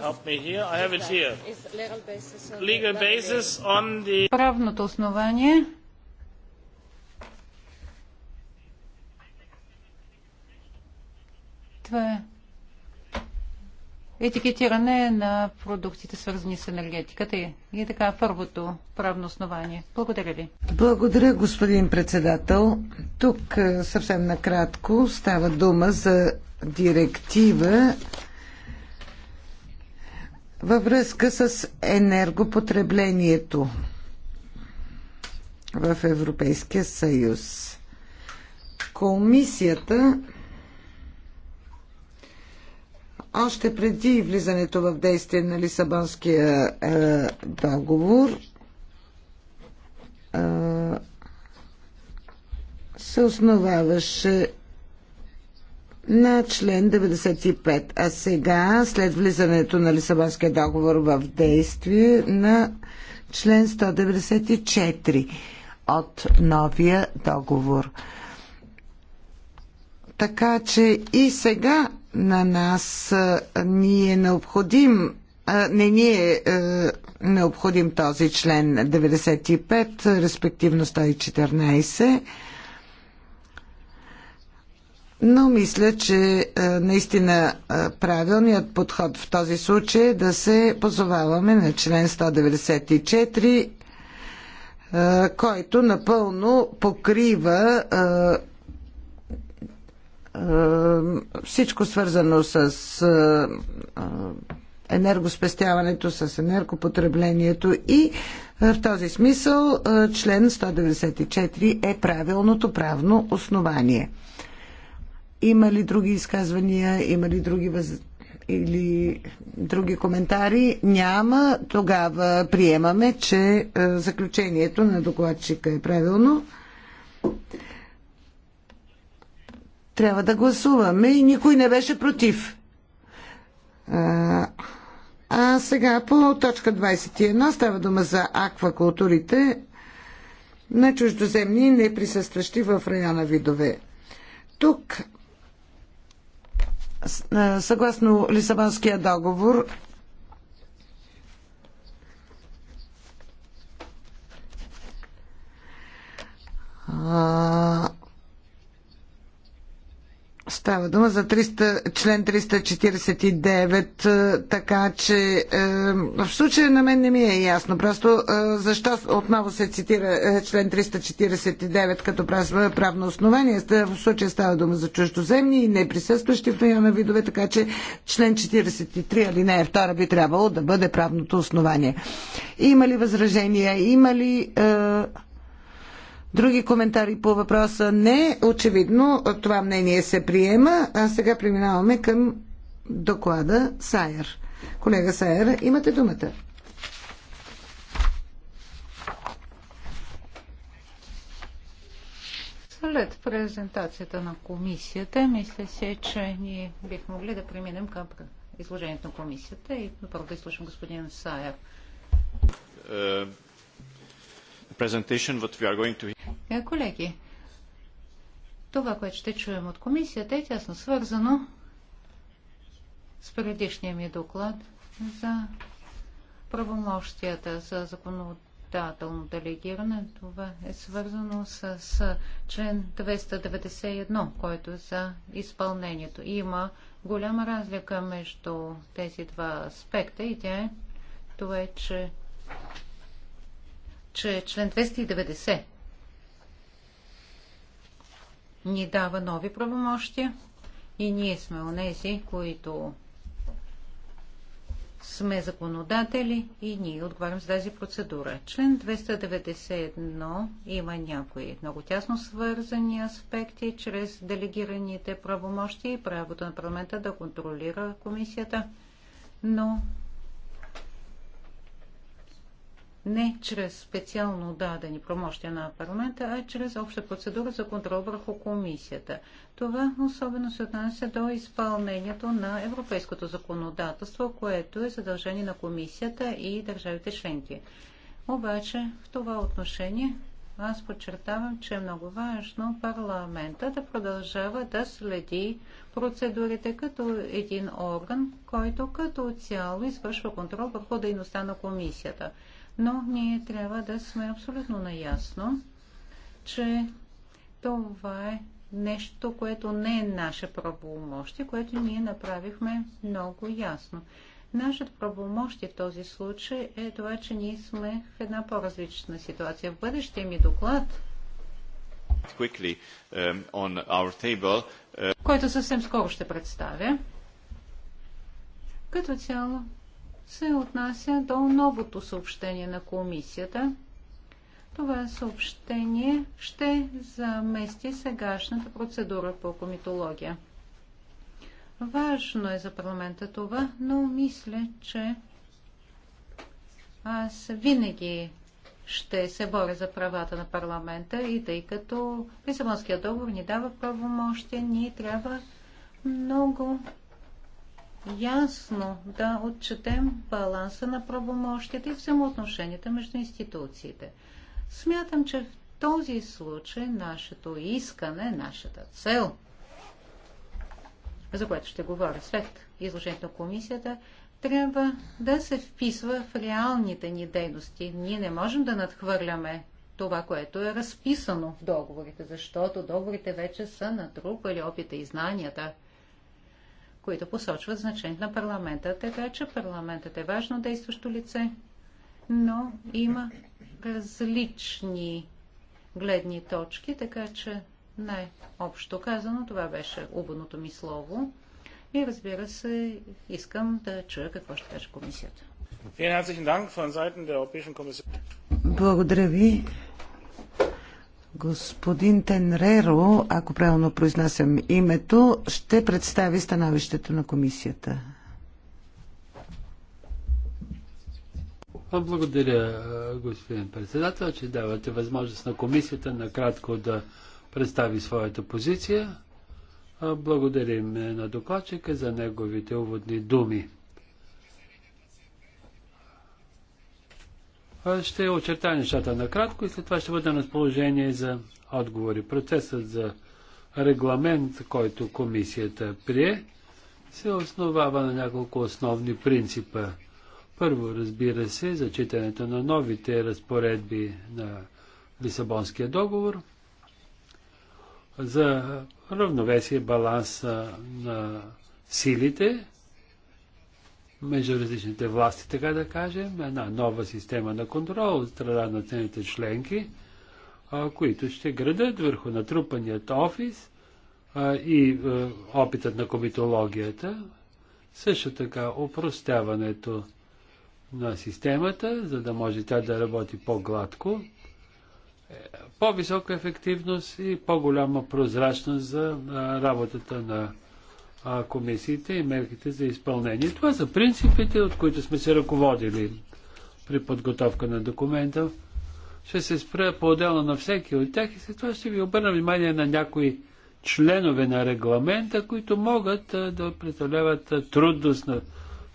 help me here. I have it here. Legal basis on the... Правното основание. Това е етикетиране на продуктите, свързани с енергетиката и, и така първото правно основание. Благодаря ви. Благодаря, господин председател. Тук е, съвсем накратко става дума за директива във връзка с енергопотреблението в Европейския съюз. Комисията още преди влизането в действие на Лисабонския е, договор е, се основаваше на член 95. А сега, след влизането на Лисабонския договор в действие на член 194 от новия договор. Така че и сега на нас ни е необходим не ни е, необходим този член 95, респективно 114 но мисля, че е, наистина е, правилният подход в този случай е да се позоваваме на член 194, е, който напълно покрива всичко свързано с енергоспестяването, с енергопотреблението и в този смисъл член 194 е правилното правно основание. Има ли други изказвания? Има ли други въз... или други коментари? Няма. Тогава приемаме, че е, заключението на докладчика е правилно. Трябва да гласуваме и никой не беше против. А, а сега по точка 21 става дума за аквакултурите на чуждоземни неприсъстващи в района видове. Тук е, съгласно Лисабонския договор, Става дума за 300, член 349, е, така че е, в случая на мен не ми е ясно. Просто е, защо отново се цитира е, член 349 като правно основание? В случая става дума за чуждоземни и неприсъстващи в района видове, така че член 43 али е втора, би трябвало да бъде правното основание. Има ли възражения? Има ли... Е, Други коментари по въпроса? Не. Очевидно това мнение се приема. А сега преминаваме към доклада Сайер. Колега Сайер, имате думата. След презентацията на комисията, мисля се, че ние бихме могли да преминем към изложението на комисията и направо да изслушам господин Саев. Е, е, колеги, това, което ще чуем от комисията е тясно свързано с предишния ми доклад за правомощията за законодателно делегиране. Това е свързано с, с член 291, който е за изпълнението. Има голяма разлика между тези два аспекта и тя е това, е, че че член 290 ни дава нови правомощия и ние сме онези, които сме законодатели и ние отговарям за тази процедура. Член 291 има някои много тясно свързани аспекти чрез делегираните правомощи и правото на парламента да контролира комисията, но не чрез специално дадени промощия на парламента, а чрез обща процедура за контрол върху комисията. Това особено се отнася до изпълнението на европейското законодателство, което е задължение на комисията и държавите членки. Обаче в това отношение аз подчертавам, че е много важно парламента да продължава да следи процедурите като един орган, който като цяло извършва контрол върху дейността на комисията но ние трябва да сме абсолютно наясно, че това е нещо, което не е наше правомощие, което ние направихме много ясно. Нашето правомощие в този случай е това, че ние сме в една по-различна ситуация. В бъдещия ми доклад, quickly, um, on our table, uh... който съвсем скоро ще представя, като цяло се отнася до новото съобщение на комисията. Това съобщение ще замести сегашната процедура по комитология. Важно е за парламента това, но мисля, че аз винаги ще се боря за правата на парламента и тъй като Лисабонския договор ни дава правомощия, ние трябва много ясно да отчетем баланса на правомощите и взаимоотношенията между институциите. Смятам, че в този случай нашето искане, нашата цел, за което ще говоря след изложението на комисията, трябва да се вписва в реалните ни дейности. Ние не можем да надхвърляме това, което е разписано в договорите, защото договорите вече са натрупали опита и знанията – които посочват значението на парламента. Така че парламентът е важно действащо лице, но има различни гледни точки, така че най-общо казано това беше убаното ми слово. И разбира се, искам да чуя какво ще каже комисията. Благодаря ви Господин Тенреро, ако правилно произнасям името, ще представи становището на комисията. Благодаря, господин председател, че давате възможност на комисията накратко да представи своята позиция. Благодарим на докладчика за неговите уводни думи. ще очертая нещата накратко и след това ще бъде на разположение за отговори. Процесът за регламент, който комисията прие, се основава на няколко основни принципа. Първо, разбира се, зачитането на новите разпоредби на Лисабонския договор за равновесие баланса на силите, между различните власти, така да кажем, една нова система на контрол от страна на цените членки, а, които ще градат върху натрупаният офис а, и а, опитът на комитологията, също така упростяването на системата, за да може тя да работи по-гладко, по-висока ефективност и по-голяма прозрачност за работата на комисиите и мерките за изпълнение. Това са принципите, от които сме се ръководили при подготовка на документа. Ще се спра по-отделно на всеки от тях и след това ще ви обърна внимание на някои членове на регламента, които могат да представляват трудност на,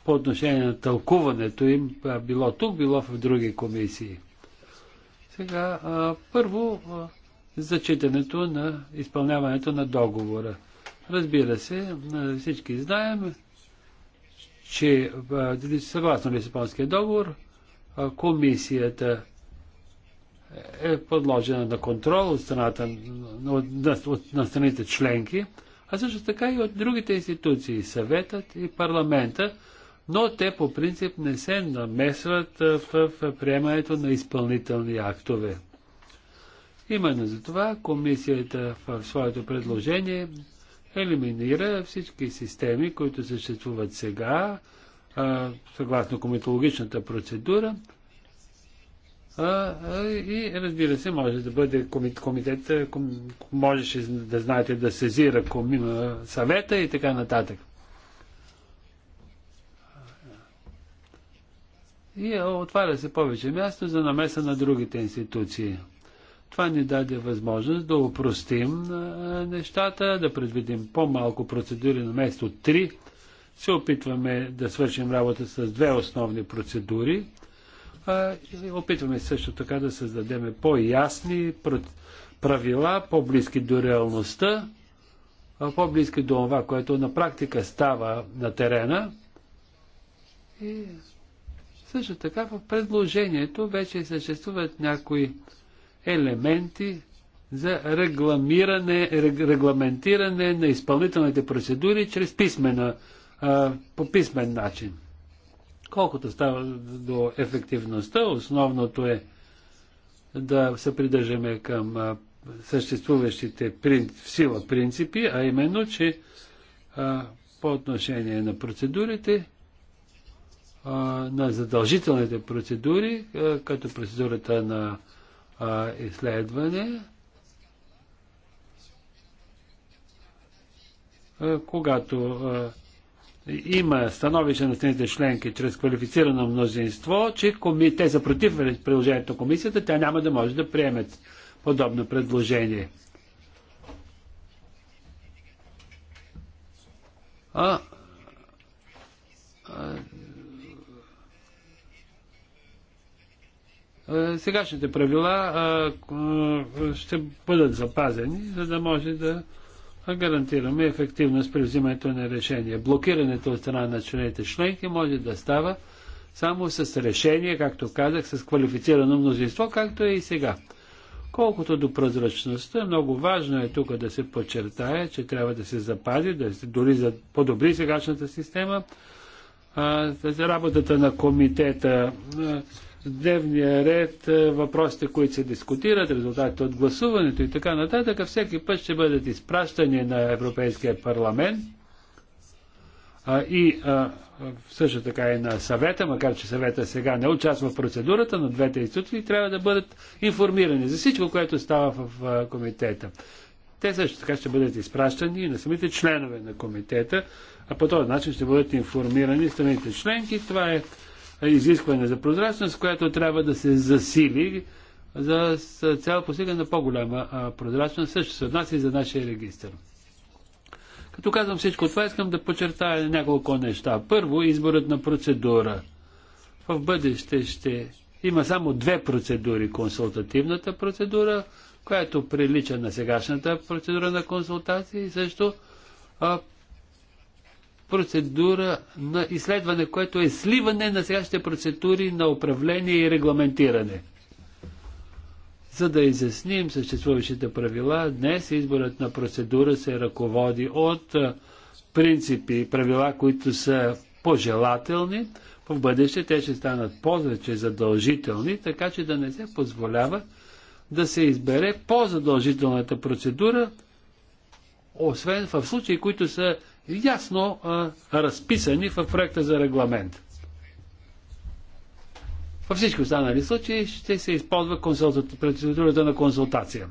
по отношение на тълкуването им, било тук, било в други комисии. Сега, първо, зачитането на изпълняването на договора. Разбира се, всички знаем, че съгласно Лисабонския договор комисията е подложена на контрол от, страната, на, от, на страните членки, а също така и от другите институции, съветът и парламента, но те по принцип не се намесват в, в приемането на изпълнителни актове. Именно за това комисията в своето предложение елиминира всички системи, които съществуват сега, а, съгласно кометологичната процедура. А, а, и разбира се, може да бъде комитет, ком, можеше да знаете да сезира комина, съвета и така нататък. И отваря се повече място за намеса на другите институции. Това ни даде възможност да упростим нещата, да предвидим по-малко процедури на место 3. Се опитваме да свършим работа с две основни процедури. Опитваме също така да създадем по-ясни правила, по-близки до реалността, по-близки до това, което на практика става на терена. И също така в предложението вече съществуват някои елементи за регламиране, регламентиране на изпълнителните процедури чрез писмена, по писмен начин. Колкото става до ефективността, основното е да се придържаме към съществуващите в сила принципи, а именно, че по отношение на процедурите, на задължителните процедури, като процедурата на а, изследване, а, когато а, има становище на страните членки чрез квалифицирано мнозинство, че коми... те са против приложението на комисията, тя няма да може да приеме подобно предложение. А, а Е, сегашните правила е, е, ще бъдат запазени, за да може да гарантираме ефективност при взимането на решение. Блокирането от страна на члените членки може да става само с решение, както казах, с квалифицирано мнозинство, както е и сега. Колкото до прозрачността, много важно е тук да се подчертае, че трябва да се запази, да се дори за подобри сегашната система. А, за работата на комитета а, дневния ред, е, въпросите, които се дискутират, резултатите от гласуването и така нататък, всеки път ще бъдат изпращани на Европейския парламент а, и а, също така и на съвета, макар че съвета сега не участва в процедурата, но двете институции трябва да бъдат информирани за всичко, което става в комитета. Те също така ще бъдат изпращани и на самите членове на комитета, а по този начин ще бъдат информирани страните членки. Това е изискване за прозрачност, което трябва да се засили за цял постигане на по-голяма прозрачност, също се отнася и за нашия регистр. Като казвам всичко това, искам да подчертая няколко неща. Първо, изборът на процедура. В бъдеще ще има само две процедури. Консултативната процедура, която прилича на сегашната процедура на консултации и също процедура на изследване, което е сливане на сегащите процедури на управление и регламентиране. За да изясним съществуващите правила, днес изборът на процедура се ръководи от принципи и правила, които са пожелателни. В бъдеще те ще станат повече задължителни, така че да не се позволява да се избере по-задължителната процедура, освен в случаи, които са ясно а, разписани в проекта за регламент. Във всички останали случаи ще се използва процедурата на консултация.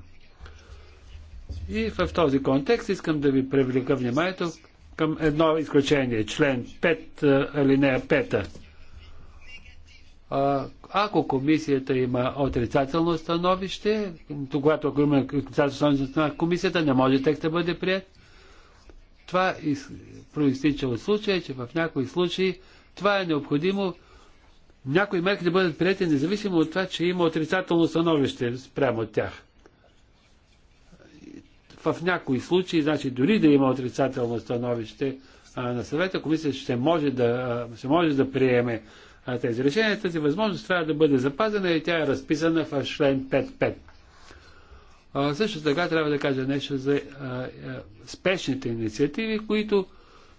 И в този контекст искам да ви привлека вниманието към едно изключение, член 5, алинея 5. А, ако комисията има отрицателно становище, когато има отрицателно становище, комисията не може текст да бъде прият. Това проистича от случая, че в някои случаи това е необходимо някои мерки да бъдат приятели, независимо от това, че има отрицателно становище спрямо от тях. В някои случаи, значи дори да има отрицателно становище а, на съвета, комисията ще може да, а, ще може да приеме а, тези решения. Тази възможност трябва да бъде запазена и тя е разписана в член 5.5. А, също така трябва да кажа нещо за а, а, спешните инициативи, които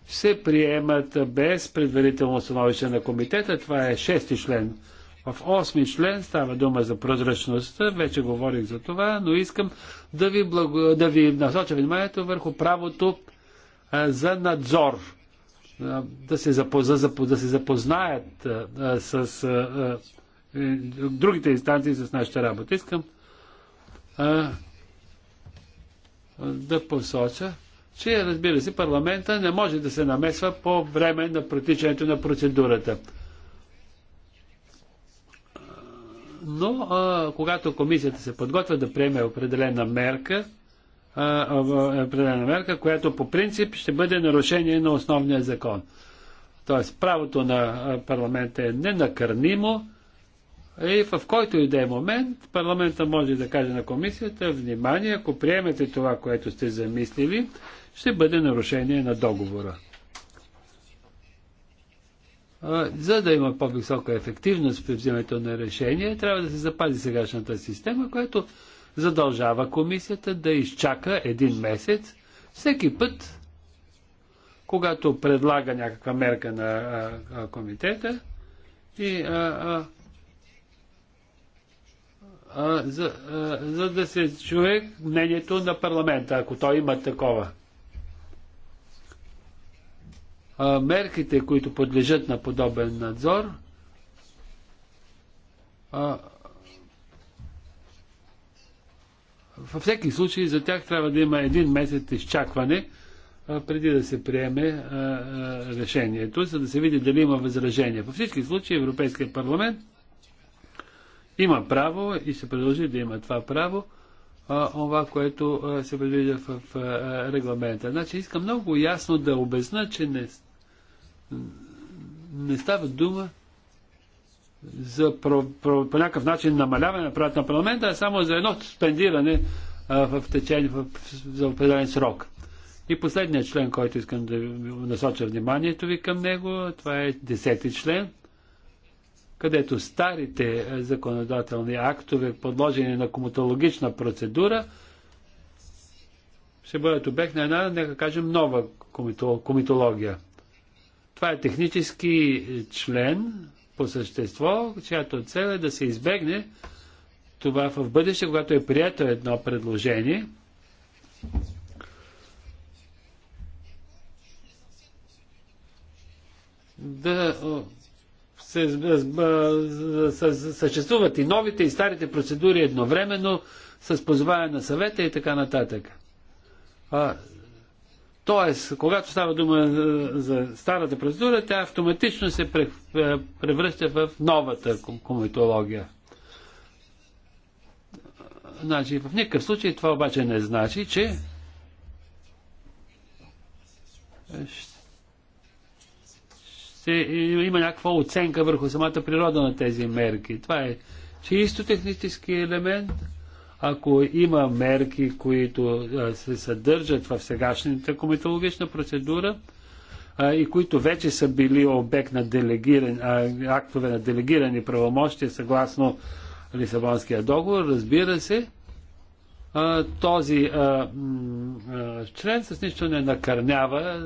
се приемат без предварително становище на комитета. Това е шести член. В осми член става дума за прозрачността, вече говорих за това, но искам да ви, благо... да ви насоча вниманието върху правото а, за надзор. да се, запозна, да се запознаят а, с другите инстанции с нашата работа. Искам а, да посоча, че разбира се, парламента не може да се намесва по време на протичането на процедурата. Но а, когато комисията се подготвя да приеме определена мерка, а, определена мерка, която по принцип ще бъде нарушение на основния закон. Тоест правото на парламента е ненакърнимо и в който и да е момент, парламента може да каже на комисията, внимание, ако приемете това, което сте замислили, ще бъде нарушение на договора. За да има по-висока ефективност при взимането на решение, трябва да се запази сегашната система, която задължава комисията да изчака един месец всеки път, когато предлага някаква мерка на комитета и а, а, за, а, за да се чуе мнението на парламента, ако той има такова. А, мерките, които подлежат на подобен надзор, а, във всеки случай за тях трябва да има един месец изчакване а, преди да се приеме а, а, решението, за да се види дали има възражение. Във всички случаи Европейския парламент има право и се продължи да има това право, а, това, което а, се предвижда в, в а, регламента. Значи искам много ясно да обясна, че не, не става дума за про, про, по някакъв начин намаляване на правата на парламента, а само за едно спендиране а, в течение в, за определен срок. И последният член, който искам да насоча вниманието ви към него, това е десети член – където старите е, законодателни актове, подложени на комутологична процедура, ще бъдат обект на една, нека кажем, нова комитология. Това е технически член по същество, чиято цел е да се избегне това в бъдеще, когато е прието едно предложение. Да съществуват и новите и старите процедури едновременно с позоваване на съвета и така нататък. А, тоест, когато става дума за старата процедура, тя автоматично се превръща в новата комитология. Значи, в никакъв случай това обаче не значи, че се, има някаква оценка върху самата природа на тези мерки. Това е чисто технически елемент. Ако има мерки, които се съдържат в сегашната кометологична процедура и които вече са били обект на делегиран, актове на делегирани правомощия съгласно Лисабонския договор, разбира се, този а, а, член с нищо не накърнява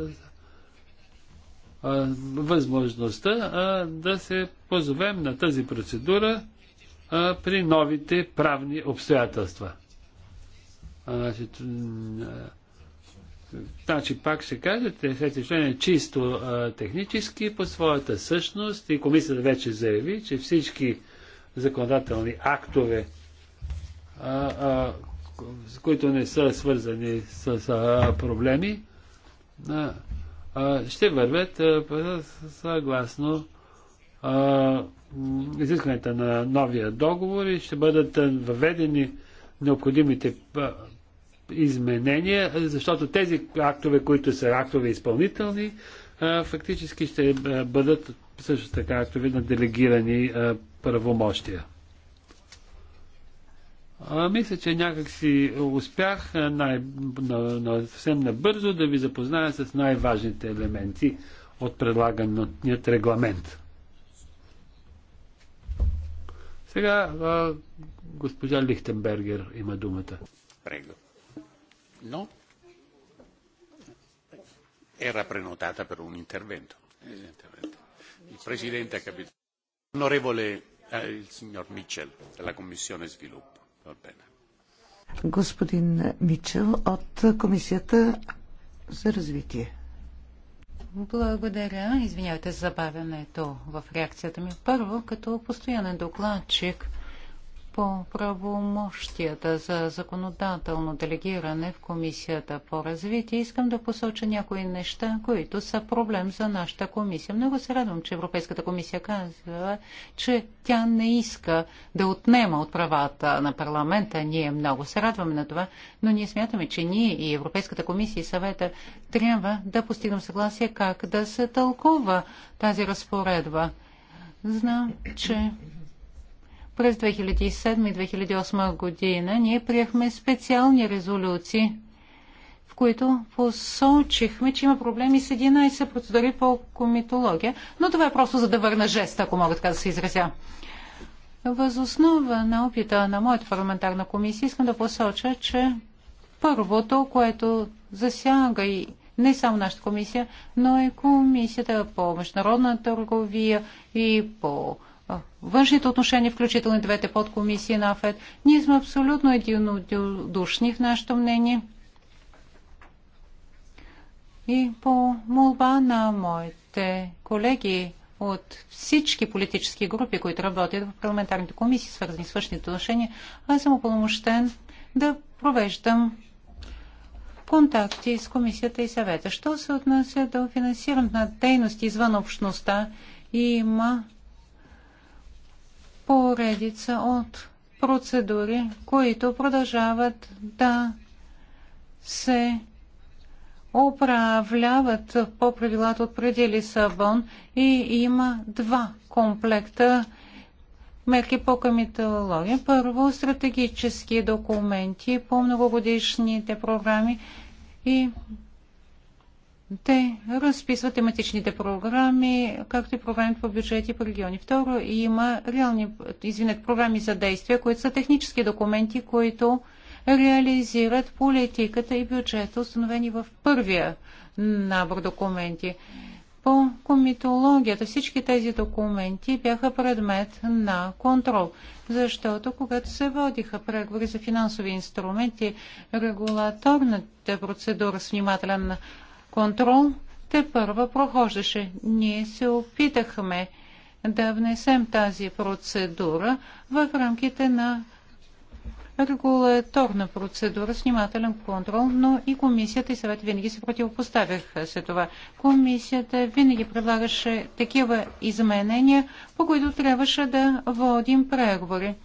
възможността а, да се позовем на тази процедура а, при новите правни обстоятелства. Значи, значи пак ще кажете, всеки член е чисто а, технически по своята същност и комисията вече заяви, че всички законодателни актове, а, а, които не са свързани с а, проблеми, а, ще вървят съгласно изискването на новия договор и ще бъдат въведени необходимите изменения, защото тези актове, които са актове изпълнителни, фактически ще бъдат също така актове на делегирани правомощия. А, мисля, че някак си успях най- на, на, на, съвсем набързо да ви запозная с най-важните елементи от предлаганият регламент. Сега а, госпожа Лихтенбергер има думата. Но era prenotata per un intervento. Il Presidente ha capito. Onorevole eh, il signor Mitchell della Commissione Sviluppo. Европейна. Господин Мичел от Комисията за развитие. Благодаря. Извинявайте за забавянето в реакцията ми. Първо, като постоянен докладчик по правомощията за законодателно делегиране в Комисията по развитие, искам да посоча някои неща, които са проблем за нашата комисия. Много се радвам, че Европейската комисия казва, че тя не иска да отнема от правата на парламента. Ние много се радваме на това, но ние смятаме, че ние и Европейската комисия и съвета трябва да постигнем съгласие как да се тълкува тази разпоредба. Знам, че през 2007 и 2008 година ние приехме специални резолюции, в които посочихме, че има проблеми с 11 процедури по комитология, но това е просто за да върна жест, ако мога така да се изразя. Възоснова на опита на моята парламентарна комисия искам да посоча, че първото, което засяга и не само нашата комисия, но и комисията по международна търговия и по външните отношения, включително и двете подкомисии на АФЕД. Ние сме абсолютно единодушни в нашето мнение. И по молба на моите колеги от всички политически групи, които работят в парламентарните комисии, свързани с външните отношения, аз съм упълномощен да провеждам контакти с комисията и съвета. Що се отнася до финансирането на дейности извън общността, има поредица от процедури, които продължават да се управляват по правилата от преди Лисабон и има два комплекта мерки по комитология. Първо, стратегически документи по многогодишните програми и те разписват тематичните програми, както и програмите по бюджети по региони. Второ, има реални, извинете, програми за действия, които са технически документи, които реализират политиката и бюджета, установени в първия набор документи. По комитологията всички тези документи бяха предмет на контрол, защото когато се водиха преговори за финансови инструменти, регулаторната процедура с внимателен контрол те първа прохождаше. Ние се опитахме да внесем тази процедура в рамките на регулаторна процедура снимателен контрол, но и комисията и съвет винаги се противопоставяха се това. Комисията винаги предлагаше такива изменения, по които трябваше да водим преговори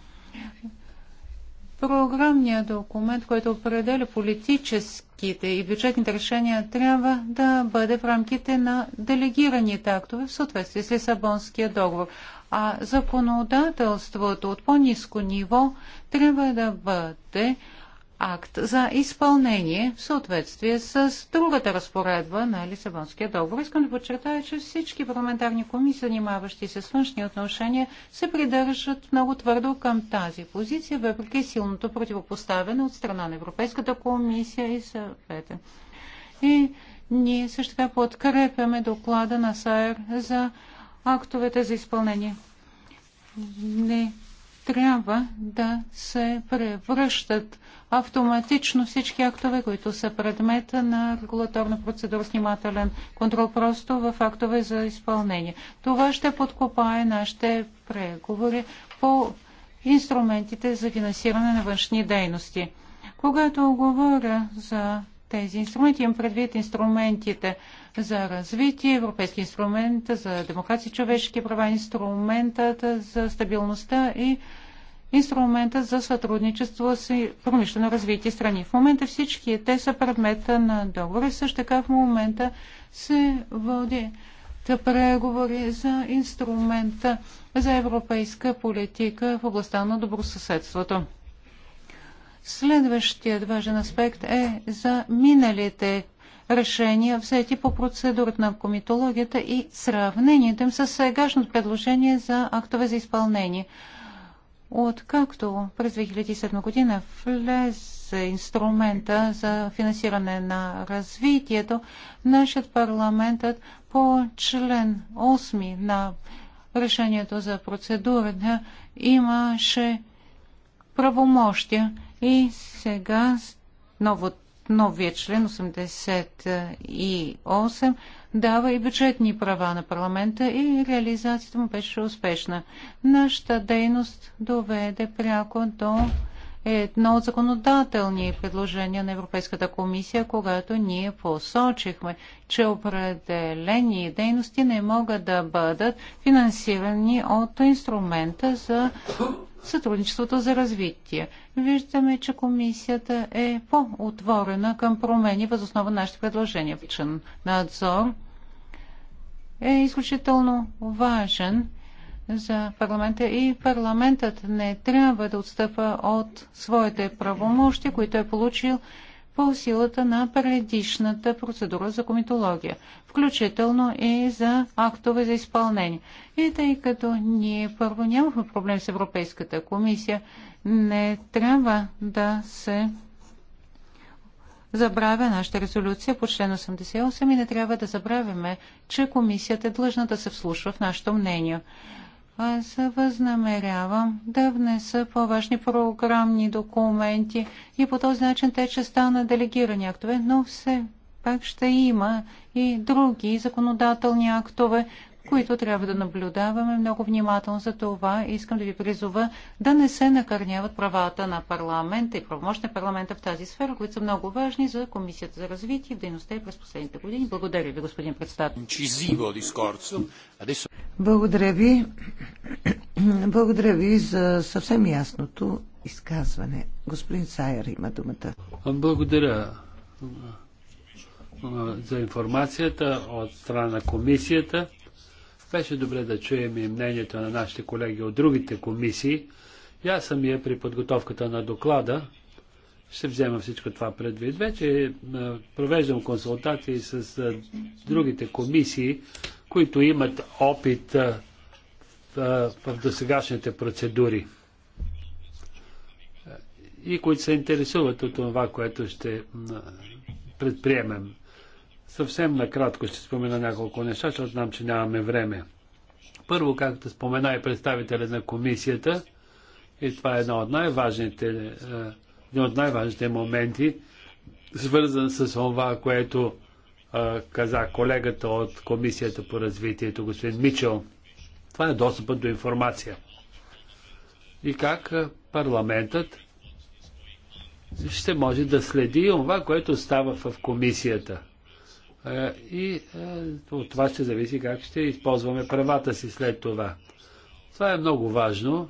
програмният документ, който определя политическите и бюджетните решения, трябва да бъде в рамките на делегираните актове в съответствие с Лисабонския договор. А законодателството от по-низко ниво трябва да бъде акт за изпълнение в съответствие с другата разпоредба на Лисабонския договор. Искам да подчертая, че всички парламентарни комисии, занимаващи се с външни отношения, се придържат много твърдо към тази позиция, въпреки силното противопоставяне от страна на Европейската комисия и съвета. И ние също така подкрепяме доклада на САЕР за актовете за изпълнение. Не трябва да се превръщат автоматично всички актове, които са предмета на регулаторна процедура, снимателен контрол, просто в актове за изпълнение. Това ще подкопае нашите преговори по инструментите за финансиране на външни дейности. Когато говоря за тези инструменти. Имам предвид инструментите за развитие, Европейски инструмент за демокрация и човешки права, инструментът за стабилността и инструмента за сътрудничество с промишлено развитие страни. В момента всички те са предмета на договори. Също така в момента се води да преговори за инструмента за европейска политика в областта на добросъседството. Следващият важен аспект е за миналите решения, взети по процедурата на комитологията и сравнението им с сегашното предложение за актове за изпълнение. Откакто през 2007 година влезе инструмента за финансиране на развитието, нашият парламентът по член 8 на решението за процедурата имаше правомощия и сега ново, новия член 88 дава и бюджетни права на парламента и реализацията му беше успешна. Нашата дейност доведе пряко до едно от законодателни предложения на Европейската комисия, когато ние посочихме, че определени дейности не могат да бъдат финансирани от инструмента за сътрудничеството за развитие. Виждаме, че комисията е по-отворена към промени възоснова на нашите предложения. Вичен надзор е изключително важен за парламента и парламентът не трябва да отстъпа от своите правомощи, които е получил по силата на предишната процедура за комитология, включително и за актове за изпълнение. И тъй като ние първо нямахме проблем с Европейската комисия, не трябва да се забравя нашата резолюция по член 88 и не трябва да забравяме, че комисията е длъжна да се вслушва в нашето мнение аз възнамерявам да внеса по-важни програмни документи и по този начин те ще станат делегирани актове, но все пак ще има и други законодателни актове, които трябва да наблюдаваме много внимателно. За това искам да ви призова да не се накърняват правата на парламента и правомощ на парламента в тази сфера, които са много важни за Комисията за развитие в дейността и през последните години. Благодаря ви, господин председател. Благодаря ви. Благодаря ви за съвсем ясното изказване. Господин Сайер има думата. Благодаря за информацията от страна на комисията. Беше добре да чуем и мнението на нашите колеги от другите комисии. И аз самия при подготовката на доклада ще взема всичко това предвид. Вече е, провеждам консултации с е, другите комисии, които имат опит е, в досегашните процедури и които се интересуват от това, което ще предприемем. Съвсем накратко ще спомена няколко неща, защото знам, че нямаме време. Първо, както спомена и представителя на комисията, и това е едно от най-важните, е, един от най-важните моменти, свързан с това, което а, е, каза колегата от Комисията по развитието, господин Мичел. Това е достъпът до информация. И как е, парламентът ще може да следи това, което става в комисията – е, и е, от това ще зависи как ще използваме правата си след това. Това е много важно.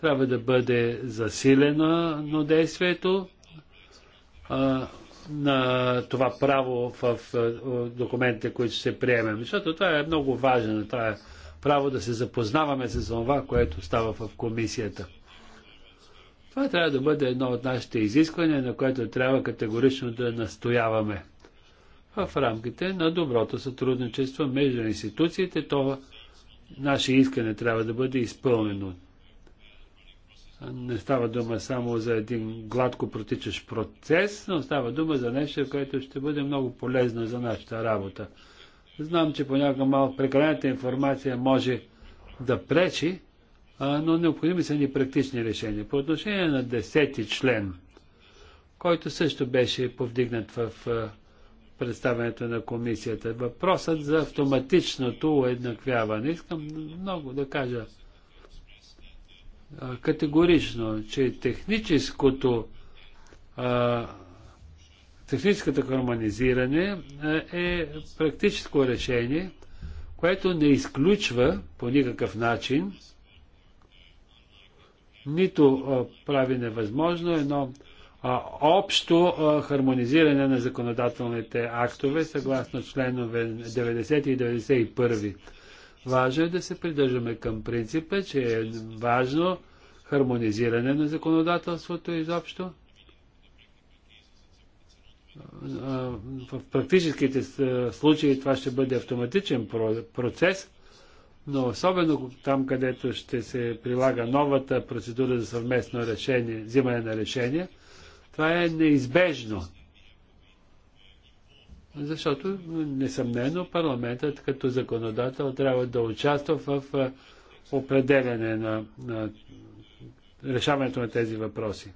Трябва да бъде засилено на действието на това право в документите, които ще приемем. Защото това е много важно. Това е право да се запознаваме с това, което става в комисията. Това трябва да бъде едно от нашите изисквания, на което трябва категорично да настояваме в рамките на доброто сътрудничество между институциите. То наше искане трябва да бъде изпълнено. Не става дума само за един гладко протичащ процес, но става дума за нещо, което ще бъде много полезно за нашата работа. Знам, че понякога малко прекалената информация може да пречи, но необходими са ни практични решения. По отношение на десети член, който също беше повдигнат в представянето на комисията. Въпросът за автоматичното уеднаквяване. Искам много да кажа категорично, че техническото техническото хармонизиране е практическо решение, което не изключва по никакъв начин, нито прави невъзможно едно общо хармонизиране на законодателните актове съгласно членове 90 и 91. Важно е да се придържаме към принципа, че е важно хармонизиране на законодателството изобщо. В практическите случаи това ще бъде автоматичен процес, но особено там, където ще се прилага новата процедура за съвместно решение, взимане на решения. Това е неизбежно. Защото, несъмнено, парламентът като законодател трябва да участва в определене на, на решаването на тези въпроси.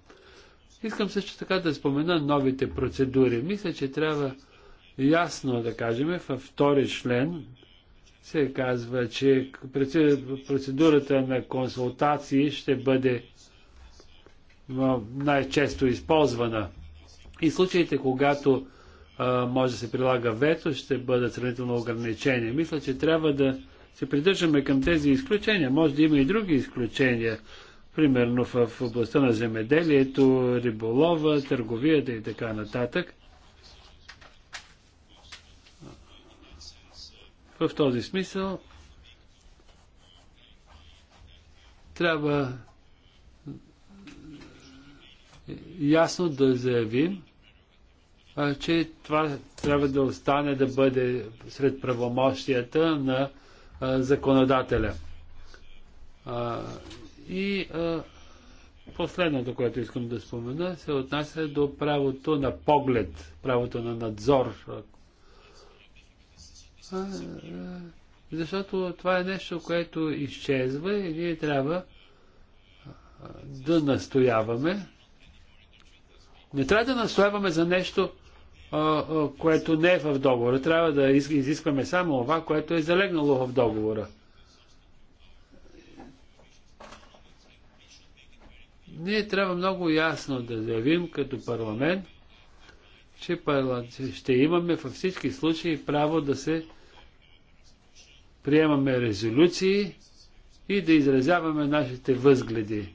Искам също така да спомена новите процедури. Мисля, че трябва ясно да кажем, във втори член се казва, че процедурата на консултации ще бъде най-често използвана. И случаите, когато а, може да се прилага вето, ще бъдат сравнително ограничени. Мисля, че трябва да се придържаме към тези изключения. Може да има и други изключения, примерно в областта на земеделието, риболова, търговията и така нататък. В този смисъл трябва ясно да заявим, че това трябва да остане да бъде сред правомощията на законодателя. И последното, което искам да спомена, се отнася до правото на поглед, правото на надзор. Защото това е нещо, което изчезва и ние трябва да настояваме не трябва да настояваме за нещо, което не е в договора. Трябва да изискваме само това, което е залегнало в договора. Ние трябва много ясно да заявим като парламент, че ще имаме във всички случаи право да се приемаме резолюции и да изразяваме нашите възгледи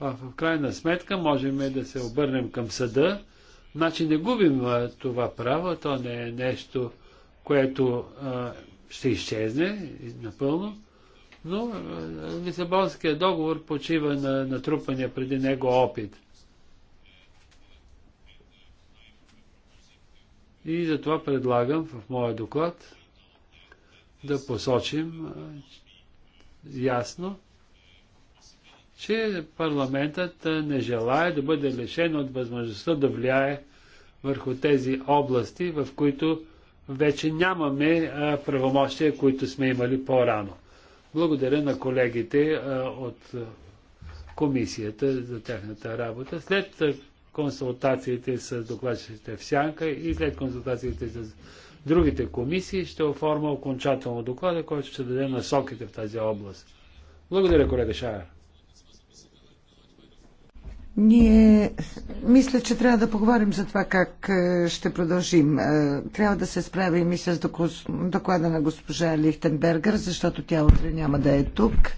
в крайна сметка можем да се обърнем към съда. Значи не губим това право, то не е нещо, което ще изчезне напълно, но Лисабонският договор почива на натрупания преди него опит. И затова предлагам в моя доклад да посочим ясно, че парламентът не желая да бъде лишен от възможността да влияе върху тези области, в които вече нямаме правомощия, които сме имали по-рано. Благодаря на колегите от комисията за тяхната работа. След консултациите с докладчиците в Сянка и след консултациите с другите комисии ще оформя окончателно доклада, който ще даде насоките в тази област. Благодаря, колега Шаяр. Ние мисля, че трябва да поговорим за това как е, ще продължим. Е, трябва да се справим и с доклада на госпожа Лихтенбергер, защото тя утре няма да е тук. Е,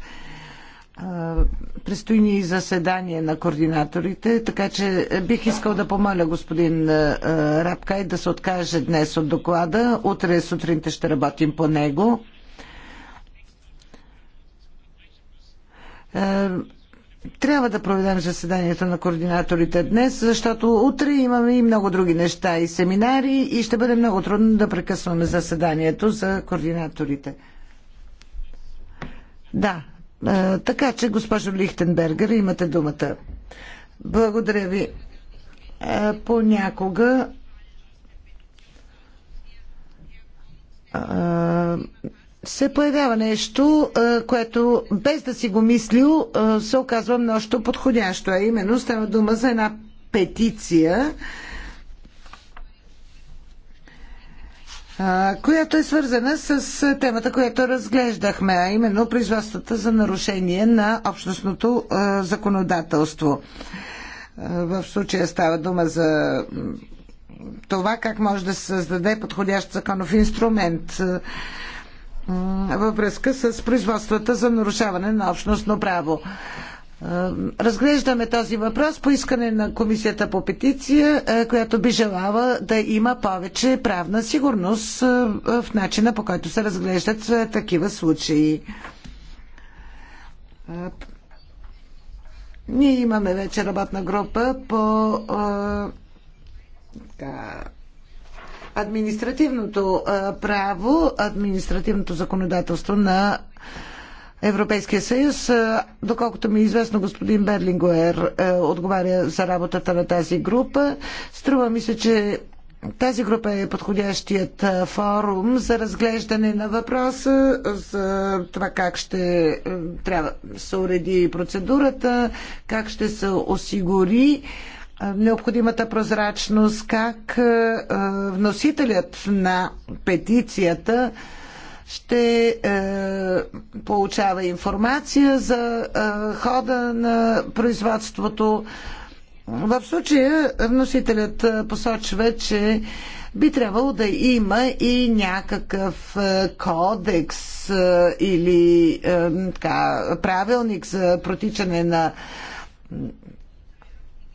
Престои ни заседание на координаторите, така че бих искал да помоля господин Рапкай да се откаже днес от доклада. Утре сутринта ще работим по него трябва да проведем заседанието на координаторите днес, защото утре имаме и много други неща и семинари и ще бъде много трудно да прекъсваме заседанието за координаторите. Да, така че, госпожо Лихтенбергер, имате думата. Благодаря ви. понякога се появява нещо, което без да си го мислил, се оказва много подходящо. А именно става дума за една петиция, която е свързана с темата, която разглеждахме, а именно производствата за нарушение на общностното законодателство. В случая става дума за това как може да се създаде подходящ законов инструмент във връзка с производствата за нарушаване на общностно право. Е, разглеждаме този въпрос по искане на Комисията по петиция, е, която би желала да има повече правна сигурност е, в начина по който се разглеждат такива случаи. Ние имаме вече работна група по така, административното право, административното законодателство на Европейския съюз. Доколкото ми е известно, господин Берлингуер отговаря за работата на тази група. Струва ми се, че тази група е подходящият форум за разглеждане на въпроса, за това как ще трябва да се уреди процедурата, как ще се осигури необходимата прозрачност, как вносителят на петицията ще е, получава информация за е, хода на производството. В случая вносителят посочва, че би трябвало да има и някакъв кодекс или така, правилник за протичане на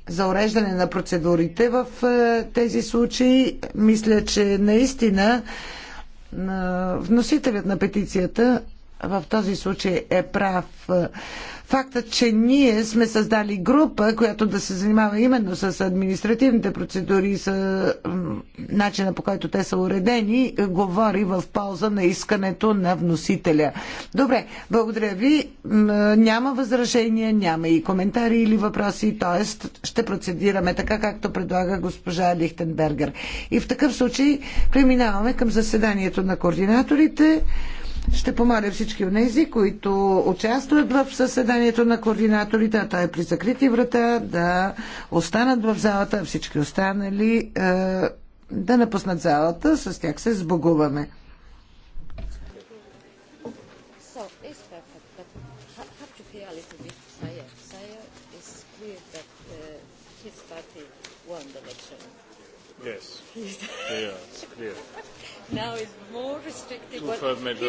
за уреждане на процедурите в е, тези случаи. Мисля, че наистина е, вносителят на петицията в този случай е прав. Е, фактът, че ние сме създали група, която да се занимава именно с административните процедури и с начина по който те са уредени, говори в полза на искането на вносителя. Добре, благодаря ви. Няма възражения, няма и коментари или въпроси, т.е. ще процедираме така, както предлага госпожа Лихтенбергер. И в такъв случай преминаваме към заседанието на координаторите. Ще помоля всички от тези, които участват в съседанието на координаторите, а той е при закрити врата, да останат в залата, а всички останали е, да напуснат залата. С тях се сбогуваме. Uh, yes. yeah, it's clear. now it's more restrictive. Two-third majority.